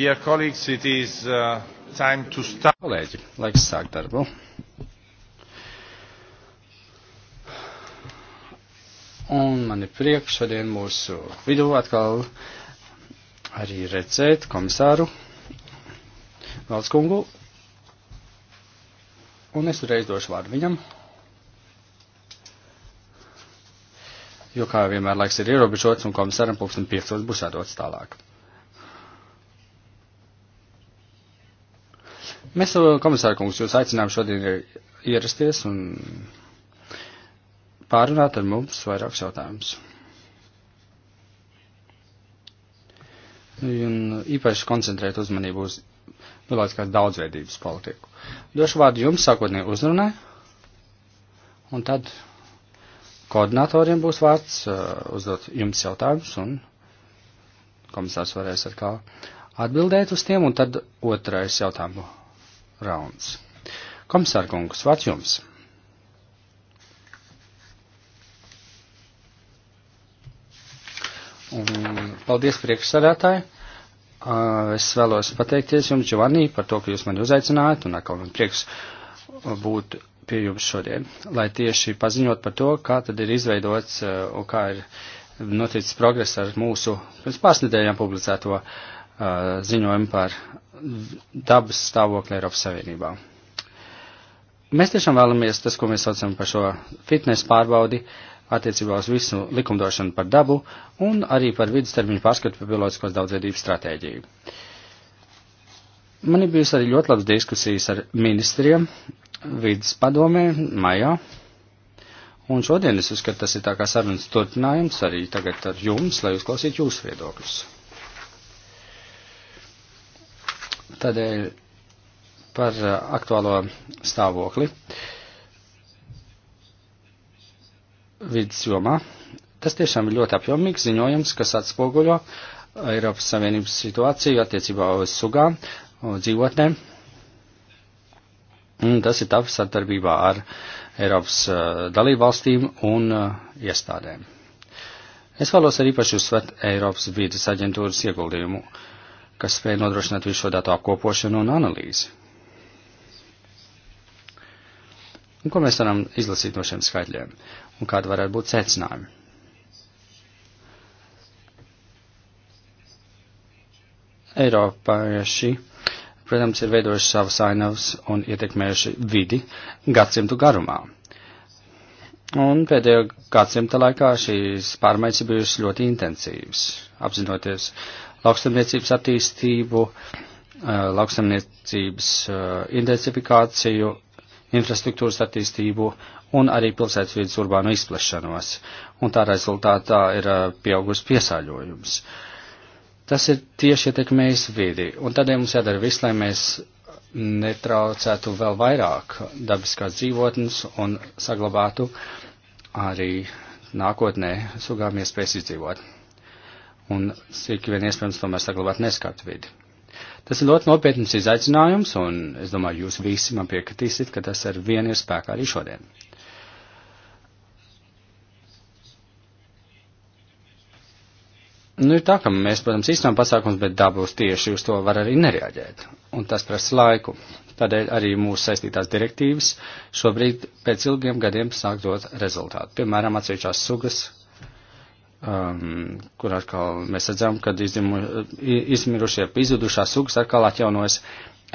Dear colleagues, it is uh, time to start. Kolēģi, laiks sākt darbu. Un man ir prieks šodien mūsu vidū atkal arī redzēt komisāru Valds kungu. Un es uzreiz došu vārdu viņam. Jo kā vienmēr laiks ir ierobežots un komisāram pulksten piecos būs jādodas tālāk. Mēs, eh, komisāra kungs, jūs aicinām šodien eh, ierasties un pārunāt ar mums vairākus jautājumus. Un īpaši koncentrēt uzmanību uz bioloģiskās daudzveidības politiku. Došu vārdu jums sākotnēji uzrunē, un tad koordinatoriem būs vārds eh, uzdot jums jautājumus, un komisārs varēs atkal atbildēt uz tiem, un tad otrais jautājumu rauns. Komisārkungs, vārds jums! Un paldies priekšsādātāji. Es vēlos pateikties jums, Giovanni, par to, ka jūs mani uzaicinājāt un atkal man prieks būt pie jums šodien, lai tieši paziņot par to, kā tad ir izveidots un kā ir noticis progress ar mūsu pirms pāris nedēļām publicēto ziņojumu par dabas stāvokli Eiropas Savienībā. Mēs tiešām vēlamies tas, ko mēs saucam par šo fitnes pārbaudi attiecībā uz visu likumdošanu par dabu un arī par vidustermiņu pārskatu par bioloģiskos daudzveidības stratēģiju. Man ir bijusi arī ļoti labas diskusijas ar ministriem vidas padomē maijā. Un šodien es uzskatu, tas ir tā kā sarunas turpinājums arī tagad ar jums, lai uzklausītu jūsu viedokļus. Tādēļ par uh, aktuālo stāvokli vidas jomā. Tas tiešām ir ļoti apjomīgs ziņojums, kas atspoguļo uh, Eiropas Savienības situāciju attiecībā uz sugām, dzīvotnēm. Un tas ir taps sadarbībā ar Eiropas uh, dalībvalstīm un iestādēm. Es vēlos arī īpaši uzsvērt Eiropas vīdes aģentūras ieguldījumu uh, kas spēja nodrošināt visu šo datu apkopošanu un analīzi. Un ko mēs varam izlasīt no šiem skaitļiem? Un kāda varētu būt secinājuma? Eiropieši, protams, ir veidojuši savas ainavas un ietekmējuši vidi gadsimtu garumā. Un pēdējo gadsimta laikā šīs pārmaiņas ir bijušas ļoti intensīvas, apzinoties lauksamniecības attīstību, eh, lauksamniecības eh, intensifikāciju, infrastruktūras attīstību un arī pilsētas vidas urbānu izplešanos. Un tā rezultātā ir eh, pieaugus piesāļojums. Tas ir tieši ietekmējis vidi, un tādēļ mums jādara viss, lai mēs netraucētu vēl vairāk dabiskās dzīvotnes un saglabātu arī nākotnē sugām iespējas izdzīvot un cik vien iespējams tomēr saglabāt neskatu vidi. Tas ir ļoti nopietns izaicinājums, un es domāju, jūs visi man piekritīsiet, ka tas ar vienu ir spēkā arī šodien. Nu, ir tā, ka mēs, protams, īstenām pasākums, bet dabūs tieši uz to var arī nereaģēt. Un tas prasa laiku. Tādēļ arī mūsu saistītās direktīvas šobrīd pēc ilgiem gadiem sāk dot rezultātu. Piemēram, atsevišķās sugas um, kur atkal mēs redzam, ka izdimu, izmirušie, izudušās sugas atkal atjaunojas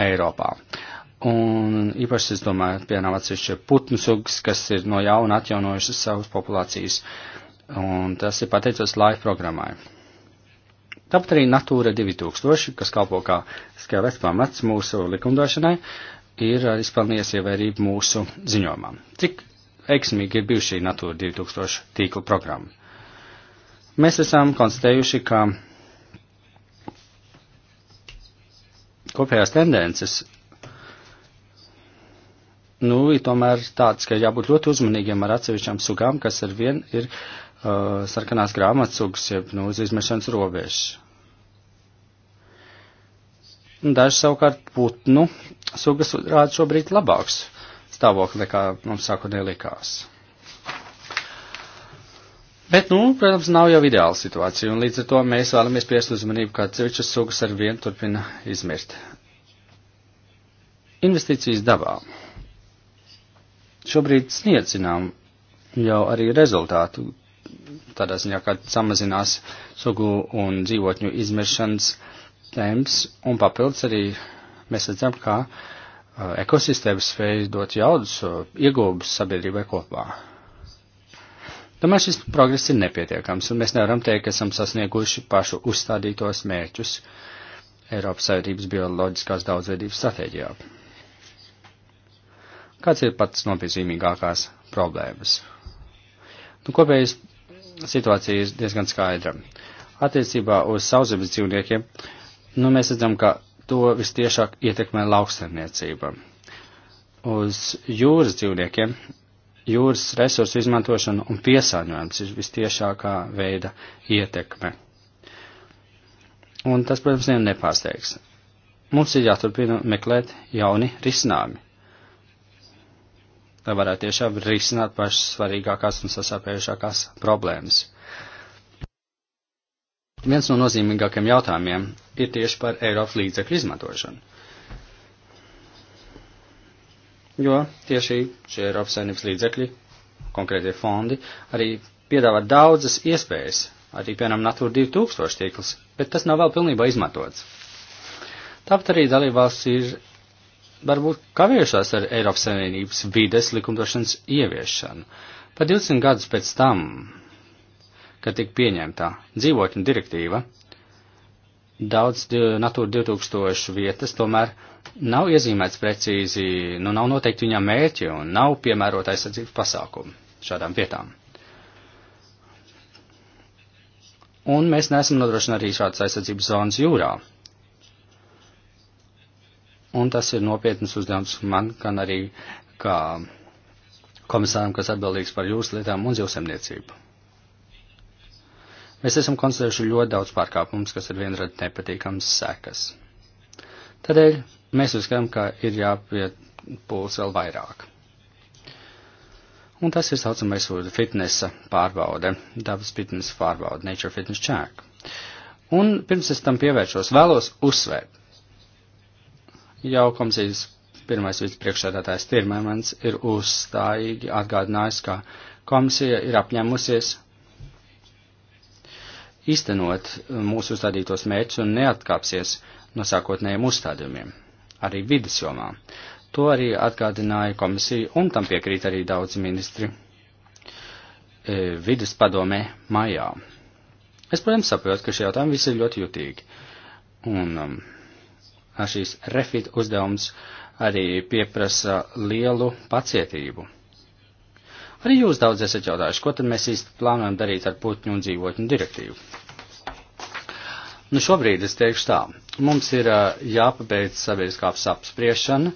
Eiropā. Un īpaši, es domāju, pienāca atsevišķi putnu sugas, kas ir no jauna atjaunojušas savas populācijas. Un tas ir pateicoties laiva programmai. Tāpat arī Natūra 2000, kas kalpo kā skavets pamats mūsu likumdošanai, ir izpelnījies ievērību mūsu ziņojumam. Cik veiksmīgi ir bijusi šī Natūra 2000 tīkla programma? Mēs esam konstatējuši, ka kopējās tendences nu, ir tomēr tāds, ka jābūt ļoti uzmanīgiem ar atsevišķām sugām, kas ar vien ir uh, sarkanās grāmatas sugas, jeb nu, uz izmešanas robežas. Daži savukārt putnu sugas rāda šobrīd labāks stāvokli, nekā mums sākotnēji likās. Bet, nu, protams, nav jau ideāla situācija, un līdz ar to mēs vēlamies piest uzmanību, kā cevišķas sugas ar vienu turpina izmirst. Investīcijas dabā. Šobrīd sniedz, zinām, jau arī rezultātu, tādā ziņā, ka samazinās sugu un dzīvotņu izmiršanas temps, un papildus arī mēs redzam, ka uh, ekosistēmas spēj dot jaudas uh, iegūbas sabiedrībai kopā. Tomēr šis progress ir nepietiekams, un mēs nevaram teikt, ka esam sasnieguši pašu uzstādītos mērķus Eiropas Savienības bioloģiskās daudzveidības stratēģijā. Kāds ir pats nopietnākās problēmas? Nu, kopējas situācija ir diezgan skaidra. Attiecībā uz sauszemes dzīvniekiem, nu, mēs redzam, ka to vistiešāk ietekmē lauksaimniecība. Uz jūras dzīvniekiem jūras resursu izmantošana un piesārņojums ir vistiešākā veida ietekme. Un tas, protams, nevienu nepārsteigs. Mums ir jāturpina meklēt jauni risinājumi, lai varētu tiešām risināt pašas svarīgākās un sasāpējušākās problēmas. Viens no nozīmīgākiem jautājumiem ir tieši par Eiropas līdzekļu izmantošanu jo tieši šie Eiropas saimnības līdzekļi, konkrētie fondi, arī piedāvā daudzas iespējas, arī, piemēram, Natūra 2000 tīkls, bet tas nav vēl pilnībā izmantots. Tāpat arī dalībvalsts ir varbūt kavējušās ar Eiropas saimnības vides likumdošanas ieviešanu. Pat 20 gadus pēc tam, kad tika pieņemta dzīvotņu direktīva, daudz eh, Natūra 2000 vietas tomēr nav iezīmēts precīzi, nu nav noteikti viņam mērķi un nav piemērota aizsardzības pasākumi šādām vietām. Un mēs neesam nodrošināti arī šādas aizsardzības zonas jūrā. Un tas ir nopietnas uzdevums man, gan arī kā komisāram, kas atbildīgs par jūras lietām un zivsemniecību. Mēs esam konstatējuši ļoti daudz pārkāpumus, kas ir vienrad nepatīkams sekas. Tādēļ mēs uzskatām, ka ir jāpiepūls vēl vairāk. Un tas ir saucamais fitnesa pārbaude, dabas fitnesa pārbaude, Nature Fitness Check. Un pirms es tam pievēršos, vēlos uzsvērt. Jau komisijas pirmais vicepriekšsēdētājs Tirmēmans ir uzstājīgi atgādinājis, ka komisija ir apņēmusies īstenot mūsu uzstādītos mērķus un neatkāpsies no sākotnējiem uzstādījumiem arī vidas jomā. To arī atgādināja komisija, un tam piekrīt arī daudzi ministri e, vidas padomē maijā. Es, protams, saprotu, ka šie jautājumi visi ir ļoti jutīgi. Un um, šīs refit uzdevums arī pieprasa lielu pacietību. Arī jūs daudz esat jautājuši, ko tad mēs īsti plānojam darīt ar putņu un dzīvotņu direktīvu. Nu, šobrīd es teikšu tā. Mums ir jāpabeidz sabiedriskās apspriešana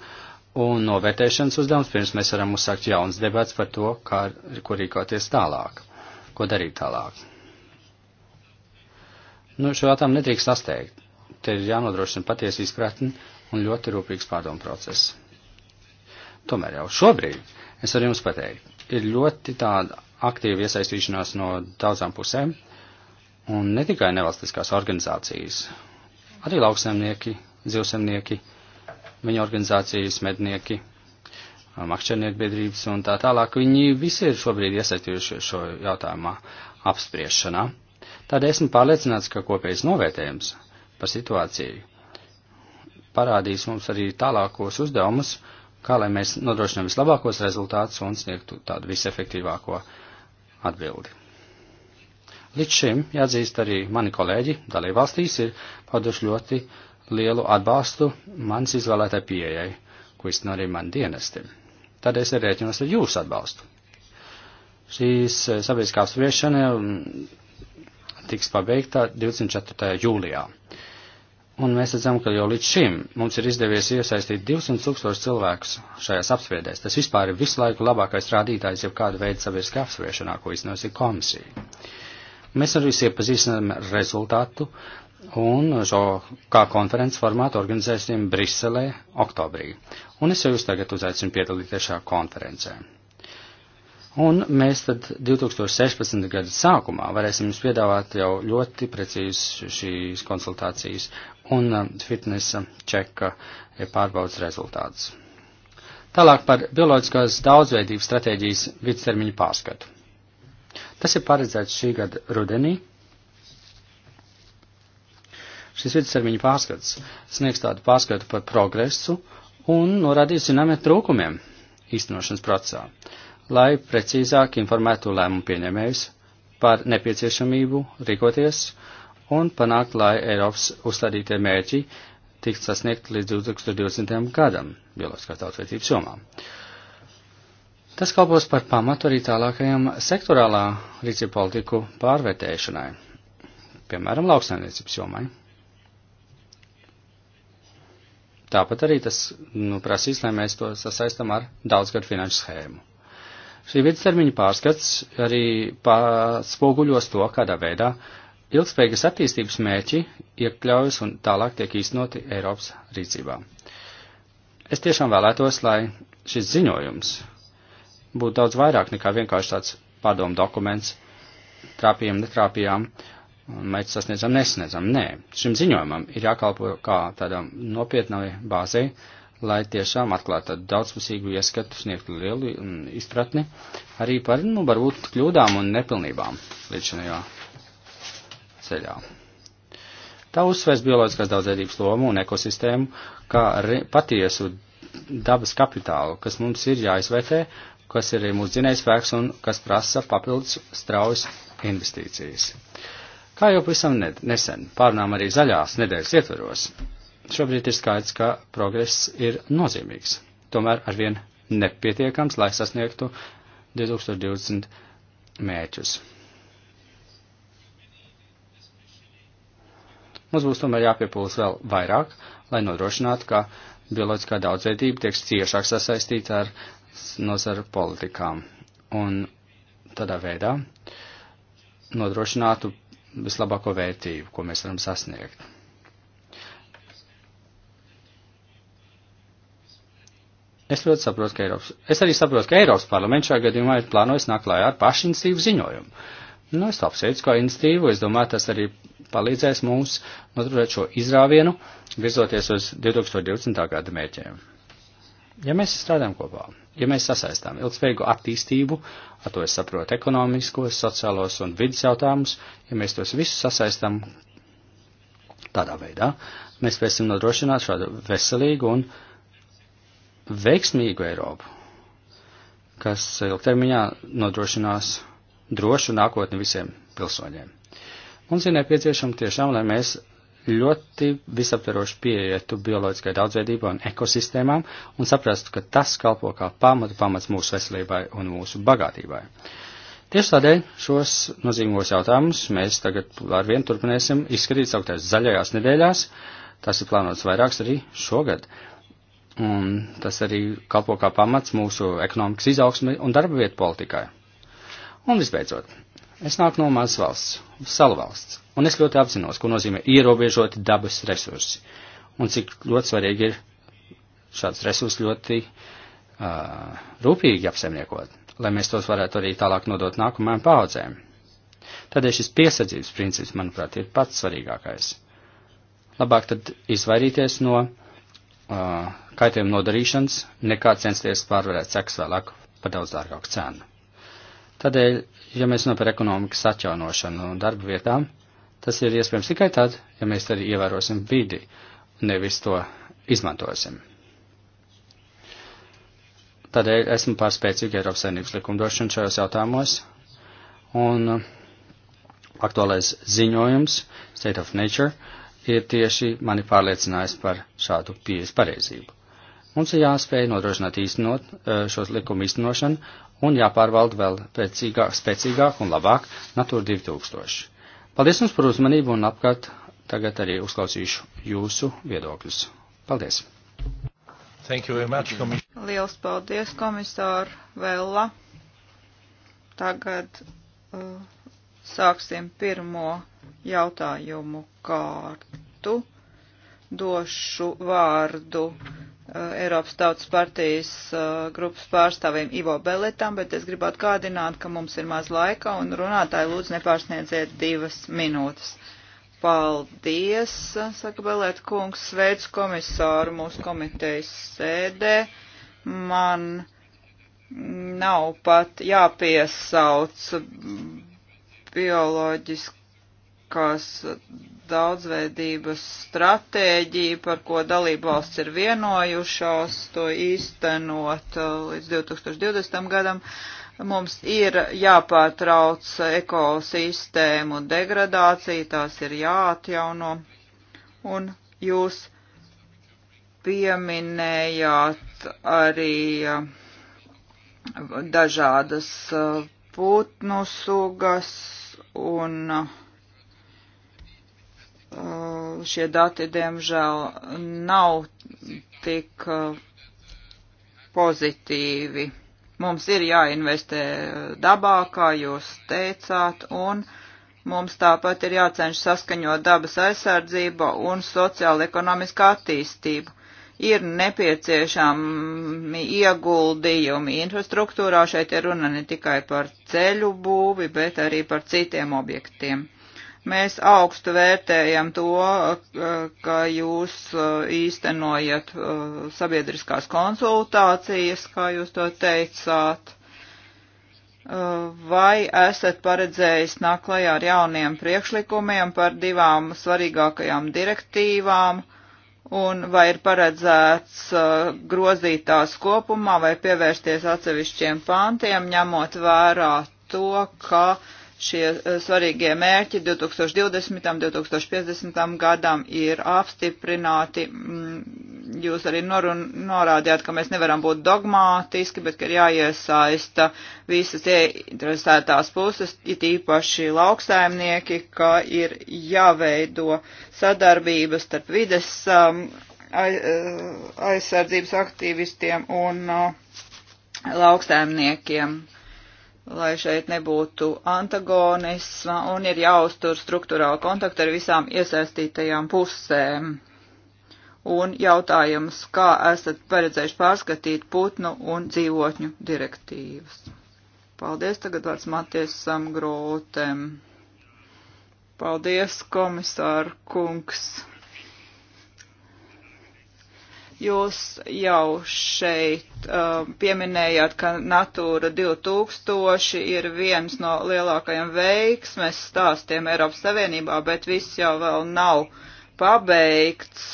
un novērtēšanas uzdevums, pirms mēs varam uzsākt jauns debats par to, kā, kur rīkoties tālāk, ko darīt tālāk. Nu, šo jautājumu nedrīkst sasteigt. Te ir jānodrošina patiesa izpratne un ļoti rūpīgs pārdomu process. Tomēr jau šobrīd es varu jums pateikt, ir ļoti tāda aktīva iesaistīšanās no daudzām pusēm Un ne tikai nevalstiskās organizācijas, arī lauksaimnieki, zivsaimnieki, viņa organizācijas, mednieki, makšķernieku um, biedrības un tā tālāk. Viņi visi ir šobrīd iesaistījuši šo jautājumā apspriešanā. Tādēļ esmu pārliecināts, ka kopējs novērtējums par situāciju parādīs mums arī tālākos uzdevumus, kā lai mēs nodrošinām vislabākos rezultātus un sniegtu tādu visefektīvāko atbildi. Līdz šim, jāatzīst arī mani kolēģi, dalībvalstīs ir pauduši ļoti lielu atbalstu manas izvēlētai pieejai, ko izsno arī man dienesti. Tad es arī rēķinos ar jūsu atbalstu. Šīs eh, sabiedriskā apspriešana mm, tiks pabeigta 24. jūlijā. Un mēs redzam, ka jau līdz šim mums ir izdevies iesaistīt 200 tūkstoši cilvēkus šajās apspriedēs. Tas vispār ir visu laiku labākais rādītājs jau kāda veida sabiedriskā apspriešanā, ko iznosi komisija. Mēs arī iepazīstinām rezultātu un šo kā konferences formātu organizēsim Briselē oktobrī. Un es jūs tagad uzaicinu piedalīties šajā konferencē. Un mēs tad 2016. gada sākumā varēsim jums piedāvāt jau ļoti precīzi šīs konsultācijas un um, fitnesa čeka pārbaudas rezultātus. Tālāk par bioloģiskās daudzveidības stratēģijas vidstermiņu pārskatu. Tas ir paredzēts šī gada rudenī. Šis vidustermiņa pārskats sniegs tādu pārskatu par progresu un norādīs zināmiem trūkumiem īstenošanas procesā, lai precīzāk informētu lēmumu pieņemējus par nepieciešamību rīkoties un panākt, lai Eiropas uzstādītie mērķi tiks sasniegt līdz 2020. gadam bioloģiskās daudzveidības jomām. Uh, Tas kalpos par pamatu arī tālākajam sektorālā rīcību politiku pārvērtēšanai, piemēram, lauksaimniecības jomai. Tāpat arī tas nu, prasīs, lai mēs to sasaistam ar daudzgadu finanšu schēmu. Šī vidustermiņa pārskats arī spoguļos to, kādā veidā ilgspējīgas attīstības mērķi iekļaujas un tālāk tiek īstenoti Eiropas rīcībā. Es tiešām vēlētos, lai šis ziņojums būtu daudz vairāk nekā vienkārši tāds padomu dokuments. Trāpījām, netrāpījām, mērķi sasniedzam, nesniedzam. Nē, šim ziņojumam ir jākalpo kā tādam nopietnai bāzei, lai tiešām atklātu daudzpusīgu ieskatu, sniegtu lielu mm, izpratni arī par, nu, varbūt kļūdām un nepilnībām līdz šajā ceļā. Tā uzsvērs bioloģiskās daudzveidības lomu un ekosistēmu kā patiesu dabas kapitālu, kas mums ir jāizvērtē kas ir mūsu dzinējspēks un kas prasa papildus straujas investīcijas. Kā jau pavisam nesen pārnām arī zaļās nedēļas ietveros, šobrīd ir skaidrs, ka progress ir nozīmīgs, tomēr arvien nepietiekams, lai sasniegtu 2020 mēķus. Mums būs tomēr jāpiepūlas vēl vairāk, lai nodrošinātu, ka bioloģiskā daudzveidība tiek ciešāk sasaistīta ar nozaru politikām. Un tādā veidā nodrošinātu vislabāko vērtību, ko mēs varam sasniegt. Es ļoti saprotu, ka Eiropas, es arī saprotu, ka Eiropas parlaments šajā gadījumā ir plānojis nākt klājā ar pašinstīvu ziņojumu. Nu, es apsveicu kā institīvu, es domāju, tas arī palīdzēs mums noturēt šo izrāvienu, virzoties uz 2020. gada mērķiem. Ja mēs strādājam kopā, ja mēs sasaistām ilgspējīgu attīstību, ar to es saprotu ekonomiskos, sociālos un vidas jautājumus, ja mēs tos visus sasaistām tādā veidā, mēs spēsim nodrošināt šādu veselīgu un veiksmīgu Eiropu, kas ilgtermiņā nodrošinās drošu nākotni visiem pilsoņiem. Mums ir nepieciešama tiešām, lai mēs ļoti visaptveroši pieietu bioloģiskai daudzveidībai un ekosistēmām un saprastu, ka tas kalpo kā pamatu pamats mūsu veselībai un mūsu bagātībai. Tieši tādēļ šos nozīmīgos jautājumus mēs tagad ar vienu turpināsim izskatīt sauktais zaļajās nedēļās. Tas ir plānots vairāks arī šogad. Un tas arī kalpo kā pamats mūsu ekonomikas izaugsmai un darba vietu politikai. Un visbeidzot, Es nāku no mazas valsts, salu valsts, un es ļoti apzinos, ko nozīmē ierobežoti dabas resursi, un cik ļoti svarīgi ir šāds resurs ļoti uh, rūpīgi apsaimniekot, lai mēs tos varētu arī tālāk nodot nākamajām paudzēm. Tādēļ šis piesardzības princips, manuprāt, ir pats svarīgākais. Labāk tad izvairīties no uh, kaitējuma nodarīšanas, nekā censties pārvarēt seks vēlāk par daudz dārgāku cenu. Tādēļ, ja mēs runājam par ekonomikas atjaunošanu un darba vietām, tas ir iespējams tikai tad, ja mēs arī ievērosim vidi, nevis to izmantosim. Tādēļ esmu pārspēcīgi Eiropas saimnības likumdošanu šajos jautājumos, un uh, aktuālais ziņojums State of Nature ir tieši mani pārliecinājis par šādu pieejas pareizību. Mums ir jāspēj nodrošināt īstenot uh, šos likumu īstenošanu un jāpārvalda vēl pēcīgāk, spēcīgāk un labāk Natūra 2000. Paldies jums par uzmanību un apkārt tagad arī uzklausīšu jūsu viedokļus. Paldies! Much, komis... Liels paldies, komisāra Vella. Tagad uh, sāksim pirmo jautājumu kārtu. Došu vārdu Eh, Eiropas Tautas partijas eh, grupas pārstāvim Ivo Beletam, bet es gribu atgādināt, ka mums ir maz laika un runātāji lūdzu nepārsniedziet divas minūtes. Paldies, saka Belēt kungs, sveicu komisāru mūsu komitejas sēdē. Man nav pat jāpiesauc bioloģiskās daudzveidības stratēģiju, par ko dalību valsts ir vienojušās, to īstenot uh, līdz 2020. gadam. Mums ir jāpārtrauc ekosistēmu degradācija, tās ir jāatjauno. Un jūs pieminējāt arī uh, dažādas uh, putnu sugas un uh, Uh, šie dati, diemžēl, nav tik uh, pozitīvi. Mums ir jāinvestē dabā, kā jūs teicāt, un mums tāpat ir jācenš saskaņot dabas aizsardzība un sociāla-ekonomiskā attīstība. Ir nepieciešami ieguldījumi infrastruktūrā, šeit ir runa ne tikai par ceļu būvi, bet arī par citiem objektiem. Mēs augstu vērtējam to, ka jūs uh, īstenojat uh, sabiedriskās konsultācijas, kā jūs to teicāt. Uh, vai esat paredzējis nākt klajā ar jauniem priekšlikumiem par divām svarīgākajām direktīvām? un vai ir paredzēts uh, grozīt tās kopumā vai pievērsties atsevišķiem pāntiem, ņemot vērā to, ka šie eh, svarīgie mērķi 2020. un 2050. gadam ir apstiprināti. Mm, jūs arī norun, norādījāt, ka mēs nevaram būt dogmātiski, bet ka ir jāiesaista visas ieinteresētās puses, it īpaši lauksaimnieki, ka ir jāveido sadarbības starp vides um, eh, aizsardzības aktīvistiem un uh, lauksaimniekiem lai šeit nebūtu antagonisma un ir jāuztur struktūrāla kontakta ar visām iesaistītajām pusēm. Un jautājums, kā esat paredzējuši pārskatīt putnu un dzīvotņu direktīvas? Paldies, tagad vārds Matiesam Grūtem. Paldies, komisār kungs. Jūs jau šeit um, pieminējāt, ka Natūra 2000 ir viens no lielākajiem veiksmes stāstiem Eiropas Savienībā, bet viss jau vēl nav pabeigts,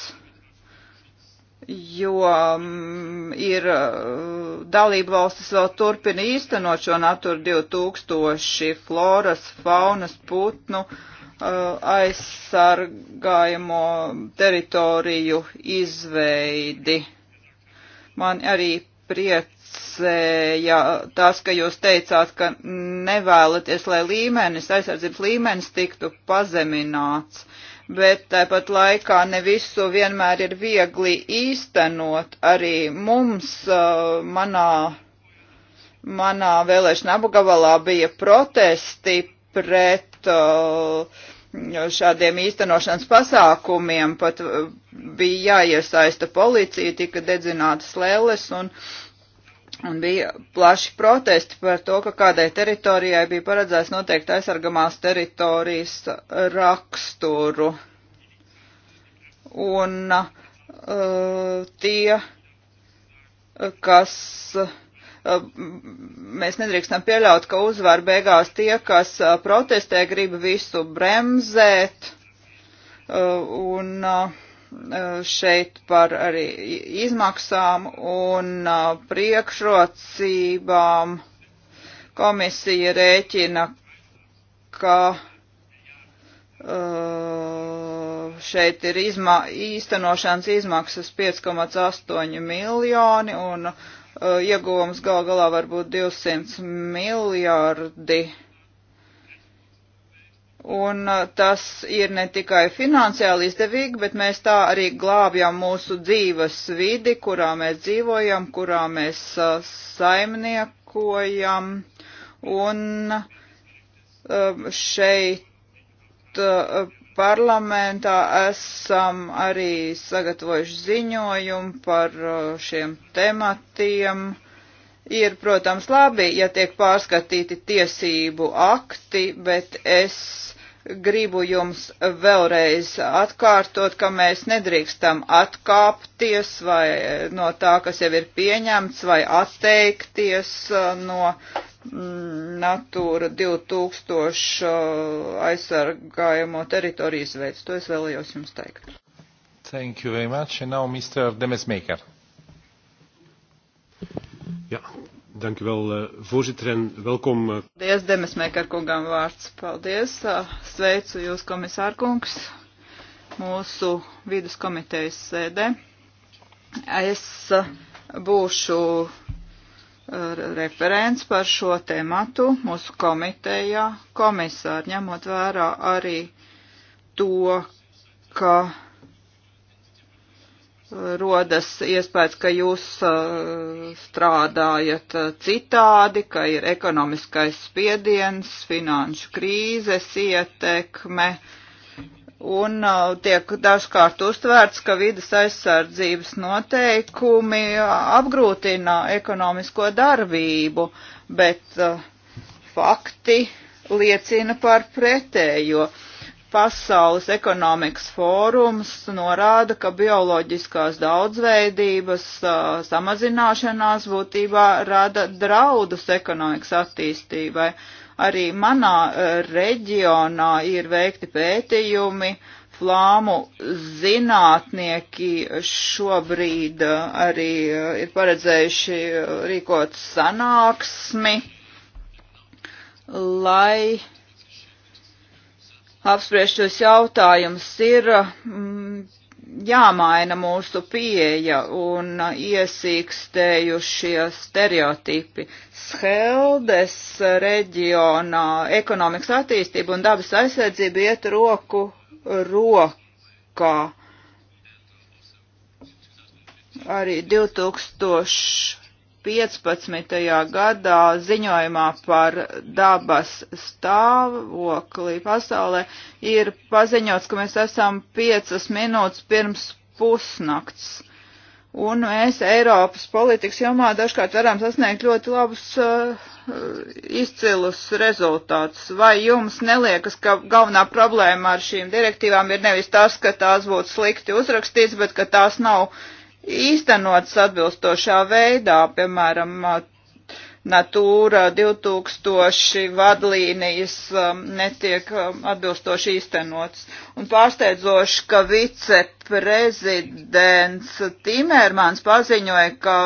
jo um, ir uh, dalība valstis vēl turpina īstenot šo Natūra 2000 floras, faunas, putnu. Uh, Uh, aizsargājamo teritoriju izveidi. Man arī priecēja tas, ka jūs teicāt, ka nevēlaties, lai līmenis, aizsardzības līmenis tiktu pazemināts, bet tāpat laikā ne visu vienmēr ir viegli īstenot. Arī mums uh, manā, manā vēlēšana apgabalā bija protesti pret Uh, šādiem īstenošanas pasākumiem, pat uh, bija jāiesaista policija, tika dedzinātas lēles un, un bija plaši protesti par to, ka kādai teritorijai bija paredzēts noteikti aizsargamās teritorijas raksturu. Un uh, tie, kas uh, mēs nedrīkstam pieļaut, ka uzvar beigās tie, kas protestē, grib visu bremzēt. Un šeit par arī izmaksām un priekšrocībām komisija rēķina, ka šeit ir izma, īstenošanas izmaksas 5,8 miljoni un uh, Eh, ieguvums gal galā var būt 200 miljārdi. Un eh, tas ir ne tikai finansiāli izdevīgi, bet mēs tā arī glābjam mūsu dzīves vidi, kurā mēs dzīvojam, kurā mēs eh, saimniekojam. Un šeit parlamentā esam arī sagatavojuši ziņojumu par uh, šiem tematiem. Ir, protams, labi, ja tiek pārskatīti tiesību akti, bet es gribu jums vēlreiz atkārtot, ka mēs nedrīkstam atkāpties vai no tā, kas jau ir pieņemts, vai atteikties uh, no Natūra 2000 aizsargājamo teritoriju izveids. To es vēlējos jums teikt. Thank you very much. And now Mr. Demesmaker. Ja, dank u wel, eh, voorzitter, en welkom. Eh. Paldies, Demesmaker kungam vārds. Paldies. Eh, sveicu jūs, komisārkungs, mūsu vidus komitejas sēdē. Es būšu referents par šo tematu mūsu komitejā komisāri, ņemot vērā arī to, ka uh, rodas iespējas, ka jūs uh, strādājat uh, citādi, ka ir ekonomiskais spiediens, finanšu krīzes ietekme, uh, un uh, tiek dažkārt uztvērts, ka vidas aizsardzības noteikumi uh, apgrūtina ekonomisko darbību, bet uh, fakti liecina par pretējo. Pasaules ekonomikas fórums norāda, ka bioloģiskās daudzveidības uh, samazināšanās būtībā rada draudus ekonomikas attīstībai Arī manā eh, reģionā ir veikti pētījumi, flāmu zinātnieki šobrīd eh, arī eh, ir paredzējuši rīkot sanāksmi, lai apspriest šos jautājumus. Ir mm, jāmaina mūsu pieeja un iesīkstējušie stereotipi. Scheldes reģionā ekonomikas attīstība un dabas aizsardzība iet roku rokā. Arī 2000 2015. gadā ziņojumā par dabas stāvokli pasaulē ir paziņots, ka mēs esam piecas minūtes pirms pusnakts. Un mēs Eiropas politikas jomā dažkārt varam sasniegt ļoti labus uh, izcilus rezultātus. Vai jums neliekas, ka galvenā problēma ar šīm direktīvām ir nevis tas, ka tās būtu slikti uzrakstīts, bet ka tās nav īstenots atbilstošā veidā, piemēram, Natūra 2000 vadlīnijas um, netiek um, atbilstoši īstenots. Un pārsteidzoši, ka viceprezidents Timermans paziņoja, ka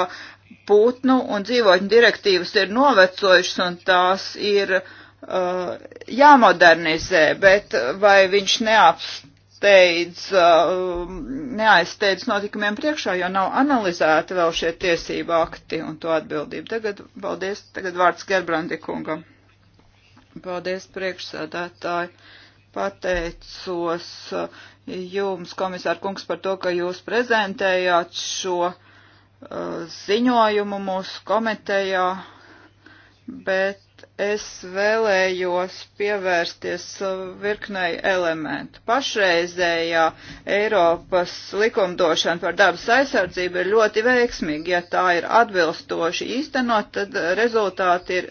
putnu un dzīvotņu direktīvas ir novecojušas un tās ir uh, jāmodernizē, bet vai viņš neaps, jāsteidz, um, neaizsteidz notikumiem priekšā, jo nav analizēta vēl šie tiesību akti un to atbildību. Tagad, paldies, tagad vārds Gerbrandi kungam. Paldies priekšsēdētāji. Pateicos uh, jums, komisār kungs, par to, ka jūs prezentējāt šo uh, ziņojumu mūsu komitejā, bet es vēlējos pievērsties virknei elementu. Pašreizējā Eiropas likumdošana par dabas aizsardzību ir ļoti veiksmīga. Ja tā ir atbilstoši īstenot, tad rezultāti ir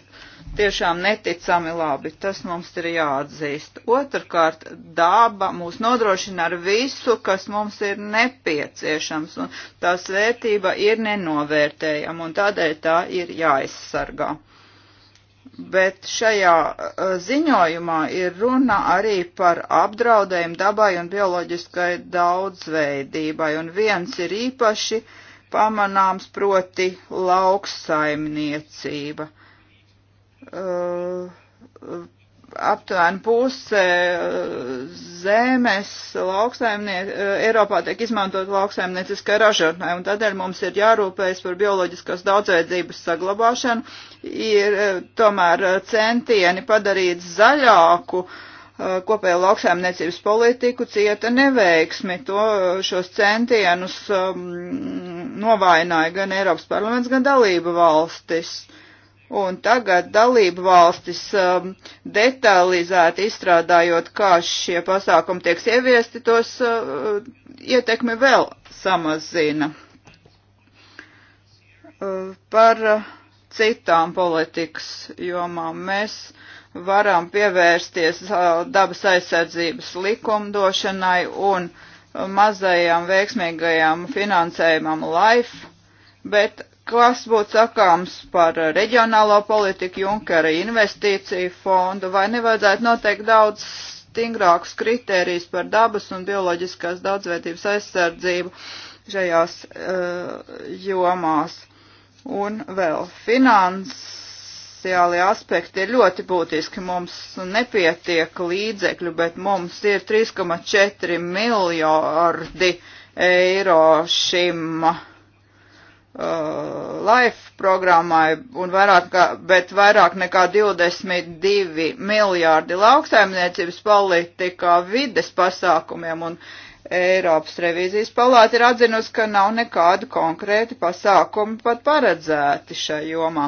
tiešām neticami labi. Tas mums ir jāatzīst. Otrkārt, daba mūs nodrošina ar visu, kas mums ir nepieciešams, un tās vērtība ir nenovērtējama, un tādēļ tā ir jāaizsargā bet šajā uh, ziņojumā ir runa arī par apdraudējumu dabai un bioloģiskai daudzveidībai, un viens ir īpaši pamanāms proti lauksaimniecība. Uh, aptuveni puse eh, zemes eh, Eiropā tiek izmantot lauksaimnieciskai ražotnē, un tādēļ mums ir jārūpējas par bioloģiskās daudzveidzības saglabāšanu, ir eh, tomēr centieni padarīt zaļāku kopējo lauksaimniecības politiku cieta neveiksmi. To šos centienus um, ehm, novaināja gan Eiropas parlaments, gan dalība valstis. Uh, Un tagad dalību valstis um, detalizēti izstrādājot, kā šie pasākumi tiek ieviesti, tos uh, ietekmi vēl samazina. Uh, par uh, citām politikas jomām mēs varam pievērsties uh, dabas aizsardzības likumdošanai un mazajām veiksmīgajām finansējumam LIFE, bet kas būtu sakāms par reģionālo politiku, Junkera investīciju fondu, vai nevajadzētu noteikt daudz stingrākus kritērijus par dabas un bioloģiskās daudzveidības aizsardzību šajās uh, jomās. Un vēl finansiālie aspekti ir ļoti būtiski. Mums nepietiek līdzekļu, bet mums ir 3,4 miljardi eiro šim uh, Uh, LIFE programmai, un vairāk, kā, bet vairāk nekā 22 miljārdi lauksaimniecības politikā vides pasākumiem, un Eiropas revīzijas palāta ir atzinusi, ka nav nekādu konkrēti pasākumi pat paredzēti šai jomā.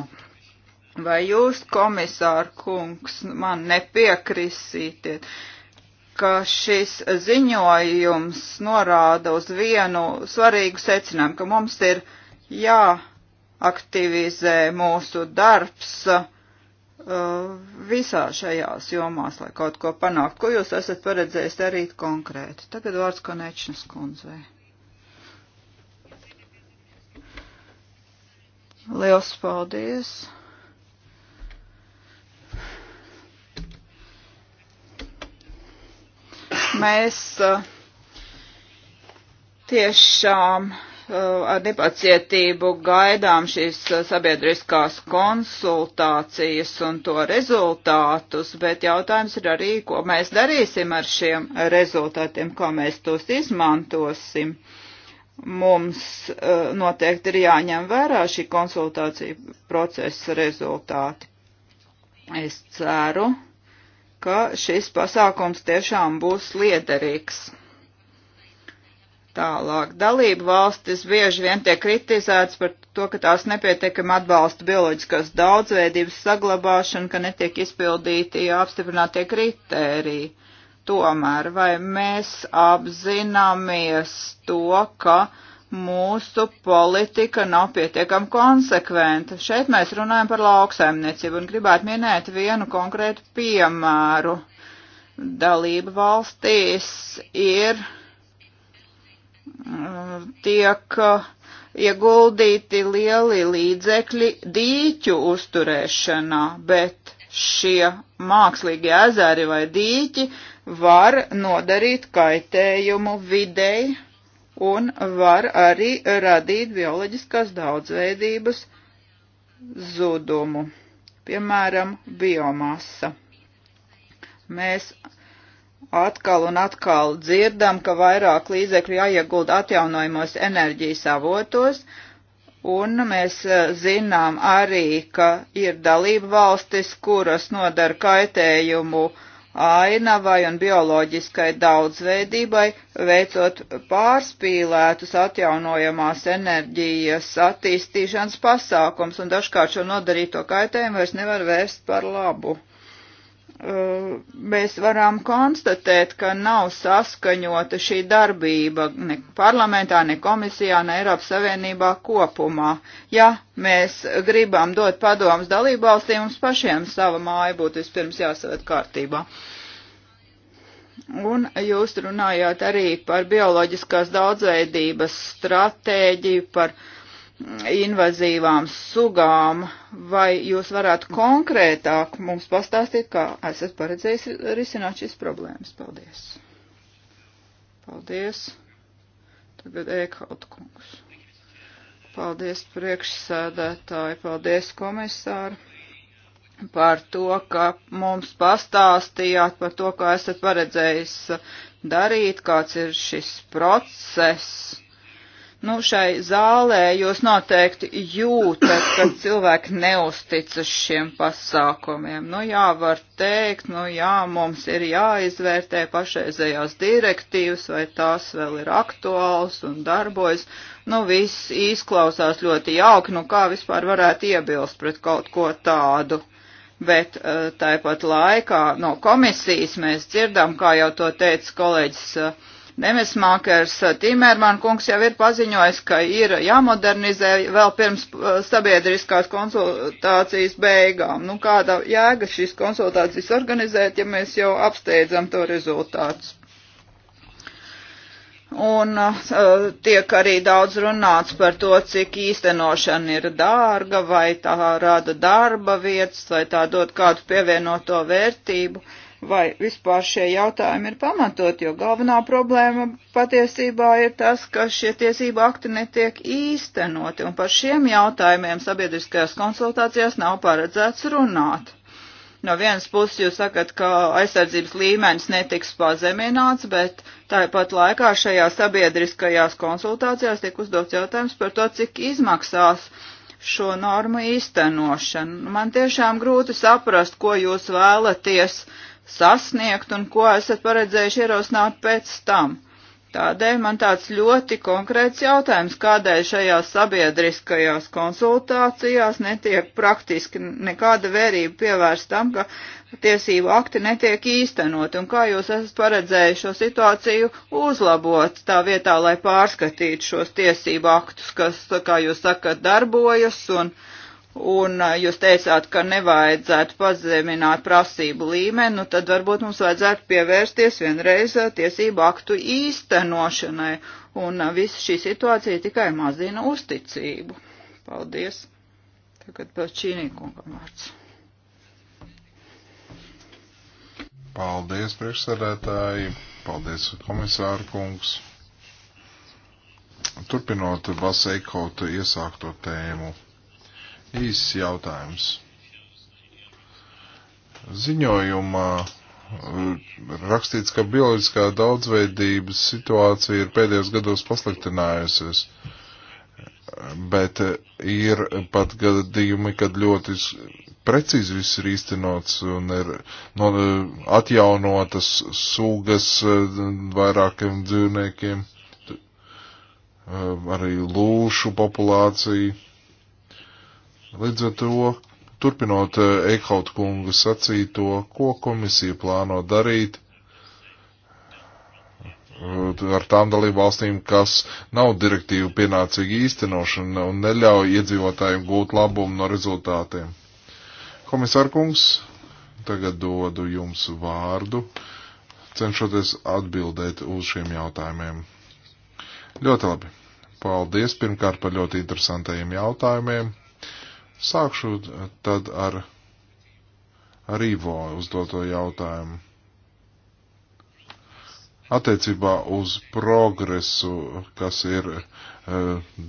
Vai jūs, komisāra kungs, man nepiekrisītiet? ka šis ziņojums norāda uz vienu svarīgu secinājumu, ka mums ir uh, jāaktivizē mūsu darbs uh, visā šajās jomās, lai kaut ko panākt. Ko jūs esat paredzējis darīt konkrēti? Tagad vārds Konečnas kundzei. Liels paldies! Mēs uh, tiešām uh, Uh, ar nepacietību gaidām šīs uh, sabiedriskās konsultācijas un to rezultātus, bet jautājums ir arī, ko mēs darīsim ar šiem rezultātiem, kā mēs tos izmantosim. Mums uh, noteikti ir jāņem vērā šī konsultācija procesa rezultāti. Es ceru, ka šis pasākums tiešām būs liederīgs Tālāk, dalību valstis bieži vien tiek kritizētas par to, ka tās nepietiekami atbalsta bioloģiskās daudzveidības saglabāšanu, ka netiek izpildīti apstiprinātie kritēriji. Tomēr, vai mēs apzināmies to, ka mūsu politika nav pietiekami konsekventa? Šeit mēs runājam par lauksaimniecību un gribētu minēt vienu konkrētu piemēru. Dalību valstīs ir tiek uh, ieguldīti lieli līdzekļi dīķu uzturēšanā, bet šie mākslīgie ezeri vai dīķi var nodarīt kaitējumu videi un var arī radīt bioloģiskās daudzveidības zudumu, piemēram, biomasa. Mēs atkal un atkal dzirdam, ka vairāk līdzekļu jāiegulda atjaunojumos enerģijas avotos, un mēs eh, zinām arī, ka ir dalība valstis, kuras nodara kaitējumu ainavai un bioloģiskai daudzveidībai, veicot pārspīlētus atjaunojamās enerģijas attīstīšanas pasākums, un dažkārt šo nodarīto kaitējumu vairs nevar vērst par labu. Eh, mēs varam konstatēt, ka nav saskaņota šī darbība ne parlamentā, ne komisijā, ne Eiropas Savienībā kopumā. Ja mēs gribam dot padomus dalībvalstīm, mums pašiem sava māja būtu vispirms jāsavet kārtībā. Un jūs runājāt arī par bioloģiskās daudzveidības stratēģiju, par uh, invazīvām sugām, vai jūs varētu konkrētāk mums pastāstīt, kā esat paredzējis risināt šīs problēmas? Paldies. Paldies. Tagad Eikhaut kungs. Paldies priekšsēdētāji, paldies komisāri par to, ka mums pastāstījāt par to, kā esat paredzējis darīt, kāds ir šis process Nu, šai zālē jūs noteikti jūtat, ka cilvēki neusticas šiem pasākumiem. Nu, jā, var teikt, nu, jā, mums ir jāizvērtē pašreizējās direktīvas, vai tās vēl ir aktuāls un darbojas. Nu, viss izklausās ļoti jauki, nu, kā vispār varētu iebilst pret kaut ko tādu bet eh, tāpat laikā no komisijas mēs dzirdam, kā jau to teica kolēģis eh, Demesmākers eh, Timerman kungs jau ir paziņojis, ka ir jāmodernizē vēl pirms eh, sabiedriskās konsultācijas beigām. Nu, kāda jēga šīs konsultācijas organizēt, ja mēs jau apsteidzam to rezultātus? Un uh, tiek arī daudz runāts par to, cik īstenošana ir dārga, vai tā rada darba vietas, vai tā dod kādu pievienoto vērtību. Uh, vai vispār šie jautājumi ir pamatot, jo galvenā problēma patiesībā ir tas, ka šie tiesību akti netiek īstenoti, un par šiem jautājumiem sabiedriskajās konsultācijās nav paredzēts runāt. No vienas puses jūs sakat, ka aizsardzības līmenis netiks pazemināts, bet tāpat laikā šajā sabiedriskajās konsultācijās tiek uzdots jautājums par to, cik izmaksās šo normu īstenošanu. Man tiešām grūti saprast, ko jūs vēlaties uh, sasniegt un ko esat paredzējuši ierosināt pēc tam. Tādēļ man tāds ļoti konkrēts jautājums, kādēļ šajās sabiedriskajās konsultācijās netiek praktiski nekāda vērība pievērst tam, ka tiesību akti netiek īstenoti, un kā jūs esat paredzējuši šo situāciju uzlabot tā vietā, lai pārskatītu šos tiesību aktus, kas, kā jūs sakat, darbojas un uh, un jūs teicāt, ka nevajadzētu pazemināt prasību līmeni, nu tad varbūt mums vajadzētu pievērsties vienreiz tiesību aktu īstenošanai, un visa šī situācija tikai mazina uzticību. Paldies. Tagad pēc Čīnīkungam vārds. Paldies, priekšsēdētāji. Paldies, komisāra kungs. Turpinot Vaseikauta iesākto tēmu Īsts jautājums. Ziņojumā uh, rakstīts, ka bioloģiskā daudzveidības situācija ir pēdējos gados pasliktinājusies, bet uh, ir pat gadījumi, kad ļoti precīzi viss ir īstenots un ir no, uh, atjaunotas sugas vairākiem dzīvniekiem, arī lūšu populācija Līdz ar to, turpinot Eikaut eh, kungu sacīto, ko komisija plāno darīt eh, ar tām dalību valstīm, kas nav direktīvu pienācīgi īstenošana un neļauj iedzīvotājiem gūt labumu no rezultātiem. Komisārkungs, tagad dodu jums vārdu, cenšoties atbildēt uz šiem jautājumiem. Ļoti labi. Paldies pirmkārt par ļoti interesantajiem jautājumiem. Sākšu tad ar, ar Ivo uzdoto jautājumu. Attiecībā uz progresu, kas ir e,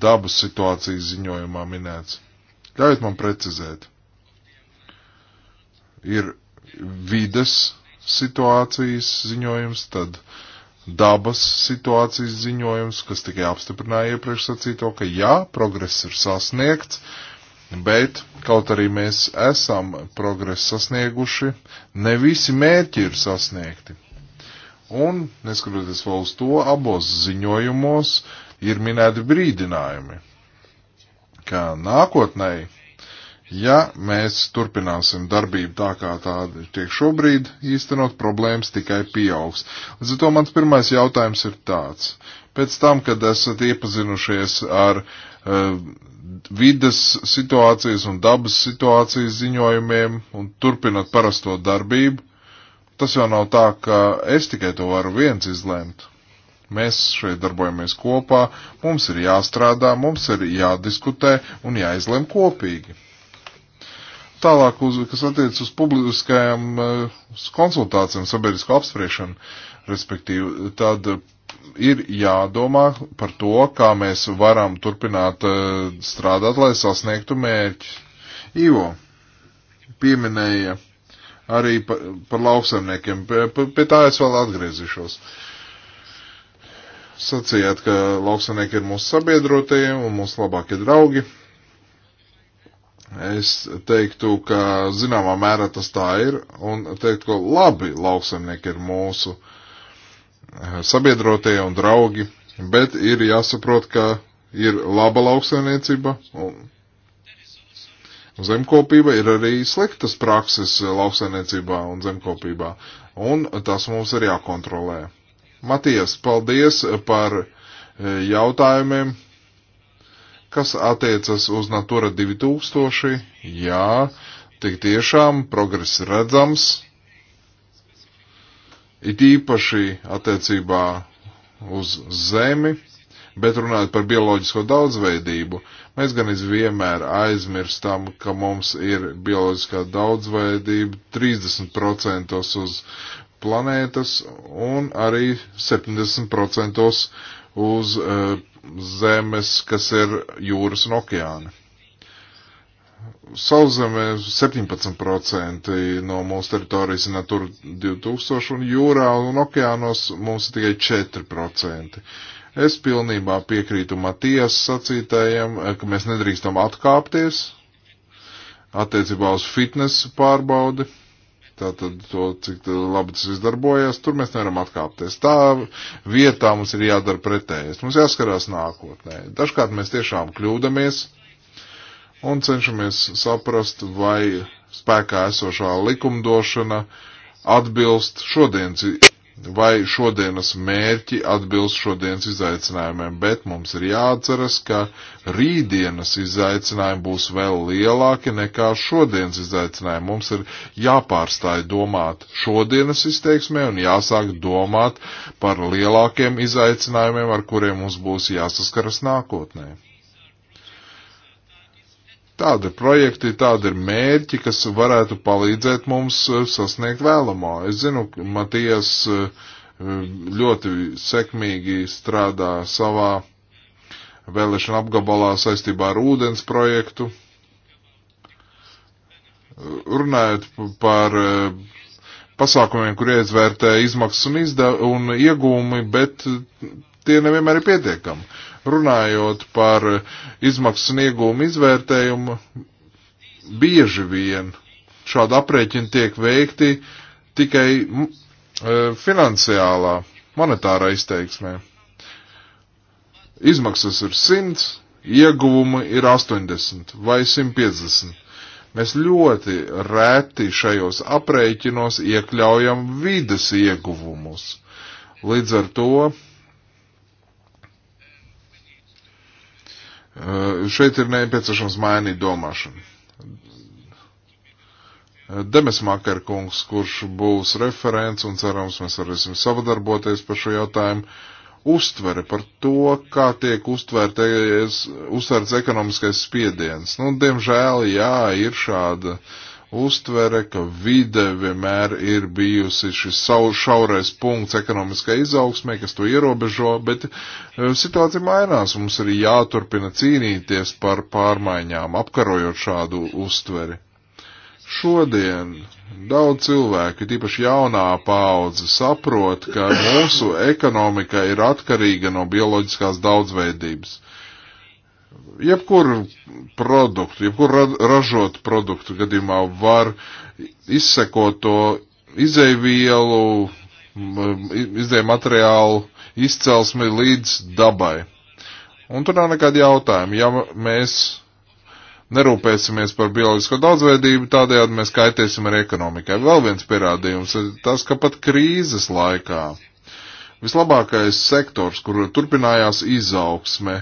dabas situācijas ziņojumā minēts. Ļaujiet man precizēt. Ir vides situācijas ziņojums, tad dabas situācijas ziņojums, kas tikai apstiprināja iepriekš sacīto, ka jā, progress ir sasniegts, Bet, kaut arī mēs esam progresu sasnieguši, ne visi mērķi ir sasniegti. Un, neskatoties vēl uz to, abos ziņojumos ir minēti brīdinājumi, ka nākotnē, ja mēs turpināsim darbību tā, kā tā tiek šobrīd īstenot, problēmas tikai pieaugs. Līdz ar to mans pirmais jautājums ir tāds. Pēc tam, kad esat iepazinušies ar uh, vidas situācijas un dabas situācijas ziņojumiem un turpinot parasto darbību. Tas jau nav tā, ka es tikai to varu viens izlēmt. Mēs šeit darbojamies kopā, mums ir jāstrādā, mums ir jādiskutē un jāizlem kopīgi. Tālāk, uz, kas attiec uz publiskajām eh, uz konsultācijām, sabiedrisko apspriešanu, respektīvi, tad ir jādomā par to, kā mēs varam turpināt eh, strādāt, lai sasniegtu mērķi. Ivo pieminēja arī par, par lauksaimniekiem, pie, pie tā es vēl atgriezīšos. Sacījāt, ka lauksaimnieki ir mūsu sabiedrotie un mūsu labākie draugi. Es teiktu, ka zināmā mērā tas tā ir, un teiktu, ka labi lauksaimnieki ir mūsu uh, sabiedrotie un draugi, bet ir jāsaprot, ka ir laba lauksainiecība un zemkopība ir arī sliktas prakses lauksainiecībā un zemkopībā, un tas mums ir jākontrolē. Matijas, paldies par e, jautājumiem, kas attiecas uz Natura 2000. Jā, tik tiešām progress redzams It īpaši attiecībā uz zemi, bet runājot par bioloģisko daudzveidību, mēs gan vienmēr aizmirstam, ka mums ir bioloģiskā daudzveidība 30% uz planētas un arī 70% uz uh, zemes, kas ir jūras un okeāni. Sauszemē 17% no mūsu teritorijas ir Natura 2000 un jūrā un okeānos mums ir tikai 4%. Es pilnībā piekrītu Matijas sacītājiem, ka mēs nedrīkstam atkāpties attiecībā uz fitnes pārbaudi. Tātad to, cik labi tas viss darbojas, tur mēs nevaram atkāpties. Tā vietā mums ir jādara pretējais. Mums jāskarās nākotnē. Dažkārt mēs tiešām kļūdamies un cenšamies saprast, vai spēkā esošā likumdošana atbilst šodienas, vai šodienas mērķi atbilst šodienas izaicinājumiem, bet mums ir jāatceras, ka rītdienas izaicinājumi būs vēl lielāki nekā šodienas izaicinājumi. Mums ir jāpārstāj domāt šodienas izteiksmē un jāsāk domāt par lielākiem izaicinājumiem, ar kuriem mums būs jāsaskaras nākotnē. Tādi ir projekti, tādi ir mērķi, kas varētu palīdzēt mums e, sasniegt vēlamo. Es zinu, ka Matijas e, e, ļoti sekmīgi strādā savā vēlēšana apgabalā saistībā ar ūdens projektu. Runājot par pasākumiem, kur iezvērtē izmaksas un, izda, un iegūmi, bet tie nevienmēr ir pietiekami. Runājot par izmaksu sniegumu izvērtējumu, bieži vien šādi aprēķini tiek veikti tikai e, finansiālā, monetārā izteiksmē. Izmaksas ir 100, ieguvumi ir 80 vai 150. Mēs ļoti rēti šajos aprēķinos iekļaujam vides ieguvumus. Līdz ar to Eh, šeit ir nepieciešams mainīt domāšanu. Eh, Demes Makarkungs, kurš būs referents un cerams mēs varēsim savadarboties par šo jautājumu, uztvere par to, kā tiek uztvērts ekonomiskais spiediens. Nu, diemžēl, jā, ir šāda uh, uztvere, ka vide vienmēr ir bijusi šis šaurais punkts ekonomiskai izaugsmē, kas to ierobežo, bet e, situācija mainās. Mums ir jāturpina cīnīties par pārmaiņām, apkarojot šādu uztveri. Šodien daudz cilvēku, tīpaši jaunā paudze, saprot, ka mūsu ekonomika ir atkarīga no bioloģiskās daudzveidības jebkuru produktu, jebkuru ražotu produktu gadījumā var izsekot to izēvielu, izdēju materiālu izcelsmi līdz dabai. Un tur nav nekāda jautājuma. Ja mēs nerūpēsimies par bioloģisko daudzveidību, tādējādi mēs kaitēsim arī ekonomikai. Vēl viens pierādījums ir tas, ka pat krīzes laikā vislabākais sektors, kur turpinājās izaugsme,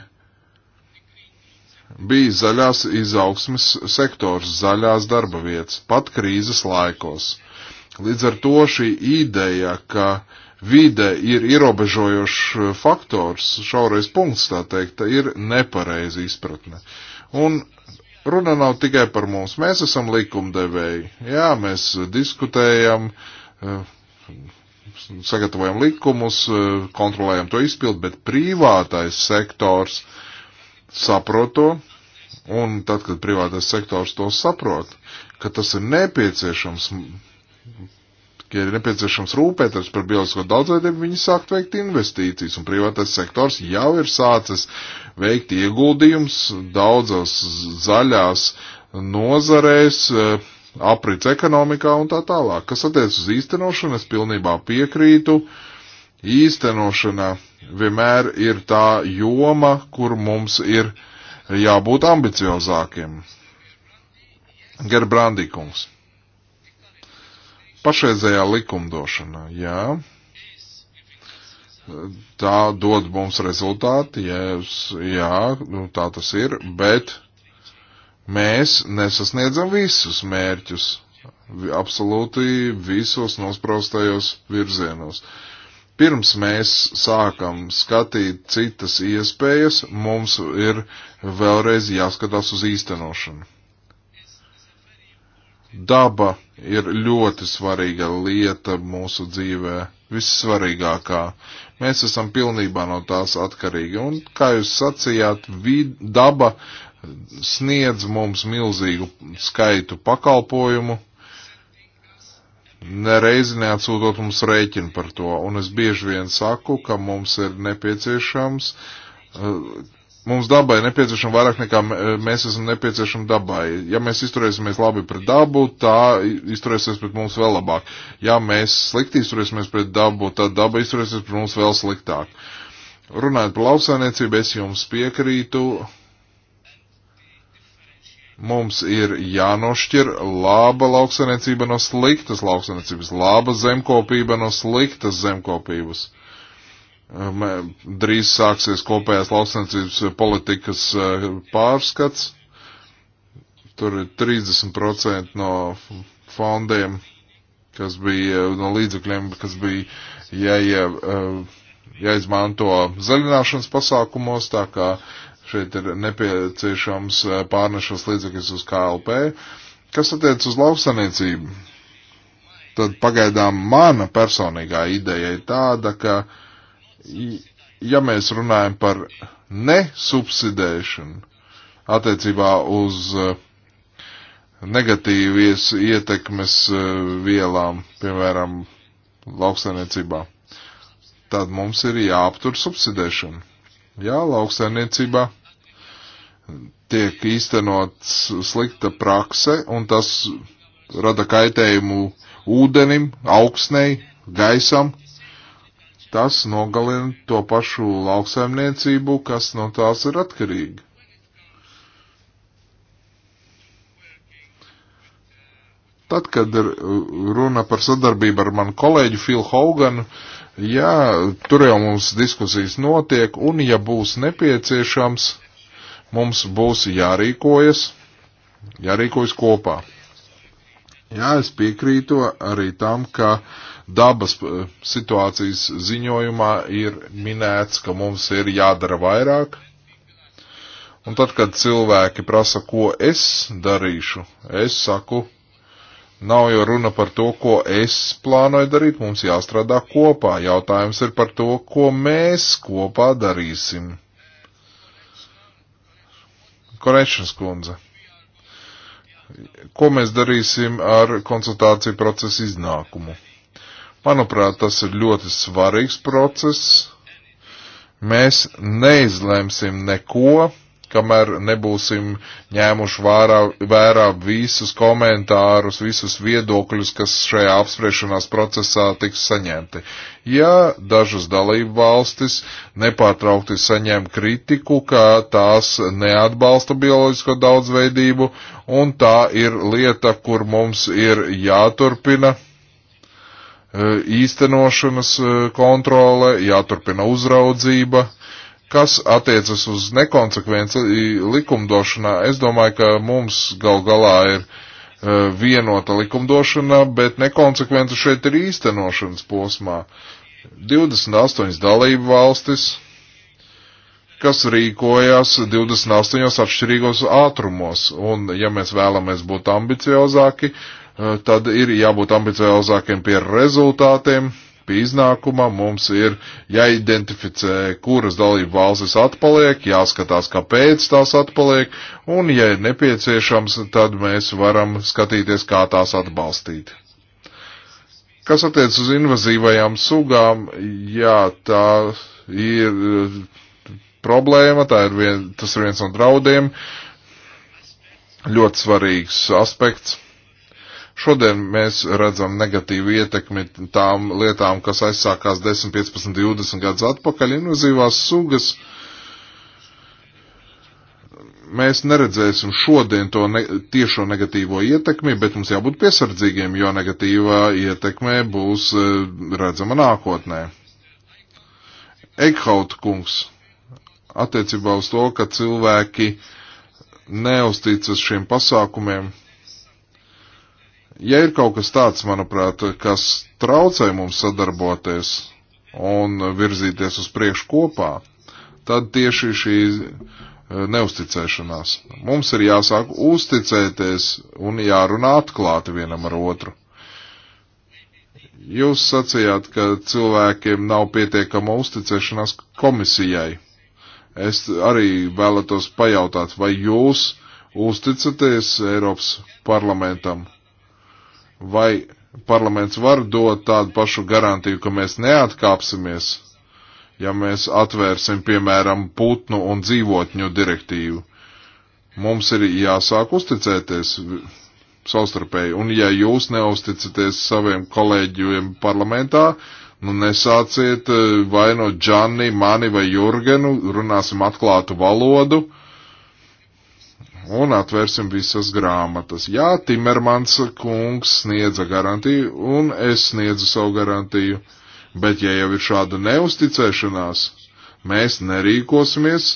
bija zaļās izaugsmes sektors, zaļās darba vietas, pat krīzes laikos. Līdz ar to šī ideja, ka vide ir ierobežojošs faktors, šaurais punkts, tā teikt, ir nepareizi izpratne. Un runa nav tikai par mums, mēs esam likumdevēji. Jā, mēs diskutējam, eh, sagatavojam likumus, eh, kontrolējam to izpildu, bet privātais sektors, uh, saprot to, un tad, kad privātais sektors to saprot, ka tas ir nepieciešams, ka ir nepieciešams rūpēties par bioloģisko daudzveidību, viņi sāk veikt investīcijas, un privātais sektors jau ir sācis veikt ieguldījums daudzās zaļās nozarēs, eh, aprits ekonomikā un tā tālāk. Kas attiec uz īstenošanu, es pilnībā piekrītu. Uh, īstenošana vienmēr ir tā joma, kur mums ir jābūt ambiciozākiem. Gerbrandīkums. Pašreizējā likumdošana, jā. Tā dod mums rezultāti, jēs, jā, nu, tā tas ir, bet mēs nesasniedzam visus mērķus, absolūti visos nospraustajos virzienos. Uh, pirms mēs sākam skatīt citas iespējas, mums ir vēlreiz jāskatās uz īstenošanu. Daba ir ļoti svarīga lieta mūsu dzīvē, vissvarīgākā. Mēs esam pilnībā no tās atkarīgi, un, kā jūs sacījāt, vid, daba sniedz mums milzīgu skaitu pakalpojumu, nereizi neatsūtot mums rēķinu par to. Un es bieži vien saku, ka mums ir nepieciešams, eh, mums dabai nepieciešama vairāk nekā mēs esam nepieciešami dabai. Ja mēs izturēsimies labi pret dabu, tā izturēsies pret mums vēl labāk. Ja mēs slikti izturēsimies pret dabu, tad daba izturēsies pret mums vēl sliktāk. Runājot par lauksainiecību, es jums piekrītu, Mums ir jānošķir laba lauksaimniecība no sliktas lauksaimniecības, laba zemkopība no sliktas zemkopības. Drīz sāksies kopējās lauksaimniecības politikas eh, pārskats. Tur ir 30% no fondiem, kas bija no līdzekļiem, kas bija jāie, eh, jāizmanto zaļināšanas pasākumos, tā kā Šeit ir nepieciešams eh, pārnešos līdzekļus uz KLP. Kas attiec uz lauksanīcību? Tad pagaidām mana personīgā ideja ir tāda, ka ja mēs runājam par nesubsidēšanu attiecībā uz eh, negatīvies ietekmes eh, vielām, piemēram, lauksainiecībā, tad mums ir jāaptur subsidēšana. Jā, lauksainiecībā tiek īstenots slikta prakse, un tas rada kaitējumu ūdenim, augsnei, gaisam. Tas nogalina to pašu lauksaimniecību, kas no tās ir atkarīga. Tad, kad runa par sadarbību ar manu kolēģi Filu Hauganu, jā, tur jau mums diskusijas notiek, un ja būs nepieciešams, Mums būs jārīkojas, jārīkojas kopā. Jā, es piekrītu arī tam, ka dabas eh, situācijas ziņojumā ir minēts, ka mums ir jādara vairāk. Un tad, kad cilvēki prasa, ko es darīšu, es saku, nav jau runa par to, ko es plānoju darīt, mums jāstrādā kopā. Jautājums ir par to, ko mēs kopā darīsim. Konečnas kundze. Ko mēs darīsim ar konsultāciju procesu iznākumu? Manuprāt, tas ir ļoti svarīgs process. Mēs neizlemsim neko, kamēr nebūsim ņēmuši vērā, vērā visus komentārus, visus viedokļus, kas šajā apspriešanās procesā tiks saņemti. Ja dažas dalību valstis nepārtraukti saņem kritiku, ka tās neatbalsta bioloģisko daudzveidību, un tā ir lieta, kur mums ir jāturpina e, īstenošanas e, kontrole, jāturpina uzraudzība Kas attiecas uz nekonsekvenci likumdošanā, es domāju, ka mums gal galā ir uh, vienota likumdošana, bet nekonsekvence šeit ir īstenošanas posmā. 28 dalību valstis, kas rīkojās 28 atšķirīgos ātrumos, un ja mēs vēlamies būt ambiciozāki, e, tad ir jābūt ambiciozākiem pie rezultātiem, pie iznākuma, mums ir jāidentificē, kuras dalību valstis atpaliek, jāskatās, kāpēc tās atpaliek, un, ja ir nepieciešams, tad mēs varam skatīties, kā tās atbalstīt. Kas attiec uz invazīvajām sugām, jā, tā ir uh, problēma, tā ir vien, tas ir viens no draudiem, ļoti svarīgs aspekts Šodien mēs redzam negatīvu ietekmi tām lietām, kas aizsākās 10, 15, 20 gadus atpakaļ invazīvās sugas. Mēs neredzēsim šodien to ne tiešo negatīvo ietekmi, bet mums jābūt piesardzīgiem, jo negatīvā ietekme būs e, redzama nākotnē. Eikhaut kungs attiecībā uz to, ka cilvēki neusticas šiem pasākumiem ja ir kaut kas tāds, manuprāt, kas traucē mums sadarboties un virzīties uz priekšu kopā, tad tieši šī eh, neusticēšanās. Mums ir jāsāk uzticēties un jārunā atklāti vienam ar otru. Jūs sacījāt, ka cilvēkiem nav pietiekama uzticēšanās komisijai. Es arī vēlētos pajautāt, vai jūs uzticaties Eiropas parlamentam? vai parlaments var dot tādu pašu garantiju, ka mēs neatkāpsimies, ja mēs atvērsim, piemēram, putnu un dzīvotņu direktīvu. Mums ir jāsāk uzticēties savstarpēji, un ja jūs neusticaties saviem kolēģiem parlamentā, nu nesāciet eh, vainot Džanni, mani vai Jurgenu, runāsim atklātu valodu un atvērsim visas grāmatas. Jā, Timermans kungs sniedza garantiju, un es sniedzu savu garantiju, bet ja jau ir šāda neusticēšanās, mēs nerīkosimies,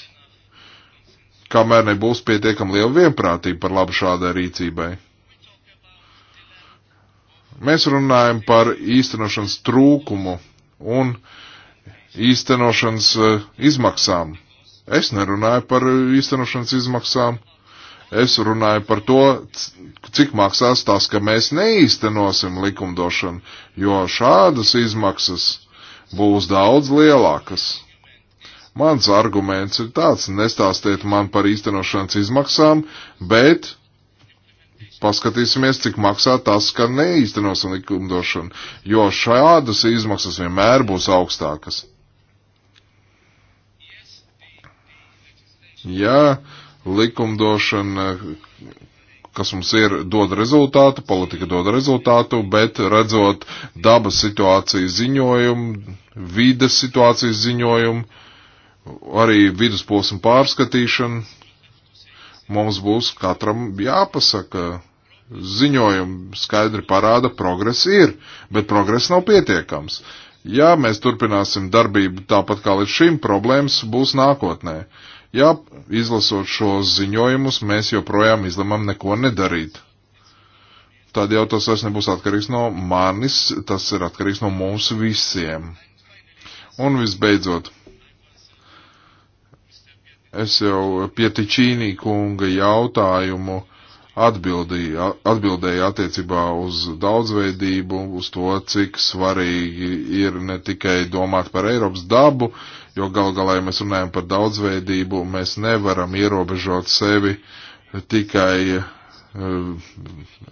kamēr nebūs pietiekam liela vienprātība par labu šādai rīcībai. Mēs runājam par īstenošanas trūkumu un īstenošanas eh, izmaksām. Es nerunāju par īstenošanas izmaksām. Es runāju par to, cik maksās tas, ka mēs neīstenosim likumdošanu, jo šādas izmaksas būs daudz lielākas. Mans arguments ir tāds, nestāstiet man par īstenošanas izmaksām, bet paskatīsimies, cik maksā tas, ka neīstenosim likumdošanu, jo šādas izmaksas vienmēr būs augstākas. Jā, ja, likumdošana, kas mums ir, dod rezultātu, politika dod rezultātu, bet redzot dabas situācijas ziņojumu, vides situācijas ziņojumu, arī vidusposmu pārskatīšanu, mums būs katram jāpasaka ziņojumi skaidri parāda, progress ir, bet progress nav pietiekams. Ja mēs turpināsim darbību tāpat kā līdz šim, problēmas būs nākotnē. Uh, Ja izlasot šos ziņojumus, mēs joprojām izlemam neko nedarīt. Tad jau tas vairs nebūs atkarīgs no manis, tas ir atkarīgs no mums visiem. Un visbeidzot, es jau pietičīnī kunga jautājumu atbildīja, atbildēja attiecībā uz daudzveidību, uz to, cik svarīgi ir ne tikai domāt par Eiropas dabu, jo gal galā, ja mēs runājam par daudzveidību, mēs nevaram ierobežot sevi tikai uh,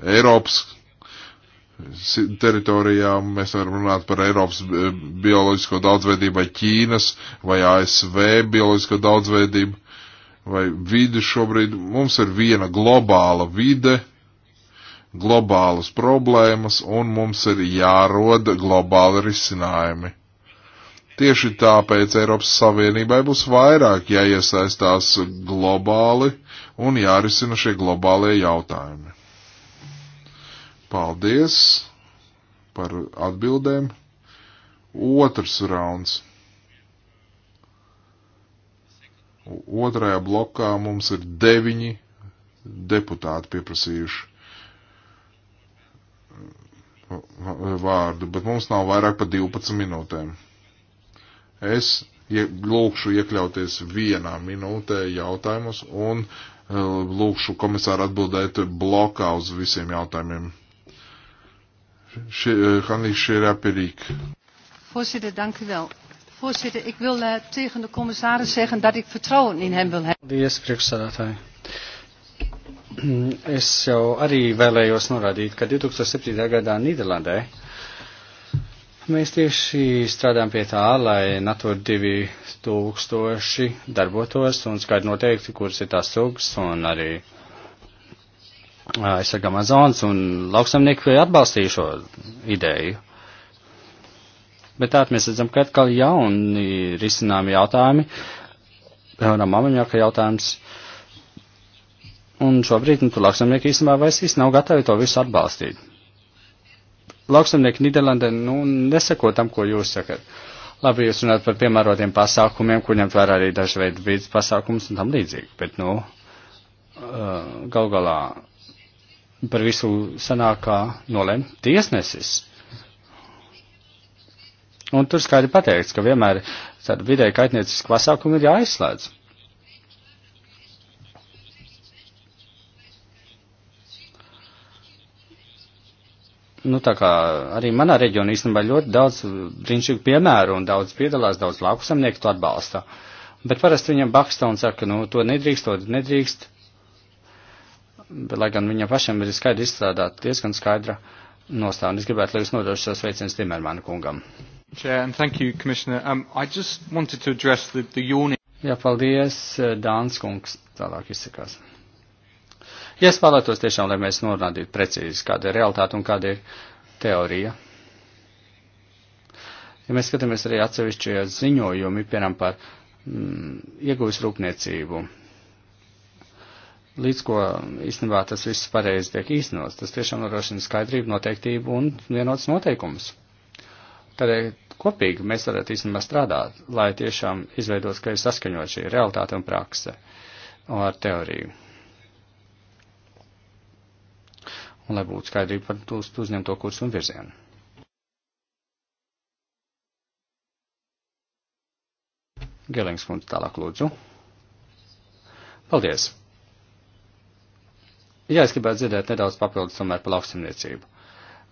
Eiropas teritorijā, mēs varam runāt par Eiropas eh, bioloģisko daudzveidību vai Ķīnas vai ASV bioloģisko daudzveidību vai vidi šobrīd. Mums ir viena globāla vide, globālas problēmas, un mums ir jāroda globāli risinājumi. Tieši tāpēc Eiropas Savienībai būs vairāk jāiesaistās globāli un jārisina šie globālie jautājumi. Paldies par atbildēm. Otrs rauns. Otrajā blokā mums ir deviņi deputāti pieprasījuši vārdu, bet mums nav vairāk par 12 minūtēm. Es lūkšu iekļauties vienā minūtē jautājumus un e, lūkšu komisāru atbildēt blokā uz visiem jautājumiem. E, Hanlīks Šerapirīk. Voorzitter, dank u wel. Voorzitter, ik wil uh, tegen de commissaris zeggen dat ik vertrouwen in hem wil hebben. Paldies, priekšsēdētāji. Es jau arī vēlējos norādīt, ka 2007. gadā Nīderlandē mēs tieši strādājam pie tā, lai Natura 2000 darbotos un skaidri noteikti, kuras ir tās sugas un arī aizsargam Amazonas un lauksamnieki atbalstīja šo ideju bet tātad mēs redzam, ka atkal jauni risinājumi jautājumi, piemēram, amoniaka jautājums. Un šobrīd, nu, tur lauksamnieki īstenībā vairs īsti nav gatavi to visu atbalstīt. Lauksamnieki Nīderlandē, nu, neseko tam, ko jūs sakat. Labi, jūs runājat par piemērotiem pasākumiem, kur ņemt vērā arī daži veidi vīdes pasākums un tam līdzīgi, bet, nu, gal galā par visu sanākā nolem tiesnesis. Un tur skaidri pateikts, ka vienmēr tāda vidēji kaitnieciska pasākuma ir jāizslēdz. Nu, tā kā arī manā reģionā īstenībā ļoti daudz brīnišķīgu piemēru un daudz piedalās, daudz laukusamnieku to atbalsta. Bet parasti viņam baksta un saka, nu, to nedrīkst, to nedrīkst. Bet, lai gan viņam pašam ir skaidri izstrādāt diezgan skaidra nostāja, un es gribētu, lai jūs nodošu savus veicienus Timermāna kungam. Chair, and thank you, Commissioner. Um, I just wanted to address the, the yawning. Jā, paldies, eh, Dāns kungs, tālāk izsakās. Ja es vēlētos tiešām, lai mēs norādītu precīzi, kāda ir realitāte un kāda ir teorija. Ja mēs skatāmies arī atsevišķie ziņojumi, piemēram, par mm, ieguvis rūpniecību, līdz ko īstenībā tas viss pareizi tiek īstenots, tas tiešām norošina skaidrību, noteiktību un vienotas noteikumus. Tādēļ kopīgi mēs varētu īstenībā strādāt, lai tiešām izveidos, ka ir saskaņot šī realitāte un prakse ar teoriju. Un lai būtu skaidrība par uz, uzņemto kursu un virzienu. Gelings kundze tālāk lūdzu. Paldies! Jā, es gribētu dzirdēt nedaudz papildus tomēr par lauksimniecību.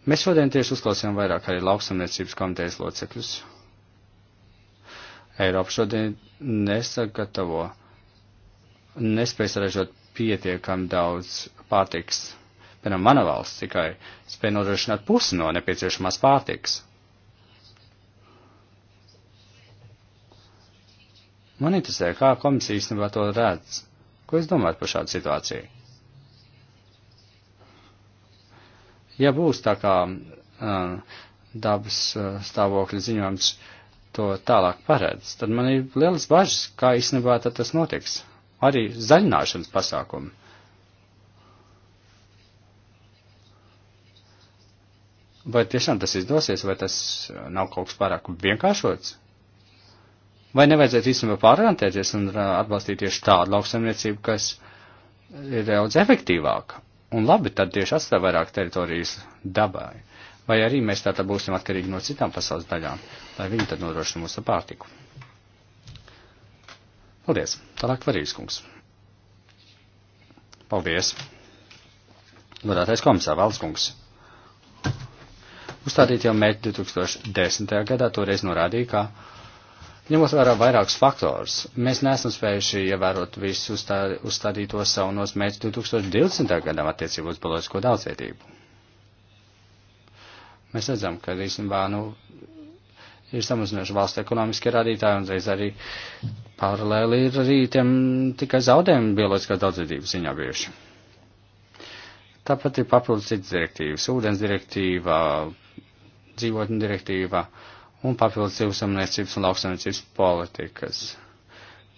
Mēs šodien tieši uzklausījām vairāk arī lauksamniecības komitejas locekļus. Eiropa šodien nesagatavo, nespēj saražot pietiekami daudz pārtiks. Piemēram, mana valsts tikai spēja nodrošināt pusi no nepieciešamās pārtiks. Man interesē, kā komisija īstenībā to redz. Ko jūs domājat par šādu situāciju? Ja būs tā kā uh, dabas uh, stāvokļa ziņojums to tālāk paredz, tad man ir lielas bažas, kā īstenībā tad tas notiks. Arī zaļināšanas pasākumi. Vai tiešām tas izdosies, vai tas nav kaut kas pārāk vienkāršots? Vai nevajadzētu īstenībā pārorientēties un atbalstīt tieši tādu lauksaimniecību, kas ir daudz efektīvāka? Un labi, tad tieši atstāj vairāk teritorijas dabai. Vai arī mēs tātad būsim atkarīgi no citām pasaules daļām, lai viņi tad nodrošina mūsu pārtiku. Paldies. Tālāk varīs kungs. Paldies. Godātais komisār Valskungs. Uzstādīt jau mērķi 2010. gadā toreiz norādīja, ka Ņemot vērā vairākus faktors, mēs nesam spējuši ievērot visu uzstā, uzstādīto savu nosmērķi 2020. gadam attiecībā uz bioloģisko daudzveidību. Mēs redzam, ka īstenībā nu, ir samazinājuši valsts ekonomiskie rādītāji un reiz arī paralēli ir arī tiem tikai zaudējumi bioloģiskās daudzveidības ziņā bijuši. Tāpat ir papildus citas direktīvas - ūdens direktīva, dzīvotņu direktīva. Uh, un papildus zivsamniecības un lauksamniecības politikas.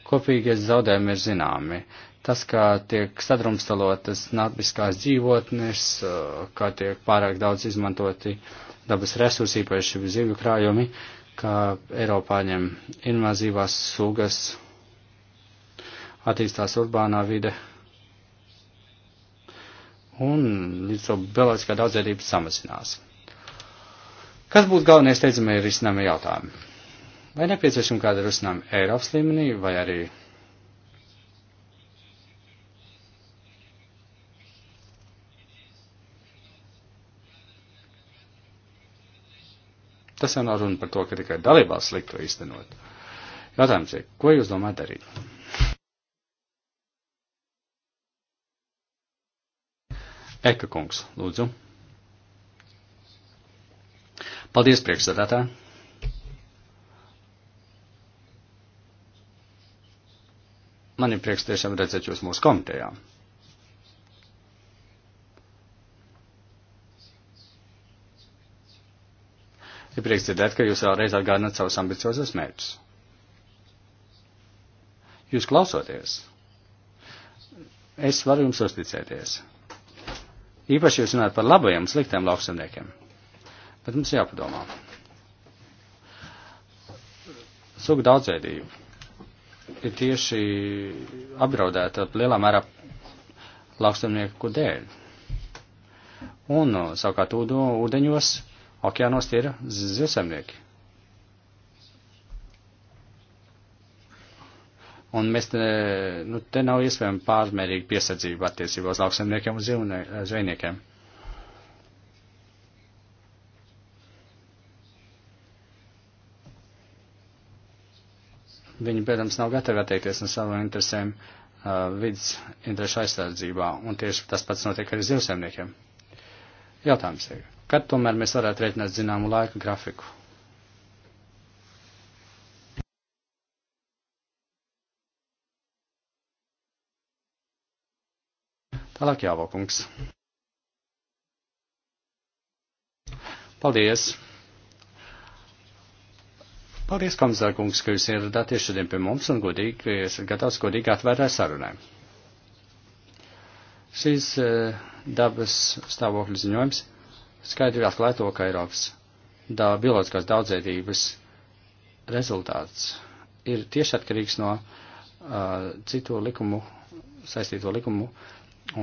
Kopīgie zaudējumi ir zināmi. Tas, kā tiek sadrumstalotas nabiskās dzīvotnes, eh, kā tiek pārāk daudz izmantoti dabas resursi, īpaši zivju krājumi, kā Eiropā ņem invazīvās sugas, attīstās urbānā vide un līdz to bioloģiskā daudzveidība samazinās. Kas būtu galvenie steidzamie risinājumi jautājumi? Vai nepieciešama kāda risinājuma Eiropas līmenī vai arī Tas jau nav runa par to, ka tikai dalībās sliktu īstenot. Jautājums ir, ko jūs domājat darīt? Eka kungs, lūdzu. Paldies, priekšsēdētā. Man ir prieks tiešām redzēt jūs mūsu komitejā. Ir prieks dzirdēt, ka jūs vēlreiz atgādināt savus ambiciozos mērķus. Jūs klausoties, es varu jums uzticēties. Īpaši jūs runājat par labajiem un sliktiem lauksaimniekiem. Bet mums jāpadomā. Suga daudzveidība ir tieši apdraudēta lielā mērā lauksaimnieku dēļ. Un, savukārt, ūdeņos, okeānos tie ir zivsaimnieki. Un mēs te, nu, te nav iespējama pārmērīga piesardzība attiecībā uz lauksaimniekiem un zvejniekiem. Viņi, protams, nav gatavi atteikties no savām interesēm uh, vidas interešu aizsardzībā, un tieši tas pats notiek arī zivsēmniekiem. Jautājums ir, kad tomēr mēs varētu rēķināt zināmu laika grafiku? Tālāk jāvokungs. Paldies! Paldies, komisārkungs, ka jūs ieradāties šodien pie mums un godīgi, ka esat gatavs godīgi atvērtē sarunai. Šīs eh, dabas stāvokļa ziņojums skaidri atklāja to, ka Eiropas da, bioloģiskās daudzveidības rezultāts ir tieši atkarīgs no uh, citu likumu, saistīto likumu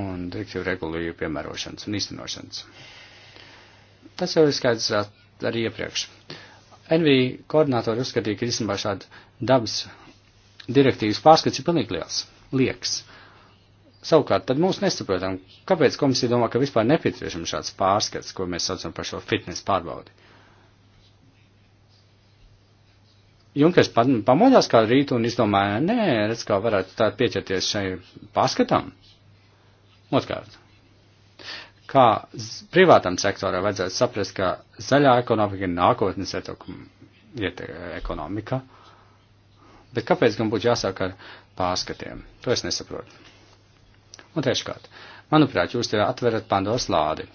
un direktīvu regulēju piemērošanas un īstenošanas. Tas jau ir skaidrs arī iepriekš. Uh, NV koordinātori uzskatīja, ka īstenībā šāda dabas direktīvas pārskats ir pilnīgi liels, liekas. Savukārt, tad mums nesaprotam, kāpēc komisija domā, ka vispār nepieciešams šāds pārskats, ko mēs saucam par šo fitnes pārbaudi. Junkers pamodās kā rītu un izdomāja, nē, redz, kā varētu tā pieķerties šai pārskatam. Otkārt, kā privātam sektoram vajadzētu saprast, ka zaļā ekonomika ir nākotnes ekonomika, bet kāpēc gan būtu jāsāk ar pārskatiem? To es nesaprotu. Un treškārt, manuprāt, jūs te atverat Pandoras lādi.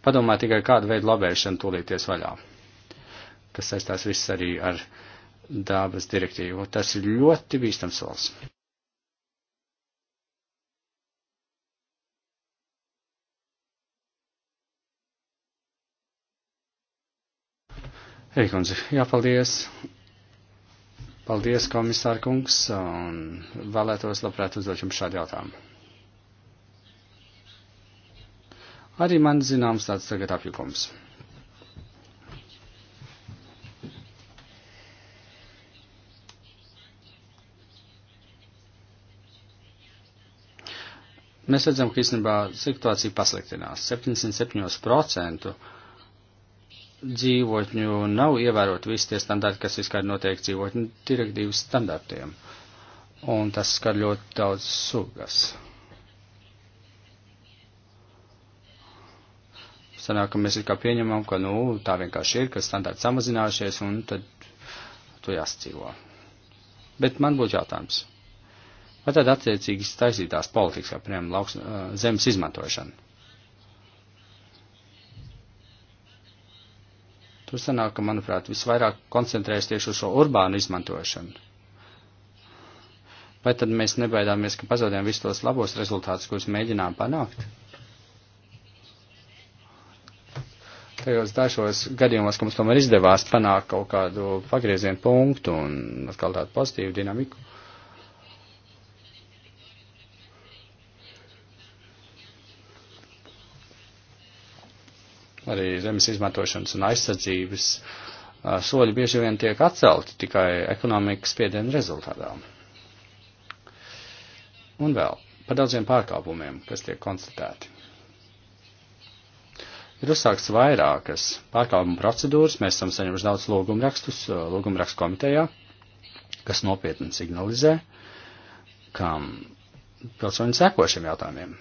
Padomā tikai kādu veidu labēšanu tūlīties vaļā, kas saistās viss arī ar dabas direktīvu. Tas ir ļoti bīstams solis. Eikundze, jāpaldies. Paldies, komisāra kungs, un vēlētos labprāt uzdot jums šādu jautājumu. Arī man zināms tāds tagad apjukums. Mēs redzam, ka īstenībā situācija pasliktinās. 77% dzīvotņu nav ievērot visi tie standarti, kas vispār notiek dzīvotņu direktīvas standartiem. Un tas skar ļoti daudz sugas. Sanāk, ka mēs ir kā pieņemam, ka, nu, tā vienkārši ir, ka standarti samazinājušies un tad to jāsadzīvo. Bet man būtu jautājums. Vai tad attiecīgi taisītās politikas, kā, piemēram, lauks, zemes izmantošana? Tur sanāk, ka, manuprāt, visvairāk koncentrējas tieši uz šo urbānu izmantošanu. Vai tad mēs nebaidāmies, ka pazaudējam visus tos labos rezultātus, kurus mēģinām panākt? Tajos dažos gadījumos, ka mums tomēr izdevās panākt kaut kādu pagriezienu punktu un atkal tādu pozitīvu dinamiku. arī zemes izmantošanas un aizsardzības soļi bieži vien tiek atcelti tikai ekonomikas spiedienu rezultātā. Un vēl par daudziem pārkāpumiem, kas tiek konstatēti. Ir uzsākts vairākas pārkāpuma procedūras, mēs esam saņemuši daudz lūgumrakstus lūgumrakstu komitejā, kas nopietni signalizē, ka pilsoņi seko šiem jautājumiem.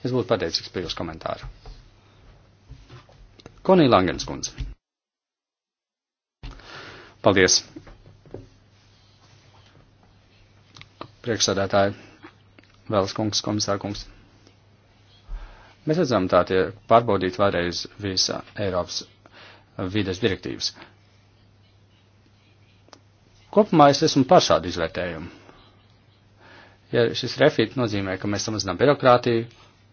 Es būtu pateicīgs par jūsu komentāru. Konī Langens kundze. Paldies. Priekšsādātāji, vēlas kungs, komisārkungs. Mēs redzam tā tie pārbaudīt vēlreiz visā Eiropas vides direktīvas. Kopumā es esmu par šādu izvērtējumu. Ja šis refit nozīmē, ka mēs samazinām birokrātiju,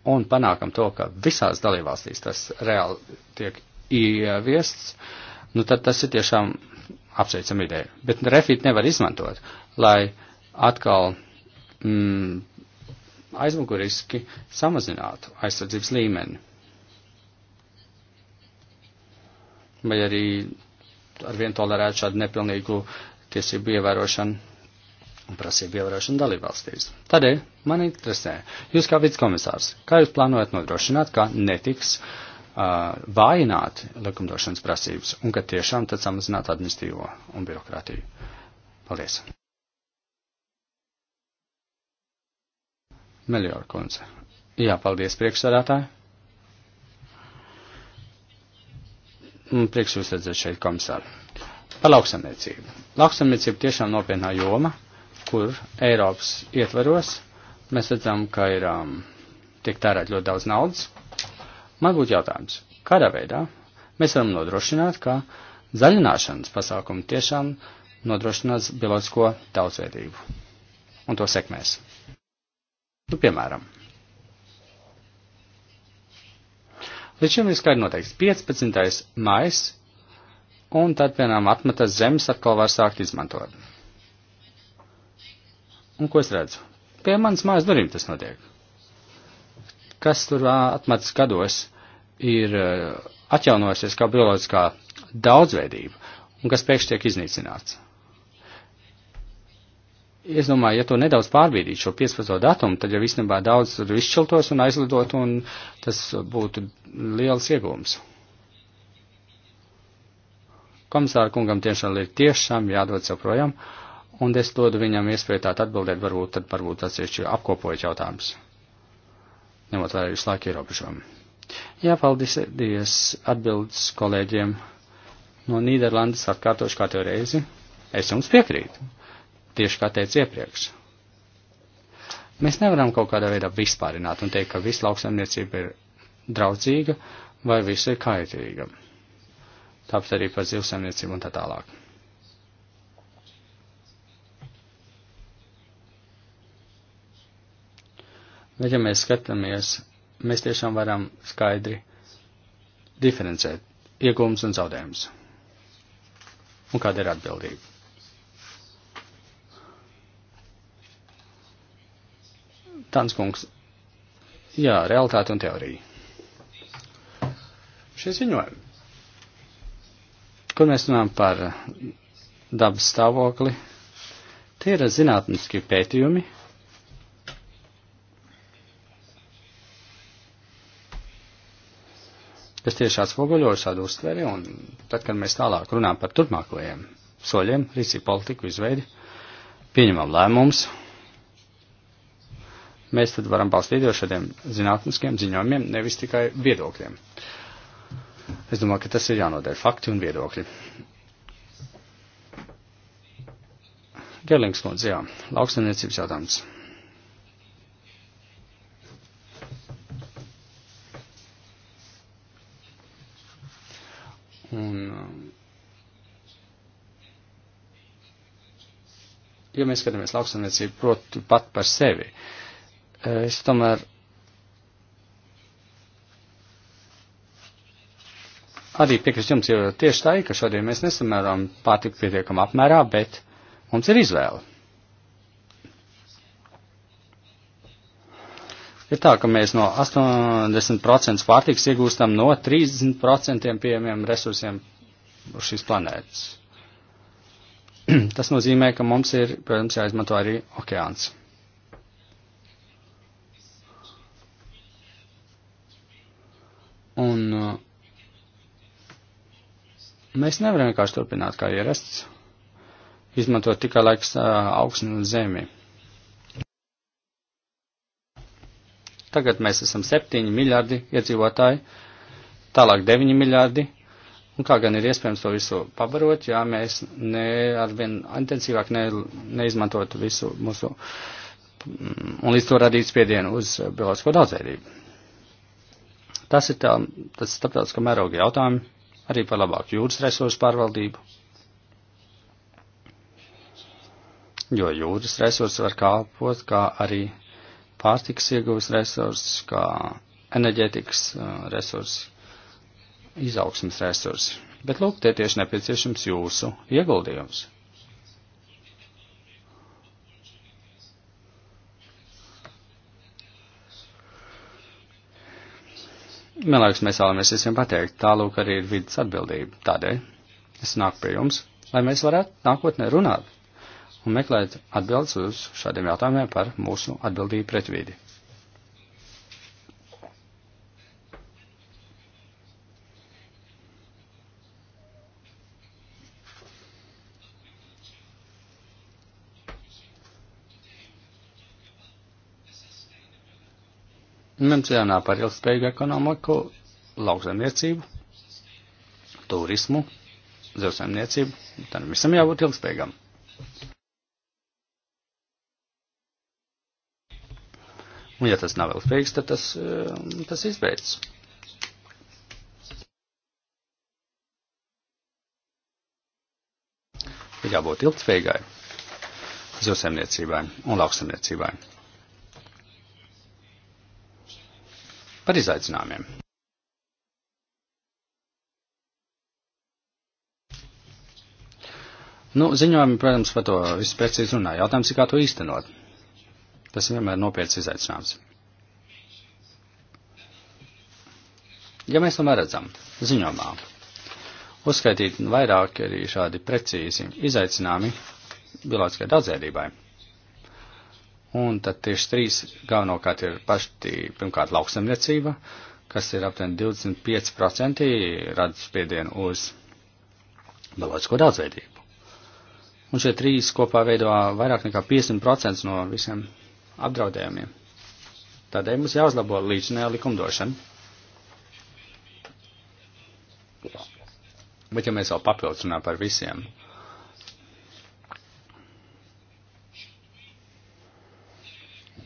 un panākam to, ka visās dalībvalstīs tas reāli tiek ieviests, nu tad tas ir tiešām apsveicama ideja. Bet refit nevar izmantot, lai atkal mm, aizmuguriski samazinātu aizsardzības līmeni. Vai arī ar vien tolerētu šādu nepilnīgu tiesību ievērošanu un prasību ievērošanu dalībvalstīs. Tādēļ man interesē, jūs kā vicekomisārs, kā jūs plānojat nodrošināt, ka netiks uh, vājināt likumdošanas prasības un ka tiešām tad samazināt administīvo un birokrātiju? Paldies! Meliora kundze. Jā, paldies priekšsādātāji. Prieks jūs redzēt šeit komisāru. Par lauksamniecību. Lauksamniecība tiešām nopietnā joma kur Eiropas ietvaros mēs redzam, ka ir um, tiek tērēt ļoti daudz naudas. Man būtu jautājums, kādā veidā mēs varam nodrošināt, ka zaļināšanas pasākumi tiešām nodrošinās bioloģisko daudzveidību un to sekmēs. Nu, piemēram, līdz šim ir skaidri noteikts 15. mais, un tad, piemēram, atmetas zemes atkal var sākt izmantot. Un ko es redzu? Pie manas mājas durvīm tas notiek. Kas tur atmetas gados ir atjaunojusies kā bioloģiskā daudzveidība un kas pēkšņi tiek iznīcināts. Es domāju, ja to nedaudz pārbīdītu šo 15. datumu, tad jau īstenībā daudz tur izšķiltos un aizlidot, un tas būtu liels iegūms. Komisāra kungam tiešām ir tiešām jādod sev projām. Uh, un es dodu viņam iespēju tā atbildēt, varbūt tad varbūt atsevišķi apkopojot jautājumus, ņemot vērā jūsu laika ierobežojumu. Jā, paldies, Dievs, atbildes kolēģiem no Nīderlandes atkārtošu kā tev reizi. Es jums piekrītu, tieši kā teicu iepriekš. Mēs nevaram kaut kādā veidā vispārināt un teikt, ka viss lauksaimniecība ir draudzīga vai viss ir kaitīga. Tāpat arī par zivsaimniecību un tā tālāk. Bet, ja mēs skatāmies, mēs tiešām varam skaidri diferencēt iegūmus un zaudējumus. Un kāda ir atbildība? Tanskungs. Jā, realitāte un teorija. Šie ziņojumi. Kur mēs runājam par dabas stāvokli? Tie ir zinātniski pētījumi, Tas tieši atspoguļoja šādu uztveri, un tad, kad mēs tālāk runājam par turpmākajiem soļiem, rīcību politiku izveidi, pieņemam lēmumus, mēs tad varam balstīt jau šādiem zinātniskiem ziņojumiem, nevis tikai viedokļiem. Es domāju, ka tas ir jānodēļ fakti un viedokļi. Gerlings lūdzu, jā, lauksaimniecības jautājums. Un, um, ja mēs skatāmies lauksaimniecību, proti, pat par sevi, eh, es tomēr arī piekrist jums, jo tieši tā ir, ka šodien mēs nesamērām pārtiku pietiekam apmērā, bet mums ir izvēle. ir tā, ka mēs no 80% pārtiks iegūstam no 30% pieejamiem resursiem uz šīs planētas. Tas nozīmē, ka mums ir, protams, jāizmanto arī okeāns. Un uh, mēs nevaram vienkārši turpināt kā ierasts, izmantot tikai laiks uh, augstu un zemi. Tagad mēs esam 7 miljardi iedzīvotāji, tālāk 9 miljardi. Un kā gan ir iespējams to visu pabarot, ja mēs ne arvien intensīvāk ne, neizmantotu visu mūsu mm, un līdz to radītu spiedienu uz bioloģisko daudzveidību. Tas ir tā, tas starptautiskā mēroga jautājumi arī par labāku jūras resursu pārvaldību. Jo jūras resursi var kāpot kā arī pārtikas ieguves resursi, kā enerģētikas uh, resursi, izaugsmas resursi. Bet lūk, tie tieši nepieciešams jūsu ieguldījums. Man liekas, mēs vēlamies visiem pateikt, tālūk arī ir vidas atbildība. Tādēļ es nāku pie jums, lai mēs varētu nākotnē runāt un meklēt atbildes uz šādiem jautājumiem par mūsu atbildību pret vidi. Mums jārunā par ilgspējīgu ekonomiku, lauksaimniecību, turismu, zivsaimniecību, tam visam jābūt ilgspējīgam. Un ja tas nav ilgspējīgs, tad tas, eh, tas izbeidz. Ir jābūt ilgspējīgai zivsaimniecībai un lauksaimniecībai. Par izaicinājumiem. Nu, ziņojumi, protams, par to visu precīzi runā. Jautājums ir, kā to īstenot. Tas vienmēr nopietns izaicinājums. Ja mēs tomēr redzam ziņojumā, uzskaitīt vairāk arī šādi precīzi izaicinājumi bioloģiskai daudzveidībai. Un tad tieši trīs galvenokārt ir paši, pirmkārt, lauksemniecība, kas ir aptuveni 25% rada spiedienu uz bioloģisko daudzveidību. Un šie trīs kopā veido vairāk nekā 50% no visiem apdraudējumiem. Tādēļ mums jāuzlabo līdzinājā likumdošana. Bet ja mēs vēl papildus runājam par visiem,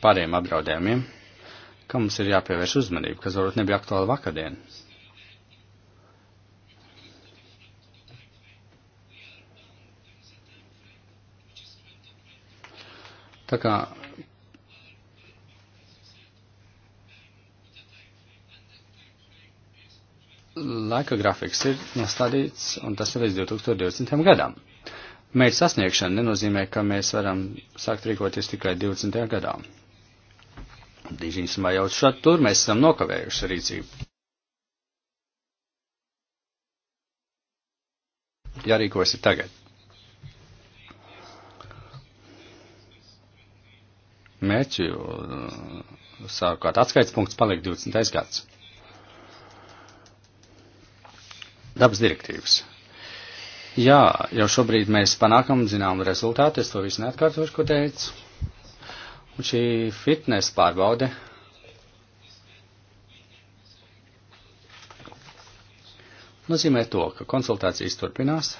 pārējiem apdraudējumiem, ka mums ir jāpievērš uzmanība, kas varbūt nebija aktuāla vakardien. Tā kā laika grafiks ir nostādīts, un tas ir līdz 2020. gadam. Mērķa sasniegšana nenozīmē, ka mēs varam sākt rīkoties tikai 20. gadā. Dīžīnsmā jau šat tur mēs esam nokavējuši rīcību. Jārīkojas ir tagad. Mērķu uh, sākot atskaits punkts paliek 20. gads. dabas direktīvas. Jā, jau šobrīd mēs panākam zināmu rezultātu, es to visu neatkārtošu, ko teicu. Un šī fitnes pārbaude. Nozīmē to, ka konsultācijas turpinās.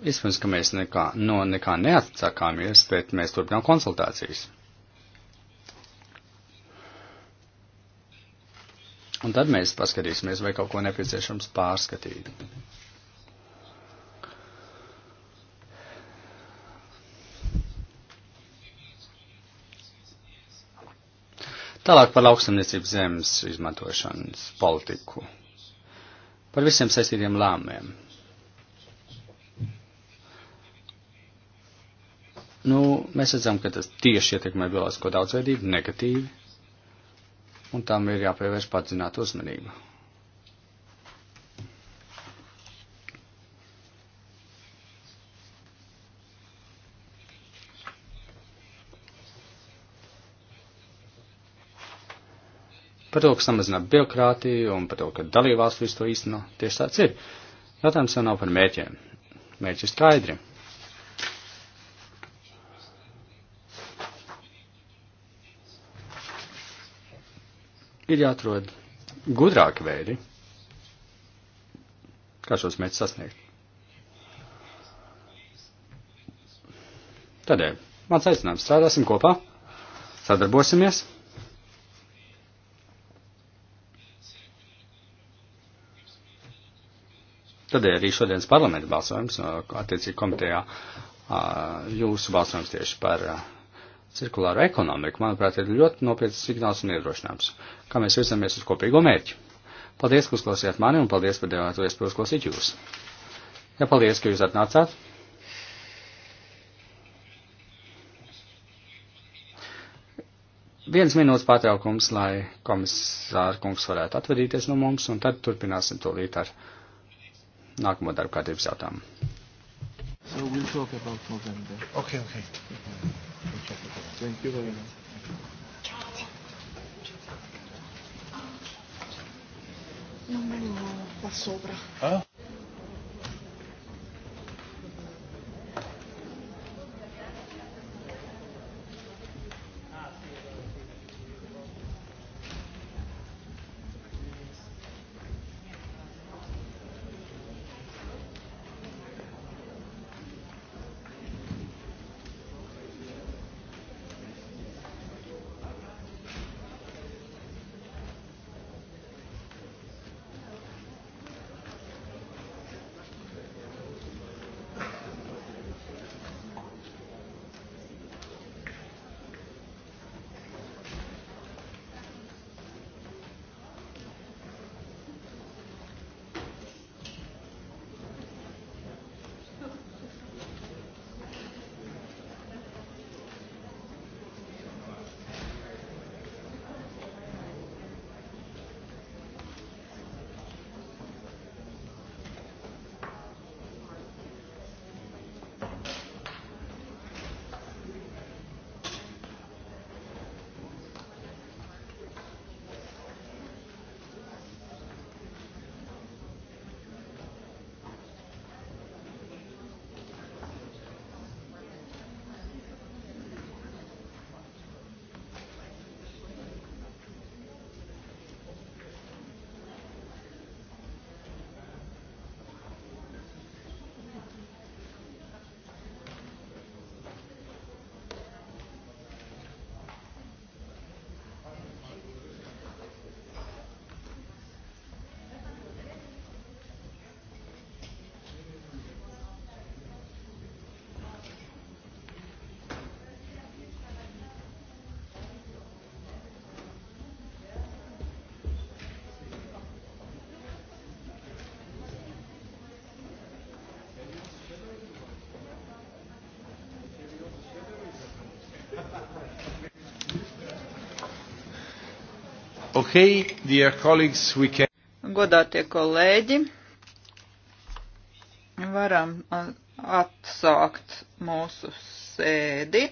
Iespējams, ka mēs nekā, no nekā neatsakāmies, bet mēs turpinām konsultācijas. Un tad mēs paskatīsimies, vai kaut ko nepieciešams pārskatīt. Tālāk par lauksamniecības zemes izmantošanas politiku. Par visiem saistītiem lēmumiem. Nu, mēs redzam, ka tas tieši ietekmē bioloģisko daudzveidību negatīvi un tam ir jāpievērš padziļināta uzmanība. Par to, ka samazināt biokrātiju un par to, ka dalībvalstu visu to īsteno, tieši tāds ir. Jautājums jau nav par mērķiem. Mērķi ir skaidri. ir jāatrod gudrāki veidi, kā šos mērķus sasniegt. Tādēļ mans aicinājums strādāsim kopā, sadarbosimies. Tādēļ arī šodienas parlamenta balsojums, attiecīgi komitejā, jūsu balsojums tieši par cirkulāru ekonomiku, manuprāt, ir ļoti nopietns signāls un iedrošinājums, kā mēs virzamies uz kopīgo mērķi. Paldies, ka uzklausījāt mani un paldies, ka devāt iespēju uzklausīt jūs. Jā, ja, paldies, ka jūs atnācāt. Viens minūtes pārtraukums, lai komisāra kungs varētu atvadīties no mums, un tad turpināsim to līdz ar nākamo darbu kārtības jautājumu. So we'll talk about November. Okay, okay. okay. Thank you very much. Non me lo da sopra. Eh? Ah. Okay, dear colleagues, we can... Godātie kolēģi, varam atsākt mūsu sēdi.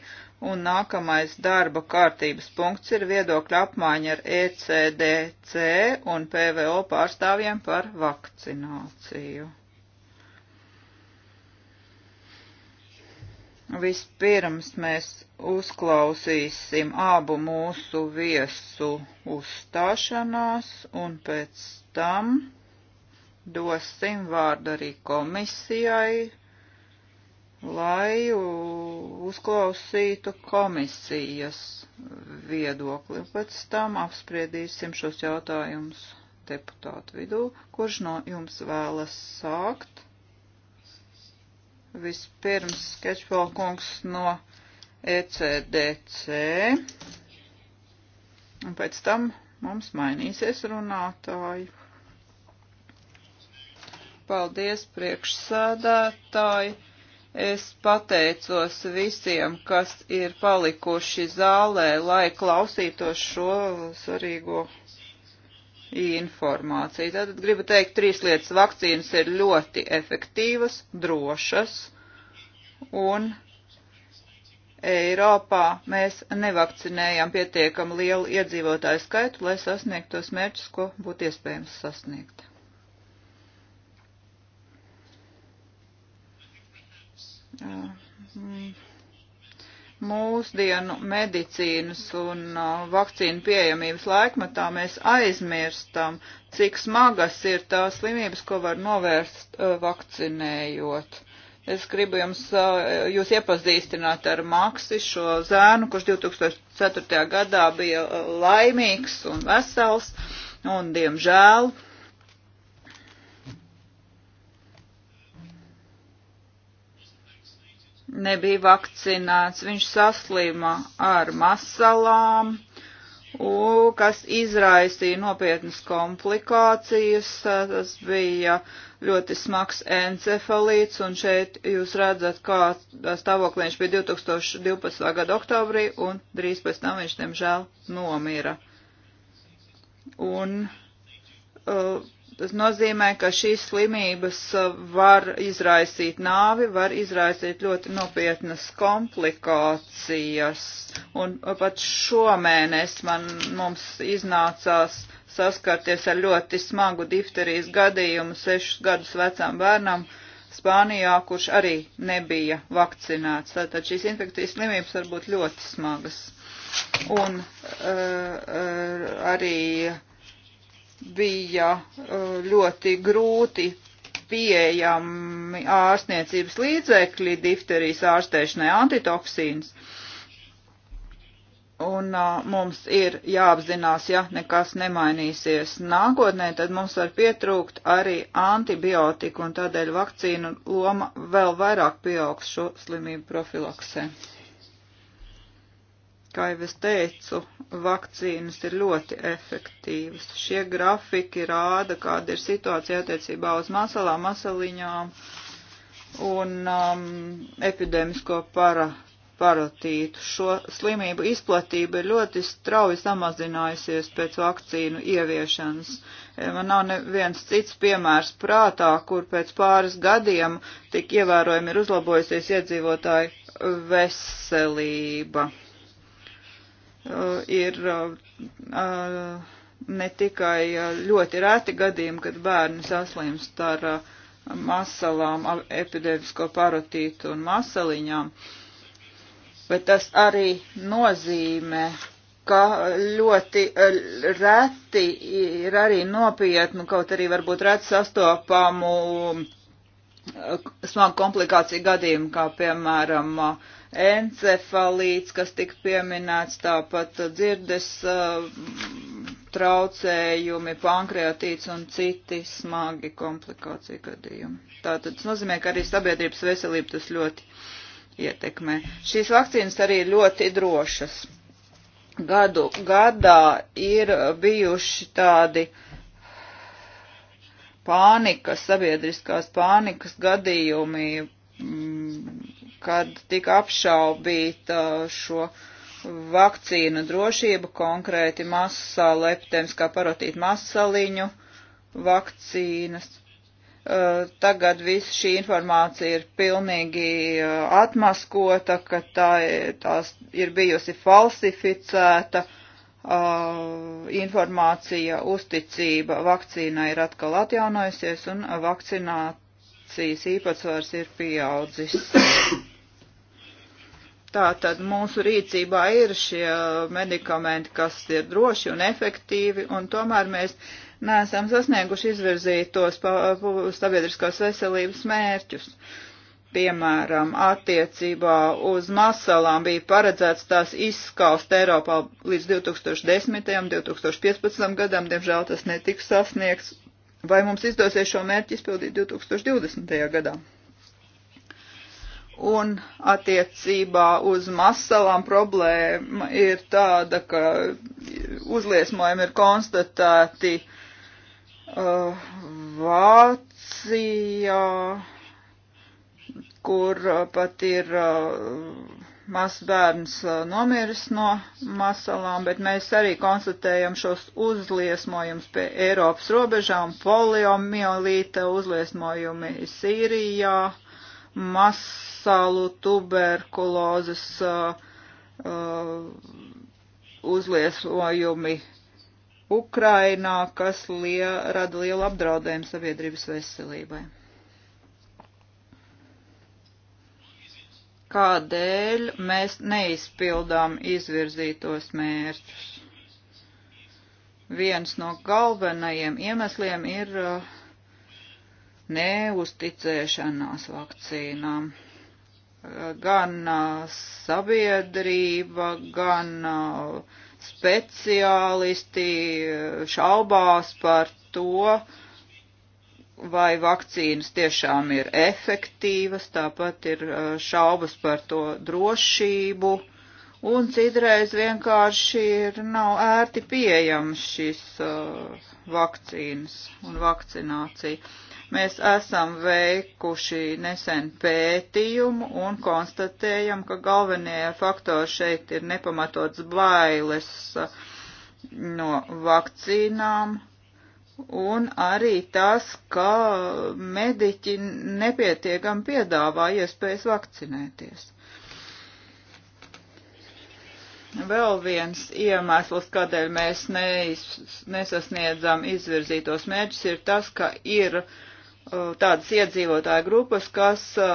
Un nākamais darba kārtības punkts ir viedokļa apmaiņa ar ECDC un PVO pārstāvjiem par vakcināciju. Vispirms mēs uzklausīsim abu mūsu viesu uzstāšanās un pēc tam dosim vārdu arī komisijai, lai uzklausītu komisijas viedokli. Pēc tam apspriedīsim šos jautājumus deputātu vidū, kurš no jums vēlas sākt. Vispirms Kečpalkungs no ECDC, un pēc tam mums mainīsies runātāji. Paldies, priekšsādātāji! Es pateicos visiem, kas ir palikuši zālē, lai klausītos šo svarīgo informāciju. Tātad gribu teikt trīs lietas. Vakcīnas ir ļoti efektīvas, drošas un Eiropā mēs nevakcinējam pietiekam lielu iedzīvotāju skaitu, lai sasniegtu tos mērķus, ko būtu iespējams sasniegt. Uh, mm mūsdienu medicīnas un uh, vakcīnu pieejamības laikmatā mēs aizmirstam, cik smagas ir tās slimības, ko var novērst uh, vakcinējot. Es gribu jums, uh, jūs iepazīstināt ar Maksi šo zēnu, kurš 2004. gadā bija laimīgs un vesels, un diemžēl nebija vakcinēts. Viņš saslima ar masalām, kas izraisīja nopietnas komplikācijas. Tas bija ļoti smags encefalīts, un šeit jūs redzat, kā stāvoklī viņš bija 2012. gada oktobrī, un drīz pēc tam viņš, diemžēl, nomira. Un, uh, Tas nozīmē, ka šīs slimības uh, var izraisīt nāvi, var izraisīt ļoti nopietnas komplikācijas. Un uh, pat šomēnes man mums iznācās saskarties ar ļoti smagu difterijas gadījumu sešus gadus vecām bērnam Spānijā, kurš arī nebija vakcinēts. Tātad šīs infekcijas slimības var būt ļoti smagas. Un uh, uh arī bija uh, ļoti grūti pieejami ārstniecības līdzekļi difterijas ārstēšanai antitoksīns. Un uh, mums ir jāapzinās, ja nekas nemainīsies nākotnē, tad mums var pietrūkt arī antibiotiku, un tādēļ vakcīnu loma vēl vairāk pieaugs šo slimību profilaksē. Kā jau es teicu, vakcīnas ir ļoti efektīvas. Šie grafiki rāda, kāda ir situācija attiecībā uz masalām, masaliņām un um, epidemisko para, paratītu. Šo slimību izplatība ir ļoti strauji samazinājusies pēc vakcīnu ieviešanas. E, man nav neviens cits piemērs prātā, kur pēc pāris gadiem tik ievērojami ir uzlabojusies iedzīvotāju veselība. Eh, ir eh, eh, ne tikai ļoti rēti gadījumi, kad bērni saslimst ar masalām, epidēvisko parotītu un masaliņām, bet tas arī nozīmē, ka ļoti reti ir arī nopietnu, kaut arī varbūt reti sastopamu smagu komplikāciju gadījumu, kā piemēram uh, encefalīts, kas tika pieminēts, tāpat dzirdes uh, traucējumi, pankreatīts un citi smagi komplikāciju gadījumi. Tātad tas nozīmē, ka arī sabiedrības veselību tas ļoti ietekmē. Šīs vakcīnas arī ir ļoti drošas. Gadu gadā ir bijuši tādi uh, pānikas, sabiedriskās pānikas gadījumi, mm, kad tika apšaubīta šo vakcīnu drošību, konkrēti masā leptēmskā parotīt masaliņu vakcīnas. Tagad viss šī informācija ir pilnīgi atmaskota, ka tā, tās ir bijusi falsificēta informācija, uzticība vakcīnai ir atkal atjaunojusies un vakcinācijas īpatsvars ir pieaudzis. Tātad mūsu rīcībā ir šie medikamenti, kas ir droši un efektīvi, un tomēr mēs neesam sasnieguši izvirzītos sabiedriskās veselības mērķus. Uh, piemēram, attiecībā uz masalām bija paredzēts tās izskaust Eiropā līdz 2010. un 2015. gadam, diemžēl tas netika sasniegts. Vai mums izdosies šo mērķi izpildīt 2020. gadā? Un attiecībā uz masalām problēma ir tāda, ka uzliesmojumi ir konstatēti uh, Vācijā kur uh, pat ir uh, mazs bērns uh, nomiris no masalām, bet mēs arī konstatējam šos uzliesmojumus pie Eiropas robežām, poliomielīte uzliesmojumi Sīrijā, masalu tuberkulozes uzliesmojumi Ukrainā, kas lie, rada lielu apdraudējumu sabiedrības veselībai. kādēļ mēs neizpildām izvirzītos mērķus. Viens no galvenajiem iemesliem ir uh, neusticēšanās vakcīnām. Gan uh, sabiedrība, gan uh, speciālisti šaubās par to, uh, vai vakcīnas tiešām ir efektīvas, tāpat ir uh, šaubas par to drošību, un citreiz vienkārši ir nav ērti pieejams šīs uh, vakcīnas un vakcinācija. Mēs esam veikuši nesen pētījumu un konstatējam, ka galvenie faktori šeit ir nepamatots bailes uh, no vakcīnām, un arī tas, ka mediķi nepietiekam piedāvā iespējas vakcinēties. Vēl viens iemesls, kādēļ mēs ne, nesasniedzam izvirzītos mērķus, ir tas, ka ir uh, Uh, tādas iedzīvotāju grupas, kas uh,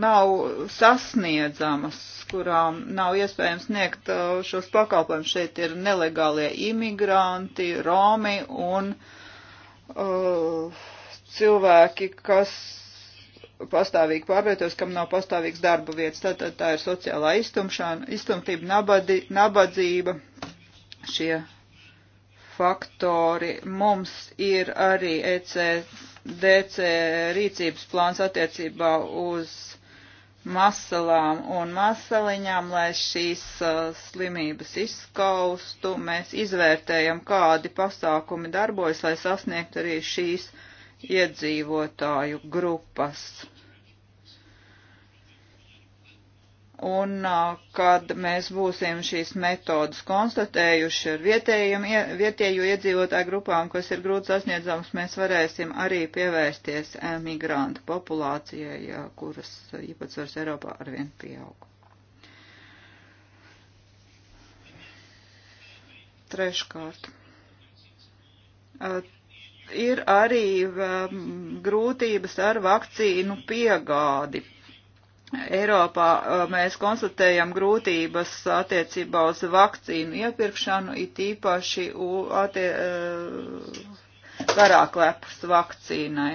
nav sasniedzamas, kurām nav iespējams sniegt uh, šos pakalpojumus. Šeit ir nelegālie imigranti, romi un cilvēki, kas pastāvīgi pārvietojas, kam nav pastāvīgs darba vietas. Tātad tā ir sociālā iztumšana, iztumtība, nabadi, nabadzība. Šie faktori. Mums ir arī ECDC rīcības plāns attiecībā uz masalām un masaliņām, lai šīs uh, slimības izskaustu. Mēs izvērtējam, kādi pasākumi darbojas, lai sasniegtu arī šīs iedzīvotāju grupas. un kad mēs būsim šīs metodas konstatējuši ar vietējiem, vietējo iedzīvotāju grupām, kas ir grūti sasniedzams, mēs varēsim arī pievērsties migrantu populācijai, kuras īpatsvars Eiropā arvien pieaug. Treškārt. Ir arī grūtības ar vakcīnu piegādi Eiropā mēs konstatējam grūtības attiecībā uz vakcīnu iepirkšanu, it īpaši attie, garāklēpas vakcīnai.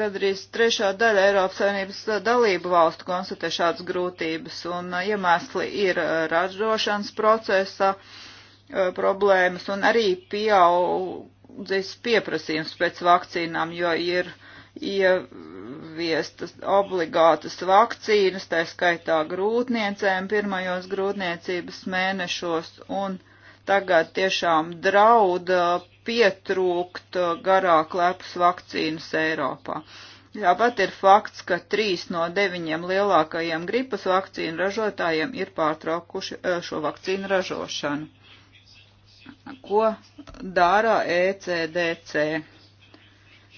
Gadrīz trešā daļa Eiropas Savienības dalību valstu konstatē šādas grūtības, un iemesli ir ražošanas procesa problēmas un arī pieaudzis pieprasījums pēc vakcīnām, jo ir ja ieviestas obligātas vakcīnas, tā skaitā grūtniecēm pirmajos grūtniecības mēnešos, un tagad tiešām drauda uh, pietrūkt uh, garāk lepus vakcīnas Eiropā. Tāpat ir fakts, ka trīs no deviņiem lielākajiem gripas vakcīnu ražotājiem ir pārtraukuši uh, šo vakcīnu ražošanu. Ko dara ECDC?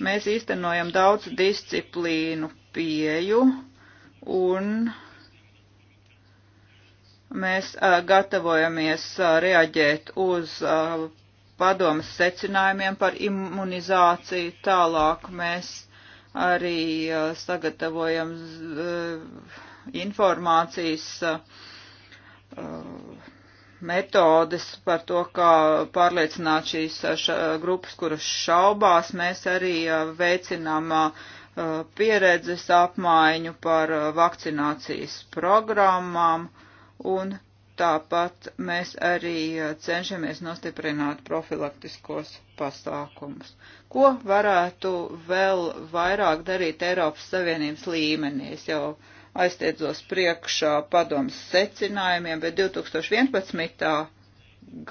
Mēs īstenojam daudz disciplīnu pieju un mēs gatavojamies reaģēt uz padomas secinājumiem par imunizāciju. Tālāk mēs arī sagatavojam informācijas metodes par to, kā pārliecināt šīs ša, grupas, kuras šaubās. Mēs arī veicinām pieredzes apmaiņu par vakcinācijas programmām un Tāpat mēs arī eh, cenšamies nostiprināt profilaktiskos pasākumus. Ko varētu vēl vairāk darīt Eiropas Savienības līmenī? Es jau aiztiedzos priekšā padomas secinājumiem, bet 2011.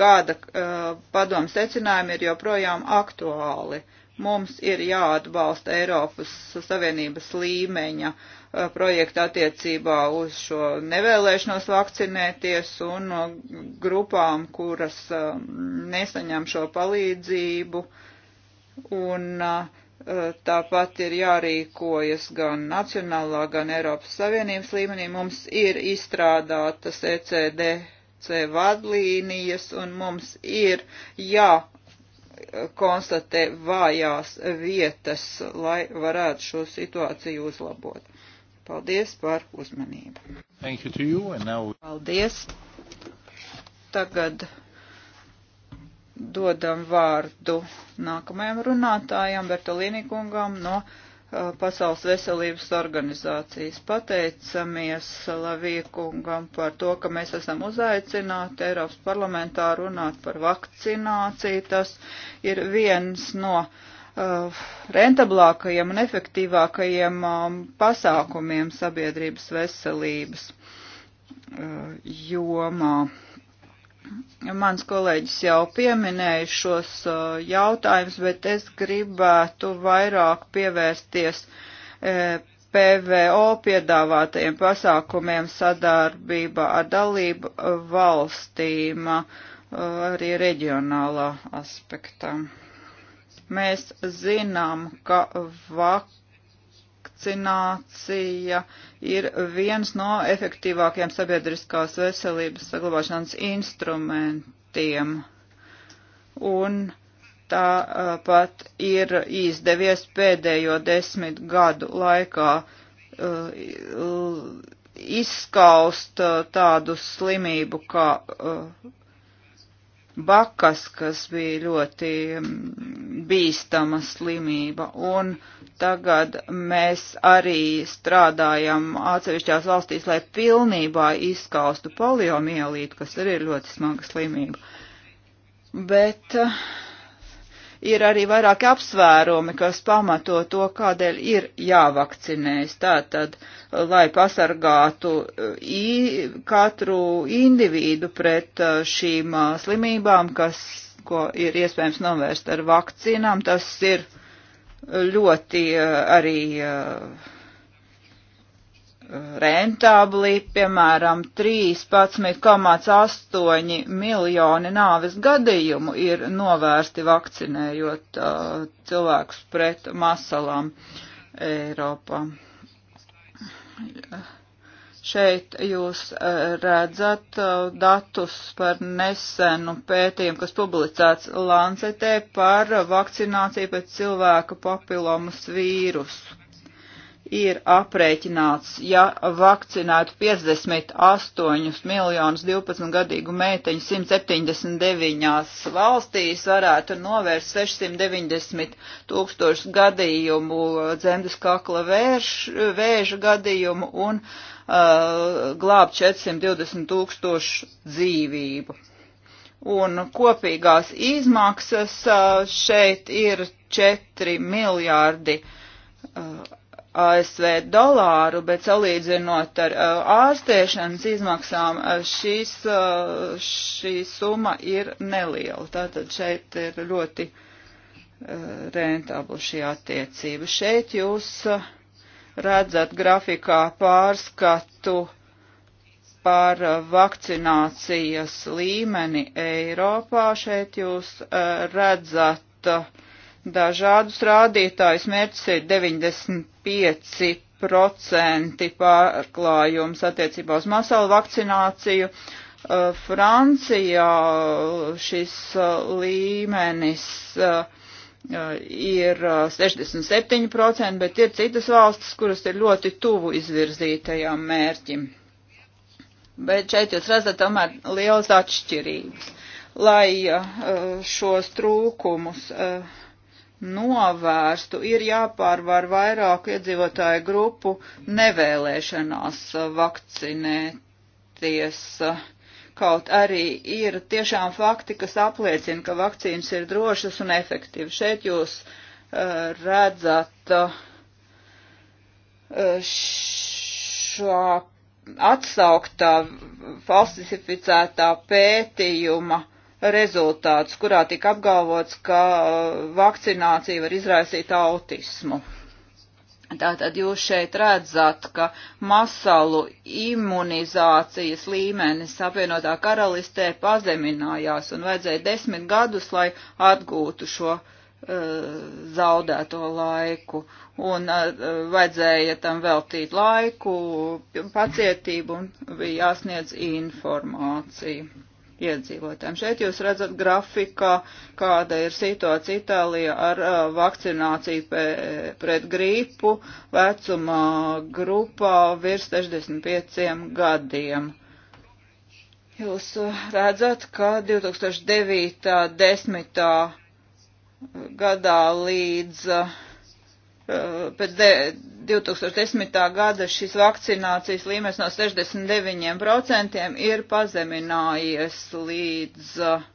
gada uh, padomas secinājumi ir joprojām aktuāli mums ir jāatbalsta Eiropas Savienības līmeņa eh, projekta attiecībā uz šo nevēlēšanos vakcinēties un eh, grupām, kuras eh, nesaņem šo palīdzību. Un tāpat ir jārīkojas gan nacionālā, gan Eiropas Savienības līmenī. Mums ir izstrādātas ECD vadlīnijas un mums ir jā jākonstatē vājās vietas, lai varētu šo situāciju uzlabot. Paldies par uzmanību. Thank you to you and now... Paldies. Tagad dodam vārdu nākamajam runātājam Bertolīni kungam no. Pasaules veselības organizācijas. Pateicamies Laviekungam par to, ka mēs esam uzaicināti Eiropas parlamentā runāt par vakcināciju. Tas ir viens no uh, rentablākajiem un efektīvākajiem um, pasākumiem sabiedrības veselības uh, jomā. Uh, Mans kolēģis jau pieminēja šos uh, jautājumus, bet es gribētu vairāk pievērsties e, PVO piedāvātajiem pasākumiem sadarbībā ar dalību uh, valstīm, uh, arī reģionālā aspektā. Mēs zinām, ka vakar vakcinācija ir viens no efektīvākiem sabiedriskās veselības saglabāšanas instrumentiem. Un tāpat ir izdevies pēdējo desmit gadu laikā uh, izskaust uh, tādu slimību kā uh, bakas, kas bija ļoti um, bīstama slimība. Un tagad mēs arī strādājam atsevišķās valstīs, lai pilnībā izskaustu poliomielītu, kas arī ir ļoti smaga slimība. Bet eh, ir arī vairāki apsvērumi, kas pamato to, kādēļ ir jāvakcinējas. Tātad, lai pasargātu eh, katru individu pret eh, šīm slimībām, kas ko ir iespējams novērst ar vakcīnām, tas ir ļoti eh, arī eh, rentabli, piemēram, 13,8 miljoni nāves gadījumu ir novērsti vakcinējot uh, cilvēkus pret masalām Eiropā. Yeah Šeit jūs eh, redzat eh, datus par nesenu pētījumu, kas publicēts Lancetē par vakcināciju pēc cilvēka papilomas vīrusu. Ir aprēķināts, ja vakcinētu 58 miljonus 12 gadīgu meiteņu 179 valstīs, varētu novērst 690 tūkstošu gadījumu eh, dzemdas kakla vērš, vēža gadījumu un uh, uh, glābt 420 tūkstošu dzīvību. Un kopīgās izmaksas uh, šeit ir 4 miljārdi uh, ASV dolāru, bet salīdzinot ar uh, ārstēšanas izmaksām, uh, šīs, uh, šī summa ir neliela. Tātad šeit ir ļoti rentabla šī attiecība. Šeit jūs uh, redzat grafikā pārskatu par uh, vakcinācijas līmeni Eiropā. Šeit jūs uh, redzat uh, dažādus rādītājus. Mērķis ir 95% pārklājums attiecībā uz masalu vakcināciju. Francijā šis līmenis uh, Eh, ir 67%, eh, bet ir citas valstis, kuras ir ļoti tuvu izvirzītajām mērķim. Bet šeit jūs redzat tomēr liels atšķirības. Lai eh, šos trūkumus novērstu, ir jāpārvar vairāk iedzīvotāju grupu nevēlēšanās vakcinēties. Uh, kaut arī ir tiešām fakti, kas apliecina, ka vakcīnas ir drošas un efektīvas. Šeit jūs uh, redzat uh, šo atsauktā falsificētā pētījuma rezultāts, kurā tika apgalvots, ka uh, vakcinācija var izraisīt autismu. Tātad jūs šeit redzat, ka masalu imunizācijas līmenis apvienotā karalistē pazeminājās un vajadzēja desmit gadus, lai atgūtu šo uh, zaudēto laiku. Un uh, vajadzēja tam veltīt laiku, pacietību un bija jāsniedz informācija iedzīvotājiem. Šeit jūs redzat grafikā, kāda ir situācija Itālijā ar uh, vakcināciju pē, pret grīpu vecumā grupā virs 65 gadiem. Jūs uh, redzat, ka 2009. 10. gadā līdz uh, Eh, pēc 2010. gada šis vakcinācijas līmenis no 69% ir pazeminājies līdz eh,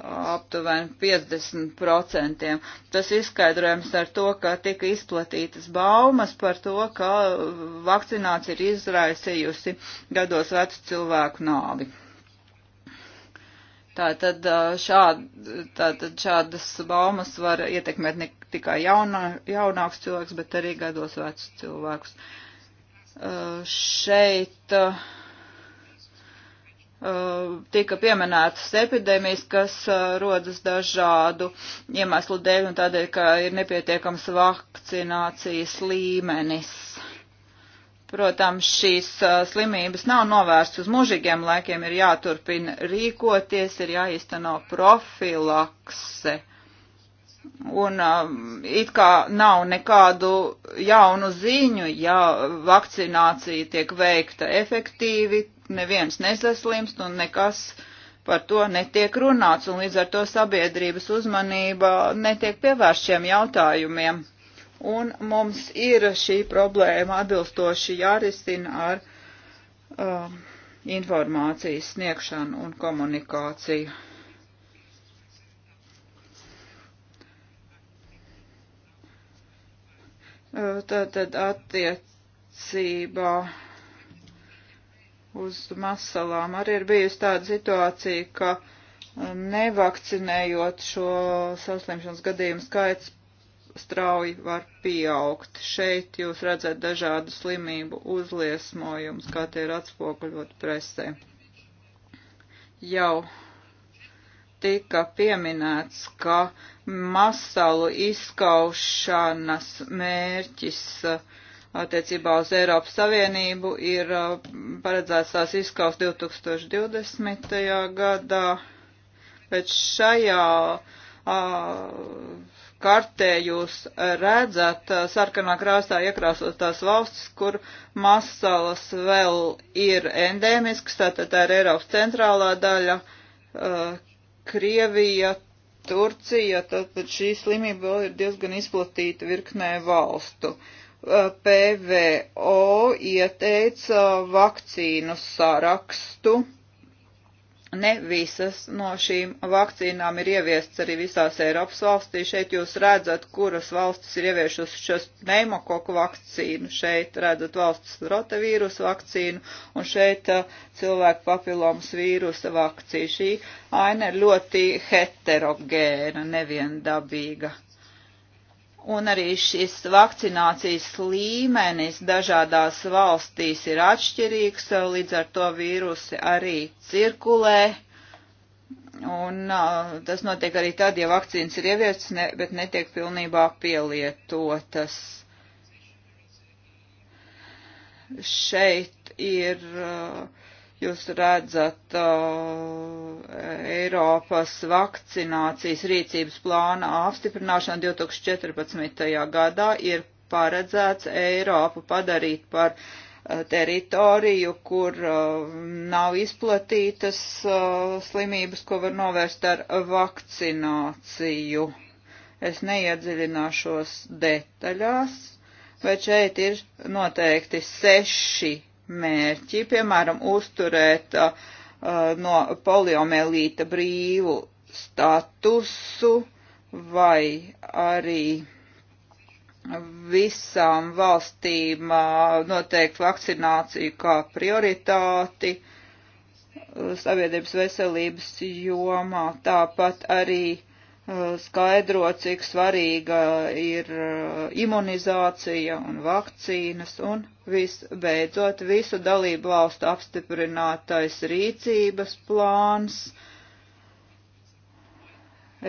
aptuveni 50%. Tas izskaidrojams ar to, ka tika izplatītas baumas par to, ka vakcinācija ir izraisījusi gados vecu cilvēku nāvi. Tātad, eh, šād, tātad šādas baumas var ietekmēt ne tikai jaunā, jaunāks cilvēks, bet arī gados vecs cilvēks. Uh, šeit uh, uh tika pieminētas epidēmijas, kas uh, rodas dažādu iemeslu dēļ un tādēļ, ka ir nepietiekams vakcinācijas līmenis. Protams, šīs uh, slimības nav novērstas uz mūžīgiem laikiem, ir jāturpina rīkoties, ir jāizteno profilakse. Un um, it kā nav nekādu jaunu ziņu, ja vakcinācija tiek veikta efektīvi, neviens nesaslimst un nekas par to netiek runāts, un līdz ar to sabiedrības uzmanība netiek pievērst šiem jautājumiem. Un mums ir šī problēma atbilstoši jārisina ar uh, informācijas sniegšanu un komunikāciju. Tātad eh, attiecībā uz masalām arī ir bijusi tāda situācija, ka eh, nevakcinējot šo saslimšanas gadījumu skaits strauji var pieaugt. Šeit jūs redzat dažādu slimību uzliesmojumus, kā tie ir atspoguļot presē. Jau tika pieminēts, ka masalu izskaušanas mērķis uh, attiecībā uz Eiropas Savienību ir uh, paredzēts tās izskaust 2020. gadā, bet šajā a, uh, kartē jūs redzat sarkanā krāsā iekrāsot tās valstis, kur masalas vēl ir endēmiskas, tātad tā ir Eiropas centrālā daļa, a, Krievija, Turcija, tad šī slimība vēl ir diezgan izplatīta virknē valstu. Eh, PVO ieteica vakcīnu sarakstu Ne visas no šīm vakcīnām ir ieviestas arī visās Eiropas valstīs. Šeit jūs redzat, kuras valstis ir ieviešas šos pneumokoku vakcīnu, šeit redzat valsts rotavīrusu vakcīnu un šeit uh, cilvēku papilomas vīrusa vakcīnu. Šī aina ir ļoti heterogēna, neviendabīga. Un arī šis vakcinācijas līmenis dažādās valstīs ir atšķirīgs, līdz ar to vīrusi arī cirkulē. Un uh, tas notiek arī tad, ja vakcīnas ir ieviestas, ne, bet netiek pilnībā pielietotas. Šeit ir uh, Jūs redzat uh, Eiropas vakcinācijas rīcības plāna apstiprināšana 2014. gadā ir paredzēts Eiropu padarīt par uh, teritoriju, kur uh, nav izplatītas uh, slimības, ko var novērst ar vakcināciju. Es neiedziļināšos detaļās, bet šeit ir noteikti seši mērķi, piemēram, uzturēt uh, uh, no poliomielīta brīvu statusu vai arī visām valstīm uh, noteikt vakcināciju kā prioritāti uh, sabiedrības veselības jomā, tāpat arī Eh, skaidrot, cik svarīga ir eh, imunizācija un vakcīnas un visbeidzot visu dalību valstu apstiprinātais rīcības plāns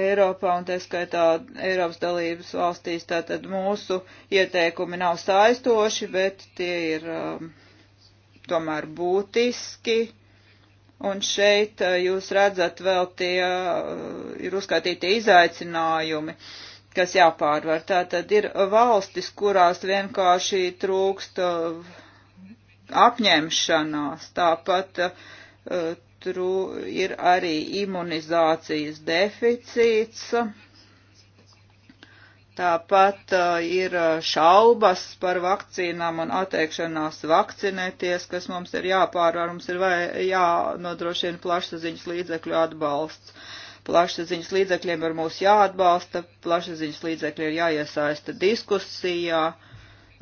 Eiropā un tā skaitā Eiropas dalības valstīs. Tātad mūsu ieteikumi nav saistoši, bet tie ir um, tomēr būtiski Un šeit eh, jūs redzat vēl tie, eh, ir uzskaitīti izaicinājumi, kas jāpārvar. Tā tad ir valstis, kurās vienkārši trūkst eh, apņemšanās, tāpat tru, ir arī imunizācijas deficīts Tāpat uh, ir šaubas par vakcīnām un atteikšanās vakcinēties, kas mums ir jāpārvar, mums ir vai, jānodrošina plašsaziņas līdzekļu atbalsts. Plašsaziņas līdzekļiem ir mūs jāatbalsta, plašsaziņas līdzekļi ir jāiesaista diskusijā. Uh,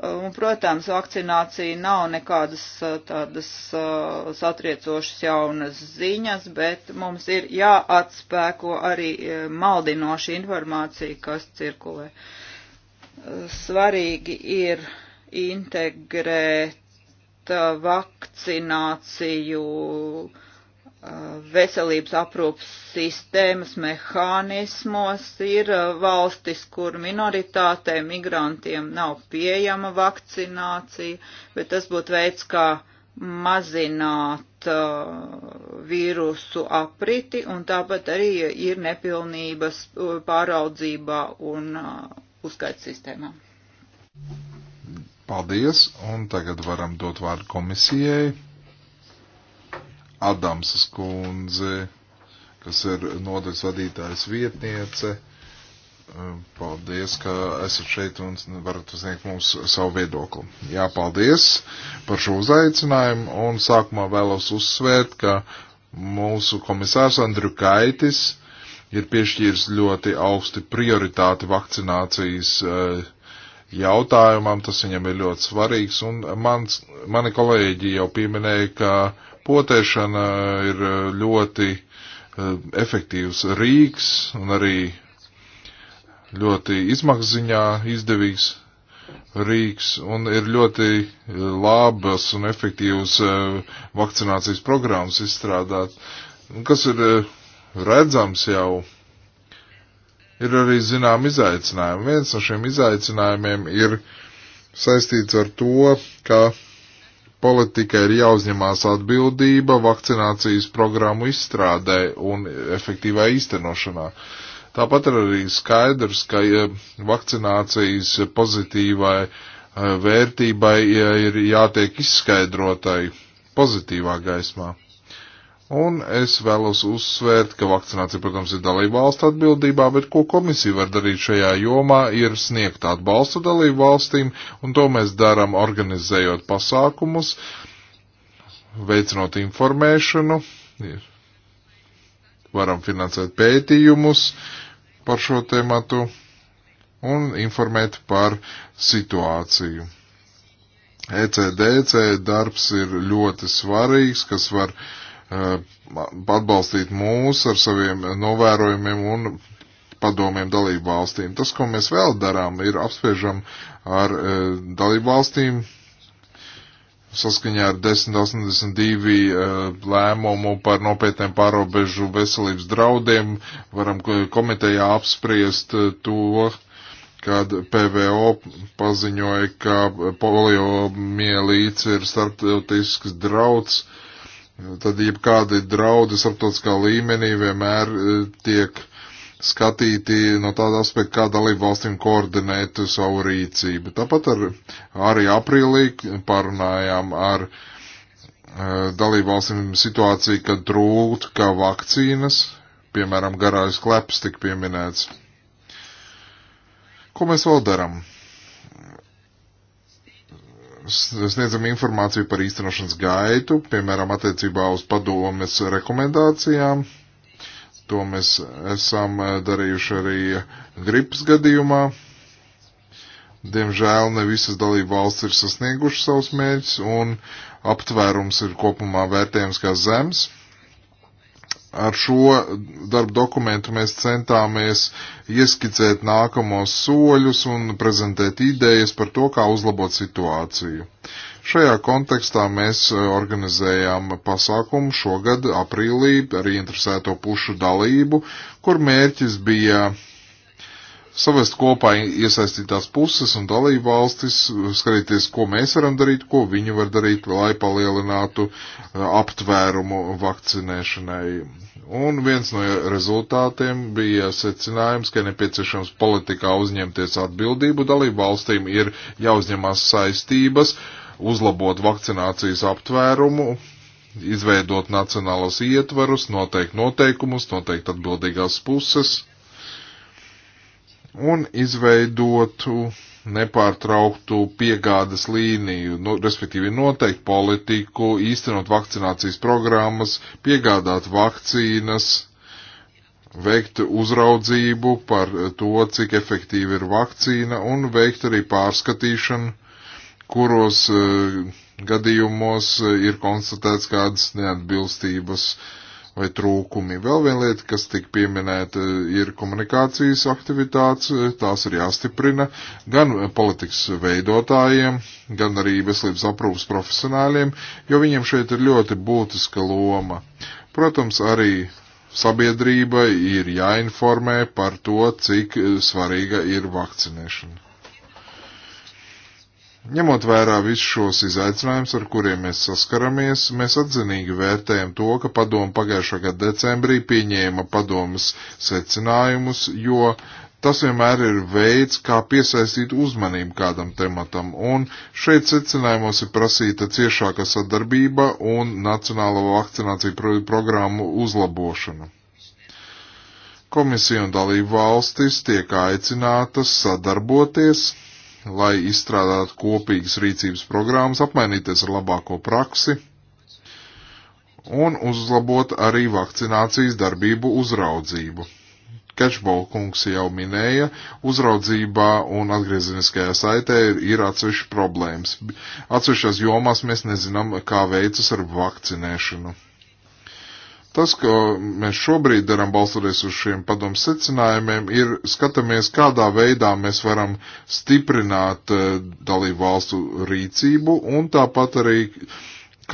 Un, protams, vakcinācija nav nekādas uh, tādas uh, satriecošas jaunas ziņas, bet mums ir jāatspēko arī uh, maldinoša informācija, kas cirkulē. Svarīgi ir integrēt vakcināciju uh, Uh, veselības aprūpas sistēmas mehānismos ir uh, valstis, kur minoritātēm, migrantiem nav pieejama vakcinācija, bet tas būtu veids, kā mazināt uh, vīrusu apriti, un tāpat arī ir nepilnības uh, pāraudzībā un uh, uzskaits sistēmā. Paldies, un tagad varam dot vārdu komisijai. Adamsas kundzi, kas ir nodaļas vadītājas vietniece. Um, paldies, ka esat šeit un varat uzniegt mums savu viedokli. Jā, paldies par šo uzaicinājumu un sākumā vēlos uzsvērt, ka mūsu komisārs Andriu Kaitis ir piešķīris ļoti augsti prioritāti vakcinācijas eh, jautājumam, tas viņam ir ļoti svarīgs un mans, mani kolēģi jau pieminēja, ka Potēšana ir eh, ļoti eh, efektīvs rīks un arī ļoti izmaksziņā izdevīgs rīks un ir ļoti eh, labas un efektīvas vakcinācijas programmas izstrādāt, kas ir redzams jau. Ir arī zinām izaicinājumi. Viens no šiem izaicinājumiem ir saistīts ar to, ka Politika ir jāuzņemās atbildība vakcinācijas programmu izstrādē un efektīvā īstenošanā. Tāpat ir arī skaidrs, ka vakcinācijas pozitīvai eh, vērtībai ir jātiek izskaidrotai pozitīvā gaismā. Un es vēlos uzsvērt, ka vakcinācija, protams, ir dalība valsts atbildībā, bet ko komisija var darīt šajā jomā, ir sniegt atbalstu dalību valstīm, un to mēs darām organizējot pasākumus, veicinot informēšanu, varam finansēt pētījumus par šo tematu un informēt par situāciju. ECDC darbs ir ļoti svarīgs, kas var uh, Eh, atbalstīt mūs ar saviem novērojumiem un padomiem dalību valstīm. Tas, ko mēs vēl darām, ir apspiežam ar eh, dalību valstīm saskaņā ar 1082 eh, lēmumu par nopietniem pārobežu veselības draudiem. Varam komitejā apspriest to, kad PVO paziņoja, ka poliomielīts ir starptautisks drauds. Uh, Nu, tad jebkādi draudi starptautiskā līmenī vienmēr e, tiek skatīti no tāda aspekta, kā dalību valstīm koordinēt savu rīcību. Tāpat ar, arī aprīlī pārunājām ar e, dalību valstīm situāciju, kad trūka vakcīnas, piemēram, garājas kleps tik pieminēts. Ko mēs vēl darām? sniedzam informāciju par īstenošanas gaitu, piemēram, attiecībā uz padomes rekomendācijām. To mēs esam eh, darījuši arī gripas gadījumā. Diemžēl ne visas dalību valsts ir sasniegušas savus mērķus, un aptvērums ir kopumā vērtējums kā zems ar šo darbu dokumentu mēs centāmies ieskicēt nākamos soļus un prezentēt idejas par to, kā uzlabot situāciju. Šajā kontekstā mēs e, organizējām pasākumu šogad aprīlī ar interesēto pušu dalību, kur mērķis bija savest kopā iesaistītās puses un dalību valstis, skatīties, ko mēs varam darīt, ko viņi var darīt, lai palielinātu eh, aptvērumu vakcinēšanai. Un viens no rezultātiem bija secinājums, ka nepieciešams politikā uzņemties atbildību, dalību valstīm ir jāuzņemās saistības, uzlabot vakcinācijas aptvērumu, izveidot nacionālos ietvarus, noteikt noteikumus, noteikt atbildīgās puses un izveidotu nepārtrauktu piegādes līniju, nu, respektīvi noteikt politiku, īstenot vakcinācijas programmas, piegādāt vakcīnas, veikt uzraudzību par to, cik efektīva ir vakcīna un veikt arī pārskatīšanu, kuros uh, gadījumos eh, ir konstatēts kādas neatbilstības uh, vai trūkumi. Vēl viena lieta, kas tika pieminēta, ir komunikācijas aktivitātes. Tās ir jāstiprina gan politikas veidotājiem, gan arī veselības aprūpas profesionāļiem, jo viņiem šeit ir ļoti būtiska loma. Protams, arī sabiedrība ir jāinformē par to, cik svarīga ir vakcinēšana. Ņemot vērā visus šos izaicinājumus, ar kuriem mēs saskaramies, mēs atzinīgi vērtējam to, ka padomu pagājušā gada decembrī pieņēma padomas secinājumus, jo tas vienmēr ir veids, kā piesaistīt uzmanību kādam tematam, un šeit secinājumos ir prasīta ciešāka sadarbība un nacionālo vakcināciju programmu uzlabošana. Komisija un dalību valstis tiek aicinātas sadarboties lai izstrādātu kopīgas rīcības programmas, apmainīties ar labāko praksi un uzlabot arī vakcinācijas darbību uzraudzību. Kečbol kungs jau minēja, uzraudzībā un atgriezeniskajā saitē ir atsevišķas problēmas. Atsevišķās jomās mēs nezinām, kā veicas ar vakcinēšanu. Tas, ko mēs šobrīd darām, balstoties uz šiem padomu secinājumiem, ir skatāmies, kādā veidā mēs varam stiprināt eh, dalību valstu rīcību un tāpat arī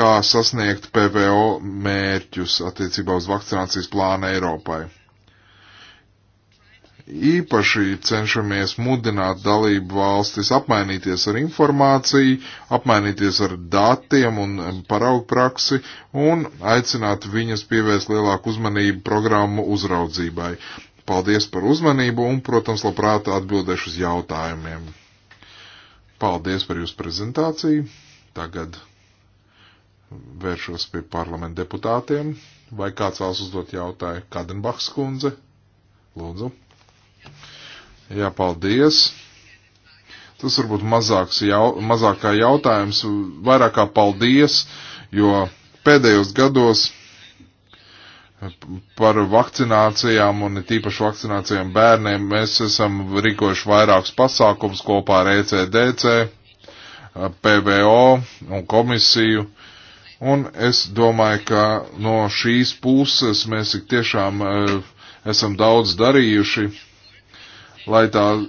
kā sasniegt PVO mērķus attiecībā uz vakcinācijas plānu Eiropai īpaši cenšamies mudināt dalību valstis apmainīties ar informāciju, apmainīties ar datiem un um, paraugu praksi un aicināt viņas pievērst lielāku uzmanību programmu uzraudzībai. Paldies par uzmanību un, protams, labprāt atbildēšu uz jautājumiem. Paldies par jūsu prezentāciju. Tagad vēršos pie parlamenta deputātiem. Vai kāds vēlas uzdot jautājumu? Kadenbachs kundze, lūdzu. Jā, paldies. Tas varbūt mazāks, jau, mazākā jautājums, vairāk kā paldies, jo pēdējos gados par vakcinācijām un tīpaši vakcinācijām bērniem mēs esam rīkojuši vairākus pasākumus kopā ar ECDC, PVO un komisiju. Un es domāju, ka no šīs puses mēs tiešām eh, esam daudz darījuši lai tā e,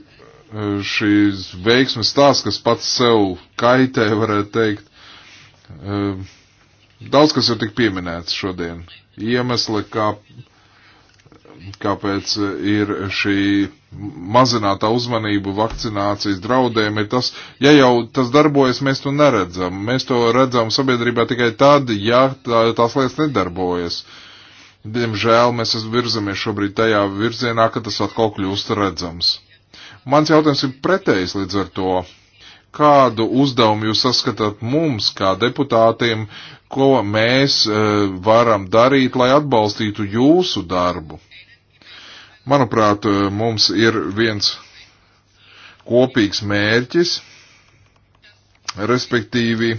šīs veiksmes tās, kas pats sev kaitē, varētu teikt, e, daudz kas ir tik pieminēts šodien. Iemesli, kā, kāpēc ir šī mazinātā uzmanība vakcinācijas draudiem, ir tas, ja jau tas darbojas, mēs to neredzam. Mēs to redzam sabiedrībā tikai tad, ja tā, tās lietas nedarbojas. Uh, Diemžēl mēs virzamies šobrīd tajā virzienā, ka tas atkal kļūst redzams. Mans jautājums ir pretējs līdz ar to. Kādu uzdevumu jūs saskatāt mums, kā deputātiem, ko mēs e, varam darīt, lai atbalstītu jūsu darbu? Manuprāt, e, mums ir viens kopīgs mērķis, respektīvi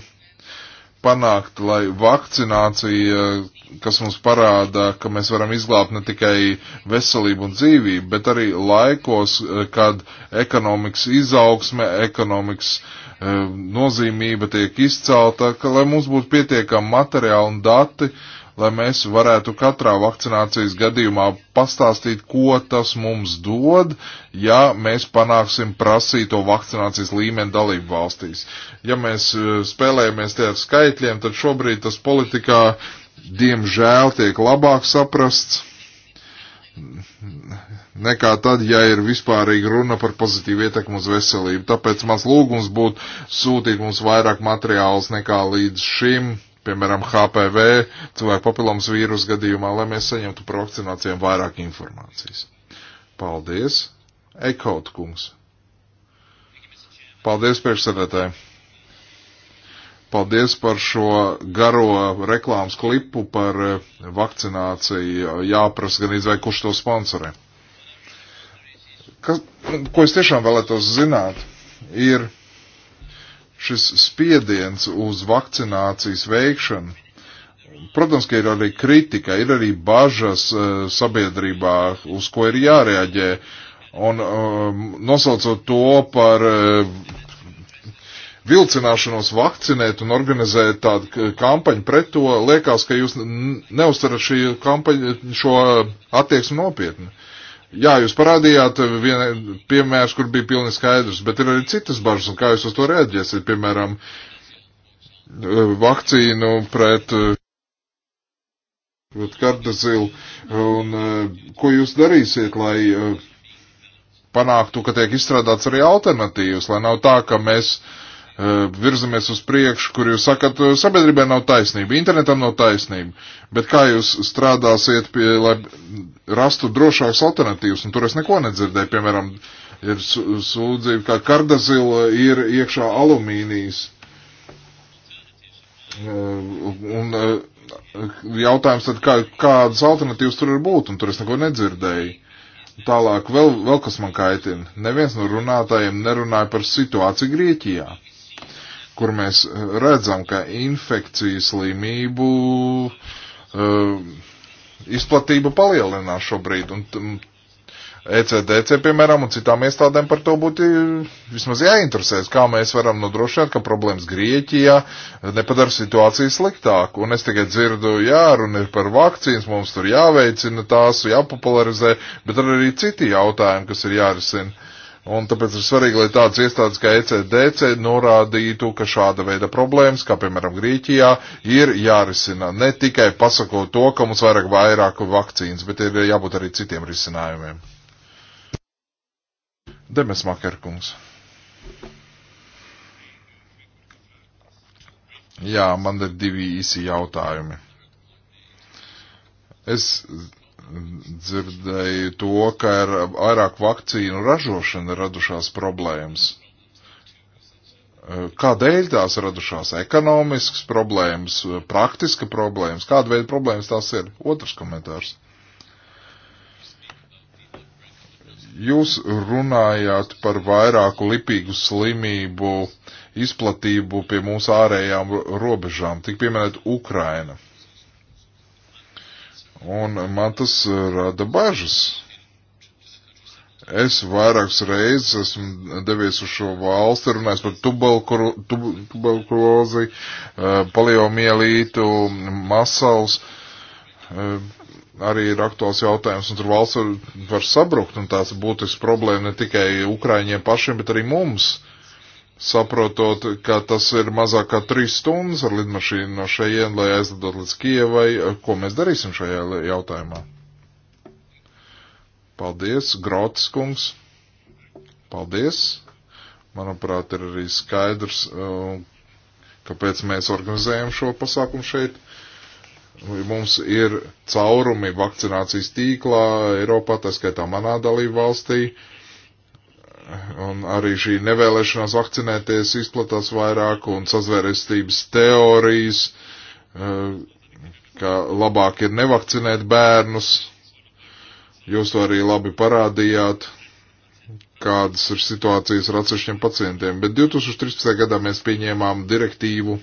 panākt, lai vakcinācija, kas mums parāda, ka mēs varam izglābt ne tikai veselību un dzīvību, bet arī laikos, kad ekonomikas izaugsme, ekonomikas eh, nozīmība tiek izcelta, ka lai mums būtu pietiekami materiāli un dati, lai mēs varētu katrā vakcinācijas gadījumā pastāstīt, ko tas mums dod, ja mēs panāksim prasīto vakcinācijas līmeni dalību valstīs. Ja mēs e, spēlējamies tie ar skaitļiem, tad šobrīd tas politikā diemžēl tiek labāk saprasts nekā tad, ja ir vispārīgi runa par pozitīvu ietekmu uz veselību. Tāpēc mans lūgums būtu sūtīt mums vairāk materiālus nekā līdz šim, piemēram, HPV, cilvēku papilomas vīrusu gadījumā, lai mēs saņemtu par vakcinācijām vairāk informācijas. Paldies! Ekaut kungs! Paldies priekšsēdētāji! Paldies par šo garo reklāmas klipu par eh, vakcināciju. Jāprasa gan izvēl, kurš to sponsorē. Kas, ko es tiešām vēlētos zināt, ir šis spiediens uz vakcinācijas veikšanu. Protams, ka ir arī kritika, ir arī bažas uh, sabiedrībā, uz ko ir jārēģē. Un um, nosaucot to par uh, vilcināšanos vakcinēt un organizēt tādu kampaņu pret to, liekas, ka jūs neuztarat šī kampaņu, šo attieksmi nopietni. Uh, Jā, jūs parādījāt vienu piemēru, kur bija pilnīgi skaidrs, bet ir arī citas bažas, un kā jūs uz to reaģēsiet, piemēram, eh, vakcīnu pret, eh, pret kartazilu, un eh, ko jūs darīsiet, lai panāktu, ka tiek izstrādāts arī alternatīvas, lai nav tā, ka mēs uh, Eh, virzamies uz priekšu, kur jūs sakat, eh, sabiedrībai nav taisnība, internetam nav taisnība, bet kā jūs strādāsiet, pie, lai rastu drošākas alternatīvas, un tur es neko nedzirdēju, piemēram, ir sūdzība, kā kardazila ir iekšā alumīnijas. Eh, un jautājums tad, kā, kādas alternatīvas tur ir būt, un tur es neko nedzirdēju. Tālāk vēl, vēl kas man kaitina. Neviens no runātājiem nerunāja par situāciju Grieķijā kur mēs redzam, ka infekcijas slimību uh, izplatība palielinās šobrīd. Un ECDC, piemēram, un citām iestādēm par to būtu vismaz jāinteresēs, kā mēs varam nodrošināt, ka problēmas Grieķijā nepadara situāciju sliktāku. Un es tikai dzirdu, jā, runa ir par vakcīnas, mums tur jāveicina tās, jāpopularizē, bet ir arī citi jautājumi, kas ir jārisina Un tāpēc ir svarīgi, lai tādas iestādes kā ECDC norādītu, ka šāda veida problēmas, kā piemēram Grīķijā, ir jārisina. Ne tikai pasakot to, ka mums vairāk vairāku vakcīnas, bet ir jābūt arī citiem risinājumiem. Demes Makerkungs. Jā, man ir divi īsi jautājumi. Es dzirdēju to, ka ar vairāk vakcīnu ražošana radušās problēmas. Kādēļ tās radušās? Ekonomisks problēmas, praktiska problēmas, kāda veida problēmas tās ir? Otrs komentārs. Jūs runājāt par vairāku lipīgu slimību izplatību pie mūsu ārējām robežām, tik pieminēt Ukraina. Un man tas rada bažas. Es vairākas reizes esmu devies uz šo valsti, runājis par tuberkulozi, eh, paliomielītu, masals. Eh, arī ir aktuāls jautājums, un tur valsts var, var sabrukt, un tās būtisks problēma ne tikai Ukraiņiem pašiem, bet arī mums. Uh, saprotot, ka tas ir mazāk kā trīs stundas ar lidmašīnu no šejien, lai aizlidot līdz Kievai. Ko mēs darīsim šajā jautājumā? Paldies, Grotas kungs. Paldies. Manuprāt, ir arī skaidrs, um, kāpēc mēs organizējam šo pasākumu šeit. Mums ir caurumi vakcinācijas tīklā Eiropā, tā skaitā manā dalību valstī. Uh, Un arī šī nevēlešanās vakcinēties izplatās vairāk un sazvērestības teorijas, eh, ka labāk ir nevakcinēt bērnus. Jūs to arī labi parādījāt, kādas ir situācijas ar atsevišķiem pacientiem. Bet 2013. gadā mēs pieņēmām direktīvu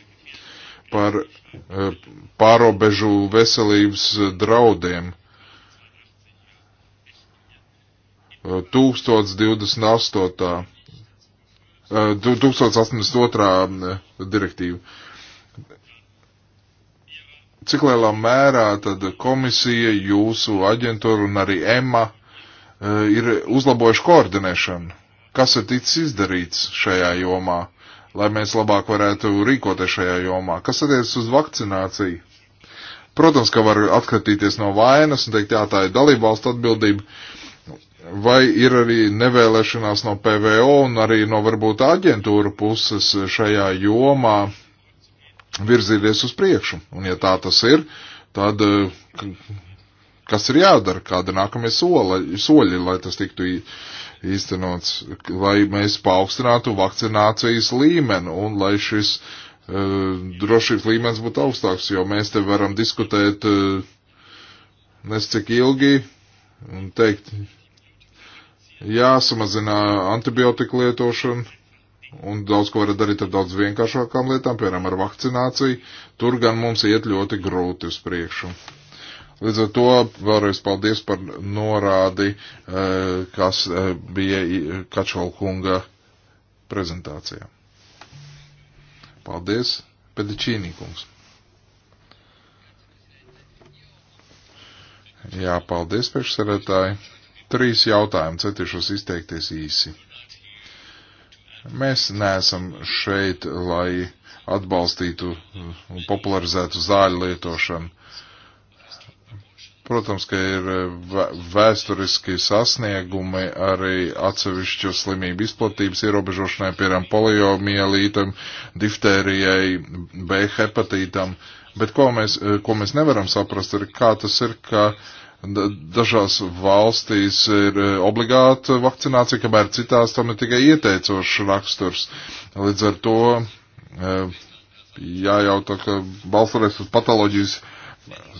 par eh, pārobežu veselības draudiem 1028. 1082. Eh, eh, direktīva. Cik lielā mērā tad komisija, jūsu aģentūra un arī EMA eh, ir uzlabojuši koordinēšanu? Kas ir ticis izdarīts šajā jomā, lai mēs labāk varētu rīkoties šajā jomā? Kas attiecas uz vakcināciju? Protams, ka var atskatīties no vainas un teikt, jā, tā ir dalībvalstu atbildība, Vai ir arī nevēlešanās no PVO un arī no varbūt aģentūra puses šajā jomā virzīties uz priekšu? Un ja tā tas ir, tad kas ir jādara, kāda nākamie soli, soļi, lai tas tiktu īstenots, lai mēs paaugstinātu vakcinācijas līmeni un lai šis uh, drošības līmenis būtu augstāks, jo mēs te varam diskutēt uh, nes cik ilgi un teikt, jāsamazina antibiotiku lietošana, un daudz ko var darīt ar daudz vienkāršākām lietām, piemēram, ar vakcināciju. Tur gan mums iet ļoti grūti uz priekšu. Līdz ar to vēlreiz paldies par norādi, eh, kas eh, bija Kačvalkunga prezentācijā. Paldies, Pedičīnī kungs. Jā, paldies, priekšsarētāji. Trīs jautājumi, centīšos izteikties īsi. Mēs neesam šeit, lai atbalstītu un popularizētu zāļu lietošanu. Protams, ka ir vēsturiski sasniegumi arī atsevišķu slimību izplatības ierobežošanai, piemēram, poliomielītam, diftērijai, B hepatītam, bet ko mēs, ko mēs nevaram saprast, ir kā tas ir, ka uh, Dažās valstīs ir eh, obligāta vakcinācija, kamēr citās tam ir tikai ieteicošs raksturs. Līdz ar to eh, jājautā, ka balstoties uz patoloģijas eh,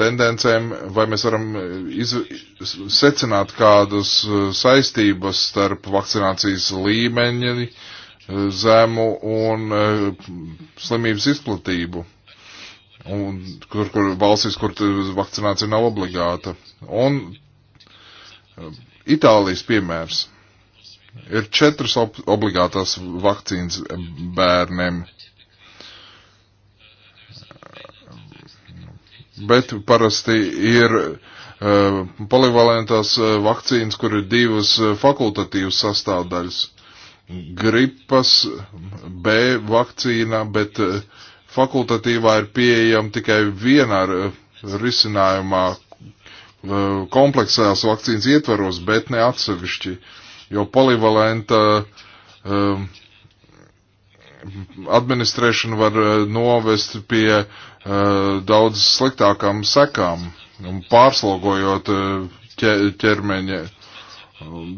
tendencēm, vai mēs varam iz, secināt kādas saistības starp vakcinācijas līmeņi, zemu un slimības izplatību un kur, kur valstīs, kur vakcinācija nav obligāta. Un eh, Itālijas piemērs. Ir četras ob obligātās vakcīnas bērniem. Bet parasti ir uh, polivalentās eh, vakcīnas, kur ir divas fakultatīvas sastāvdaļas. Gripas B vakcīna, bet uh, fakultatīvā ir pieejama tikai vienā eh, risinājumā eh, kompleksās vakcīnas ietvaros, bet ne atsevišķi, jo polivalenta um, administrēšana var novest pie uh, daudz sliktākām sekām, pārslogojot ķermeņa.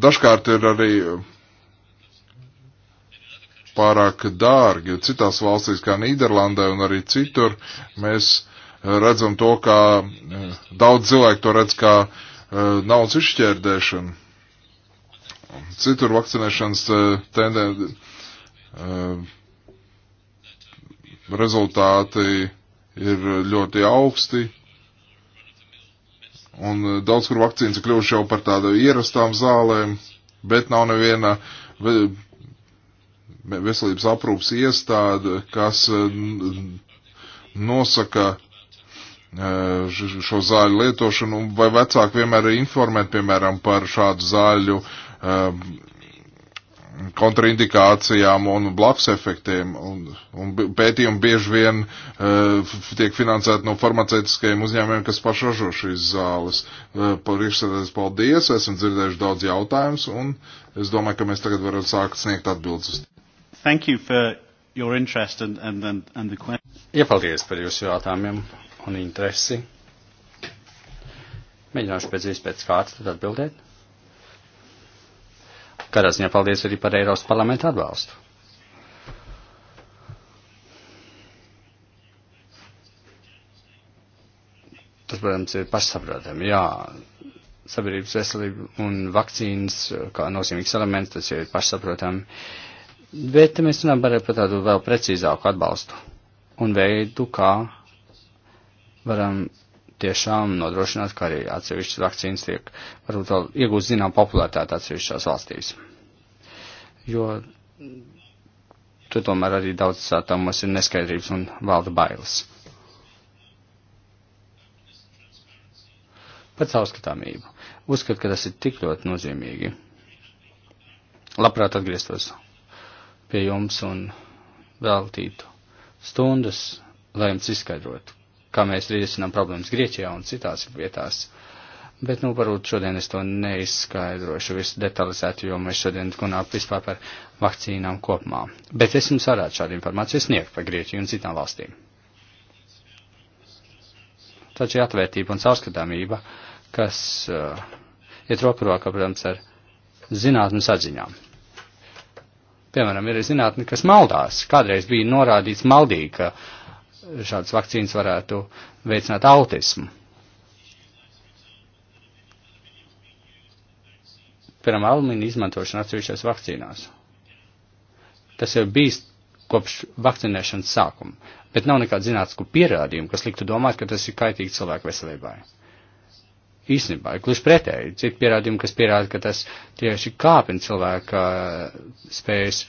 Dažkārt ir arī pārāk dārgi. Citās valstīs, kā Nīderlandē un arī citur, mēs eh, redzam to, kā eh, daudz cilvēku to redz kā eh, naudas izšķērdēšanu. Citur vakcinēšanas tendē, rezultāti ir ļoti augsti. Un daudz kur vakcīnas ir kļuvuši jau par tādu ierastām zālēm, bet nav neviena veselības aprūpas iestāde, kas eh, nosaka eh, šo zāļu lietošanu, vai vecāki vienmēr ir informēti, piemēram, par šādu zāļu eh, kontraindikācijām un blakus efektiem. Un, un pētījumi bieži vien uh, tiek finansēti no farmaceitiskajiem uzņēmumiem, kas pašražo šīs zāles. Uh, Priekšsēdētājs paldies, esam dzirdējuši daudz jautājumus, un es domāju, ka mēs tagad varam sākt sniegt atbildes. Thank you for your interest and, and, and, and the question. Iepaldies par jūsu jautājumiem un interesi. Mēģināšu pēc iespējas kārtas tad atbildēt. Kādā ziņā paldies arī par Eiropas parlamentu atbalstu. Tas, protams, ir pašsaprotami. Jā, sabiedrības veselība un vakcīnas kā nozīmīgs elements, tas jau ir pašsaprotami. Uh, Bet mēs runājam par tādu vēl precīzāku atbalstu un veidu, kā varam tiešām nodrošināt, ka arī atsevišķas vakcīnas tiek, varbūt vēl iegūst zinām popularitāti atsevišķās valstīs. Jo tur tomēr arī daudz mums ir neskaidrības un valda bailes. Par caurskatāmību. Uzskat, ka tas ir tik ļoti nozīmīgi. Labprāt atgrieztos pie jums un veltītu stundas, lai jums izskaidrotu, kā mēs risinām problēmas Grieķijā un citās vietās. Bet, nu, varbūt šodien es to neizskaidrošu visu detalizēti, jo mēs šodien runājam vispār par vakcīnām kopumā. Bet es jums varētu šādu informāciju sniegt par Grieķiju un citām valstīm. Taču atvērtība un caurskatāmība, kas uh, iet roku rokā, protams, ar zinātnes atziņām. Piemēram, ir zinātni, kas maldās. Kādreiz bija norādīts maldīgi, ka šādas vakcīnas varētu veicināt autismu. Piemēram, alumīna izmantošana atsevišķās vakcīnās. Tas jau bijis kopš vakcinēšanas sākuma, bet nav nekāda zinātnisku pierādījumu, kas liktu domāt, ka tas ir kaitīgi cilvēku veselībai īstenībā ir gluži pretēji. Citi pierādījumi, kas pierāda, ka tas tieši kāpina cilvēka uh, spējas.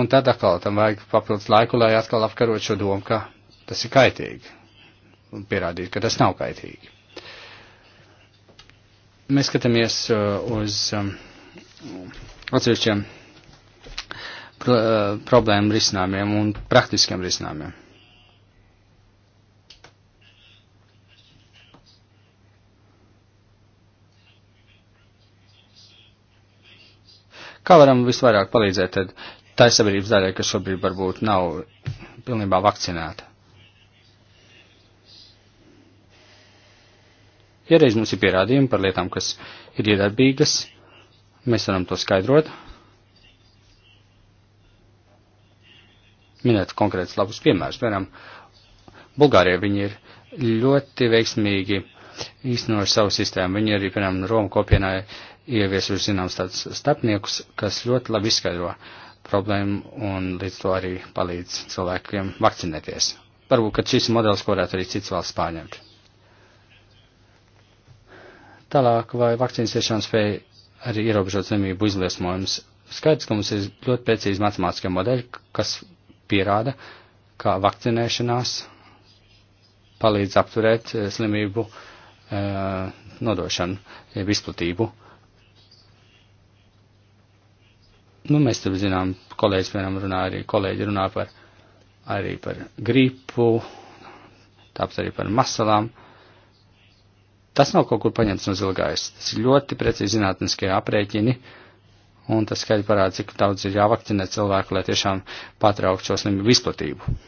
Un tad atkal tam vajag papildus laiku, lai atkal apkarot šo domu, ka tas ir kaitīgi. Un pierādīt, ka tas nav kaitīgi. Mēs skatāmies uh, uz um, atsevišķiem uh, problēmu risinājumiem un praktiskiem risinājumiem. Kā varam visvairāk palīdzēt tad tai sabiedrības daļai, kas šobrīd varbūt nav pilnībā vakcinēta? Ja reiz mums ir pierādījumi par lietām, kas ir iedarbīgas, mēs varam to skaidrot, minēt konkrēts labus piemērus. Piemēram, Bulgārijā viņi ir ļoti veiksmīgi īstenojuši savu sistēmu. Viņi arī, piemēram, Roma kopienā ieviesuši zināms tādus starpniekus, kas ļoti labi izskaidro problēmu un līdz to arī palīdz cilvēkiem vakcinēties. Varbūt, ka šis modelis, ko varētu arī cits valsts pārņemt. Tālāk, vai vakcīnas tiešām spēja arī ierobežot slimību izliesmojums? Skaidrs, ka mums ir ļoti precīzi matemātiskie modeļi, kas pierāda, ka vakcinēšanās palīdz apturēt eh, slimību uh, Uh, nodošanu, jeb izplatību. Nu, mēs tur zinām, kolēģis vienam runā arī, kolēģi runā par, arī par gripu, tāpat arī par masalām. Tas nav kaut kur paņemts no zilgājas. Tas ir ļoti precīzi zinātniskie aprēķini, un tas skaidri parāda, cik daudz ir jāvakcinē cilvēku, lai tiešām patrauktu šo slimību izplatību.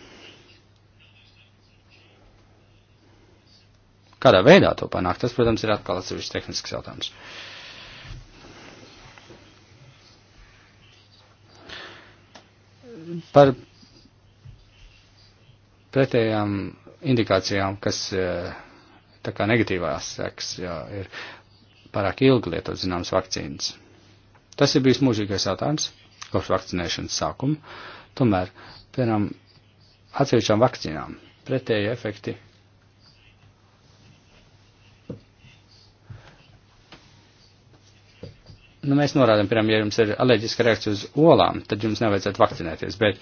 Kādā veidā to panākt, tas, protams, ir atkal atsevišķs tehnisks jautājums. Par pretējām indikācijām, kas eh, tā kā negatīvās seks, jā, ir pārāk ilgi lietot zināmas vakcīnas. Tas ir bijis mūžīgais jautājums kopš vakcinēšanas sākuma. Tomēr, piemēram, atsevišķām vakcīnām pretēji efekti nu, mēs norādām, piemēram, ja jums ir alerģiska reakcija uz olām, tad jums nevajadzētu vakcinēties, bet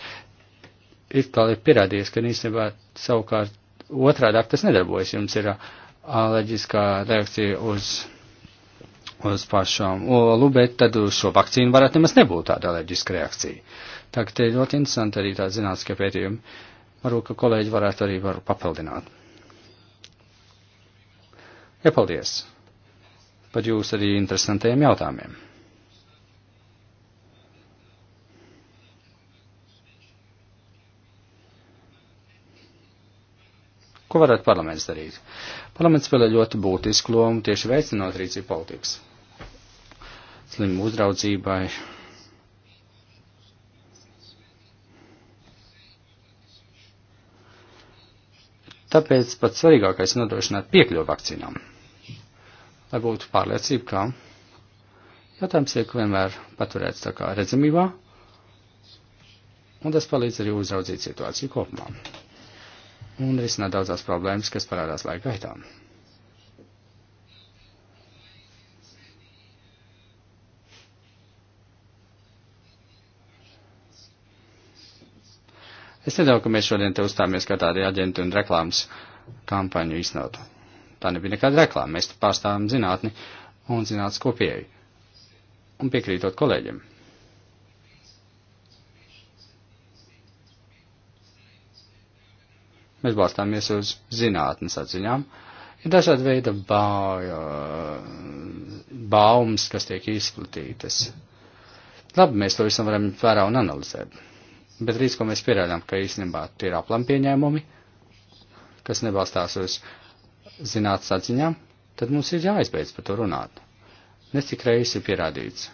ir kā ir pierādījies, ka īstenībā savukārt otrādāk tas nedarbojas. Jums ir alerģiskā reakcija uz, uz pašām olu, bet tad uz šo vakcīnu varētu nemaz nebūt tāda alerģiska reakcija. Tā ka te ir ļoti interesanti arī tā zinātniskie pētījumi. Varbūt, ka kolēģi varētu arī varu papildināt. Iepaldies par jūsu arī interesantajiem jautājumiem. Ko varētu parlaments darīt? Parlaments spēlē ļoti būtisku lomu tieši veicinot rīcību politikas. Slimu uzraudzībai. Tāpēc pats svarīgākais ir nodrošināt piekļuvu vakcīnām, lai būtu pārliecība, ka jautājums tiek vienmēr paturēts tā kā redzamībā, un tas palīdz arī uzraudzīt situāciju kopumā un risināt daudzās problēmas, kas parādās laika gaitā. Es nedomāju, ka mēs šodien te uzstāmies kā tādi aģenti un reklāmas kampaņu iznotu. Tā nebija nekāda reklāma, mēs pārstāvam zinātni un zinātnes kopēju. Un piekrītot kolēģiem. Mēs balstāmies uz zinātnes atziņām. Ir dažādi veidi baumas, kas tiek izplatītas. Labi, mēs to visam varam vērā un analizēt. Bet rīz, ko mēs pierādām, ka īstenībā tie ir aplam pieņēmumi, kas nebalstās uz zinātnes atziņām, tad mums ir jāizbeidz par to runāt. Nes cik reizes ir pierādīts,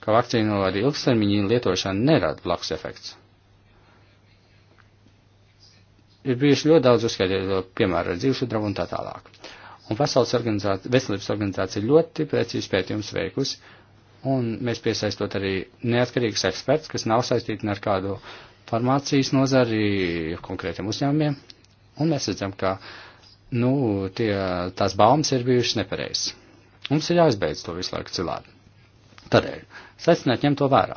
ka vakcīnu ar ilgstermiņu lietošanu nerada blakus efekts. Ir bijuši ļoti daudz uzskaitīto piemēru ar dzīvšu dravu un tā tālāk. Un Pasaules organizācija, veselības organizācija ļoti precīzi pētījums veikusi, un mēs piesaistot arī neatkarīgus eksperts, kas nav saistīti ar kādu farmācijas nozari konkrētiem uzņēmumiem, un mēs redzam, ka, nu, tie, tās baumas ir bijušas nepareizas. Mums ir jāizbeidz to visu laiku cilāt. Tādēļ saicināt ņemt to vērā.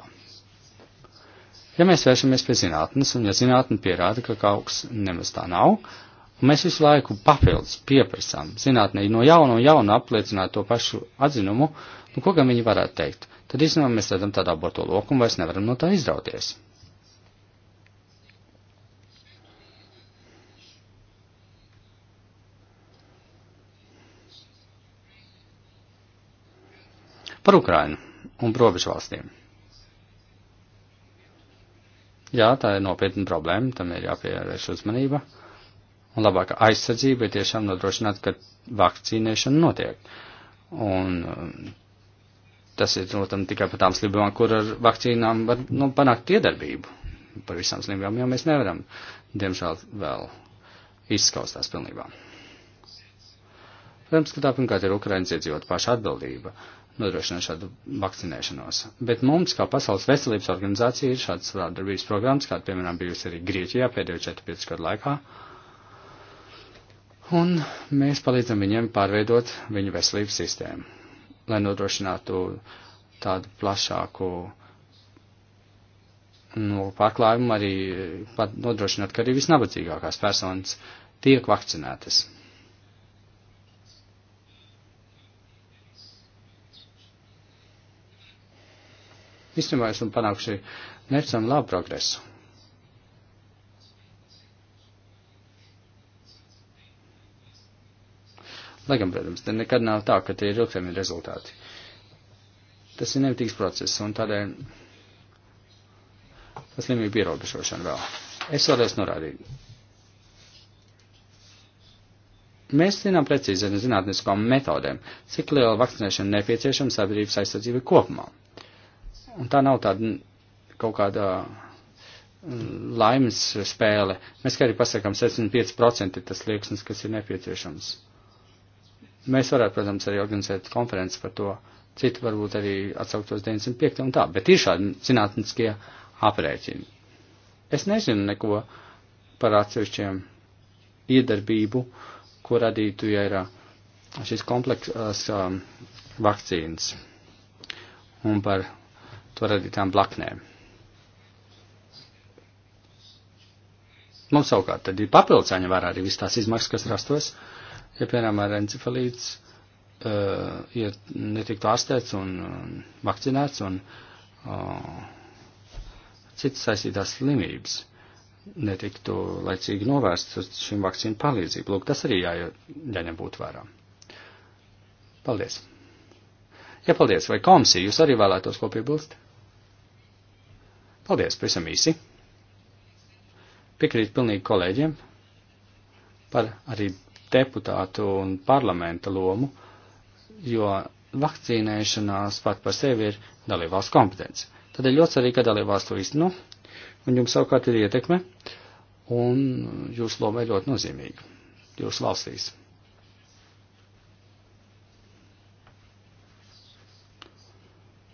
Ja mēs vēršamies pie zinātnes, un ja zinātne pierāda, ka kaut kas nemaz tā nav, un mēs visu laiku papildus pieprasām zinātnē no jauna un jauna apliecināt to pašu atzinumu, nu ko gan viņi varētu teikt, tad īstenībā mēs redzam tādā borto loku un vairs nevaram no tā izrauties. Par Ukrainu un robežvalstīm. Jā, tā ir nopietna problēma, tam ir jāpievērš uzmanība, un labāka aizsardzība ir tiešām nodrošināt, ka vakcīnēšana notiek. Un um, tas ir, protams, tikai par tām slimībām, kur ar vakcīnām var nu, panākt iedarbību. Par visām slimībām jau mēs nevaram, diemžēl, vēl izskaustās pilnībā. Protams, ka tā pirmkārt ir Ukraiņas iedzīvot paša atbildība. Uh, nodrošināt šādu vakcinēšanos. Bet mums, kā Pasaules veselības organizācija, ir šāds darbības programmas, kāda, piemēram, bijusi arī Grieķijā pēdējo 4-5 gadu laikā. Un mēs palīdzam viņiem pārveidot viņu veselības sistēmu, lai nodrošinātu tādu plašāku nu, pārklājumu, arī nodrošināt, ka arī visnabadzīgākās personas tiek vakcinētas. Īstenībā esam panākuši neticami labu progresu. Lai gan, protams, te nekad nav tā, ka tie ir ilgtermiņa rezultāti. Tas ir nemitīgs process, un tādēļ tas slimību ierobežošana vēl. Es vēlreiz norādīju. Mēs zinām precīzi ar zinātniskām metodēm, cik liela vakcinēšana nepieciešama sabiedrības aizsardzībai kopumā. Un tā nav tāda kaut kāda mm, laimes spēle. Mēs arī pasakām, 75% ir tas liekas, kas ir nepieciešams. Mēs varētu, protams, arī organizēt konferences par to. Citi varbūt arī atsauktos 95 un tā, bet ir šādi zinātniskie aprēķini. Es nezinu neko par atsevišķiem iedarbību, ko radītu, ja ir uh, šis komplekss uh, um, vakcīnas un par to radītām blaknēm. Mums savukārt tad ir papildus jāņemvērā arī viss tās izmaksas, kas rastos, ja, piemēram, ar encefalīts, uh, ja netiktu ārstēts un vakcinēts un uh, citas saistītās slimības netiktu laicīgi novērsts uz šīm vakcīnu palīdzību. Lūk, tas arī jā, jāņem būtu vērā. Paldies! Ja paldies, vai komisija jūs arī vēlētos ko piebilst? Paldies, pavisam īsi. Piekrīt pilnīgi kolēģiem par arī deputātu un parlamenta lomu, jo vakcīnēšanās pat par sevi ir dalībvalsts kompetence. Tad ir ļoti svarīgi, ka dalībvalsts to izno, un jums savukārt ir ietekme, un jūsu loma ir ļoti nozīmīga jūsu valstīs.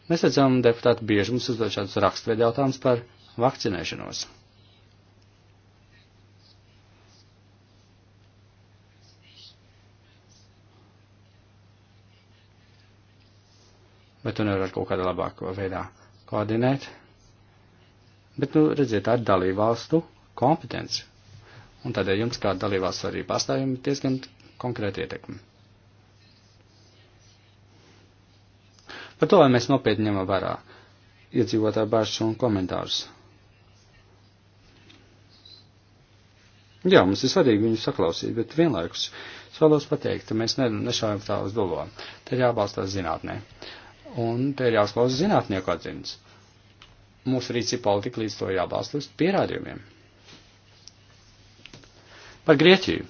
Mēs redzam, deputāti bieži mums uzdod šādus rakstveidu jautājumus par vakcinēšanos. Bet tu nevari kaut kādā labākā veidā koordinēt. Bet, nu, redziet, tā ir dalībvalstu kompetence. Un tādēļ jums kā dalībvalsts arī pastāvjumi diezgan konkrēti ietekmi. Par to, lai mēs nopietni ņemam vērā iedzīvotāju bāžas un komentārus. Jā, mums ir svarīgi viņu saklausīt, bet vienlaikus es vēlos pateikt, ka mēs ne, nešaujam tā uz dolo. Te ir jābalstās zinātnē. Un te ir jāuzklausa zinātnieku atziņas. Mūsu rīcība politika līdz to jābalsta uz pierādījumiem. Par Grieķiju.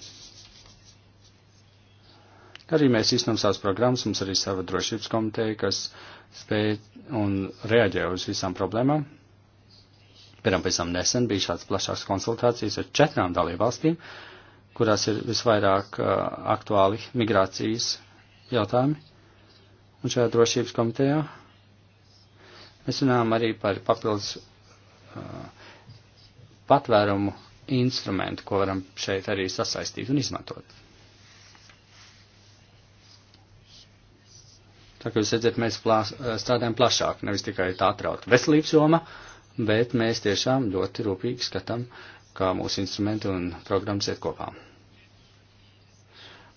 Arī mēs īstenam savas programmas, mums arī sava drošības komiteja, kas spēj un reaģē uz visām problēmām. Piemēram, pēc tam nesen bija šāds plašāks konsultācijas ar četrām dalībvalstīm, kurās ir visvairāk uh, aktuāli migrācijas jautājumi. Un šajā drošības komitejā mēs runājam arī par papildus uh, patvērumu instrumentu, ko varam šeit arī sasaistīt un izmantot. Tā kā jūs redzat, mēs plās, eh, strādājam plašāk, nevis tikai tā atraut veselības joma, bet mēs tiešām ļoti rūpīgi skatām, kā mūsu instrumenti un programmas iet kopā.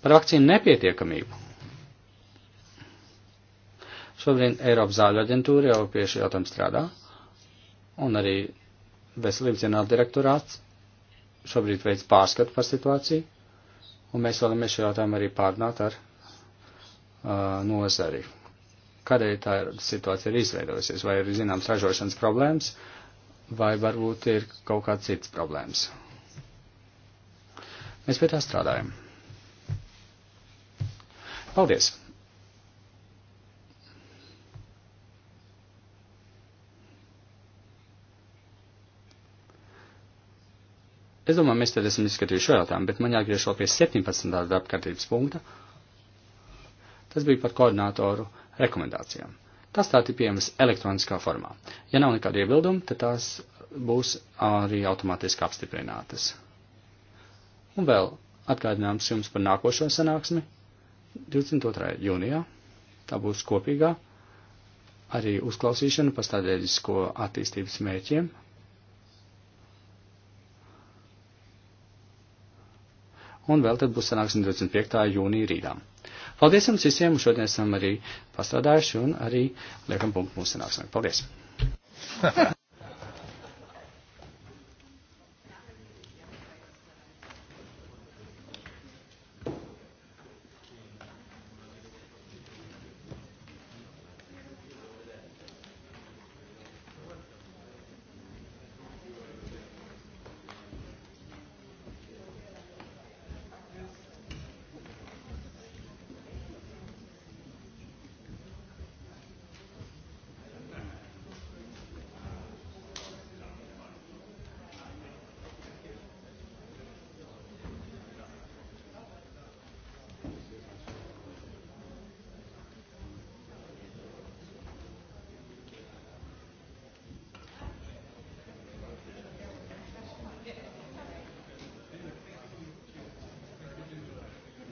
Par vakcīnu nepietiekamību. Šobrīd Eiropas zāļu aģentūra jau pie šī jautājuma strādā, un arī veselības dienā direktorāts šobrīd veids pārskatu par situāciju, un mēs vēlamies šo jautājumu arī pārnāt ar nozari. Kādēļ tā situācija ir izveidojusies? Vai ir zināms ražošanas problēmas, vai varbūt ir kaut kāds cits problēmas? Mēs pie tā strādājam. Paldies! Es domāju, mēs tad esam izskatījuši šo jautājumu, bet man jāgriež vēl pie 17. darbkārtības punkta. Uh, Tas bija par koordinātoru rekomendācijām. Tas tā ir pieejams elektroniskā formā. Ja nav nekāda iebilduma, tad tās būs arī automātiski apstiprinātas. Un vēl atgādinājums jums par nākošo sanāksmi 22. jūnijā. Tā būs kopīgā arī uzklausīšana par strateģisko attīstības mērķiem. Un vēl tad būs sanāksme 25. jūnija rītām. Paldies jums visiem, šodien esam arī pastrādājuši un arī liekam punktu mūsu sanāksmē. Paldies!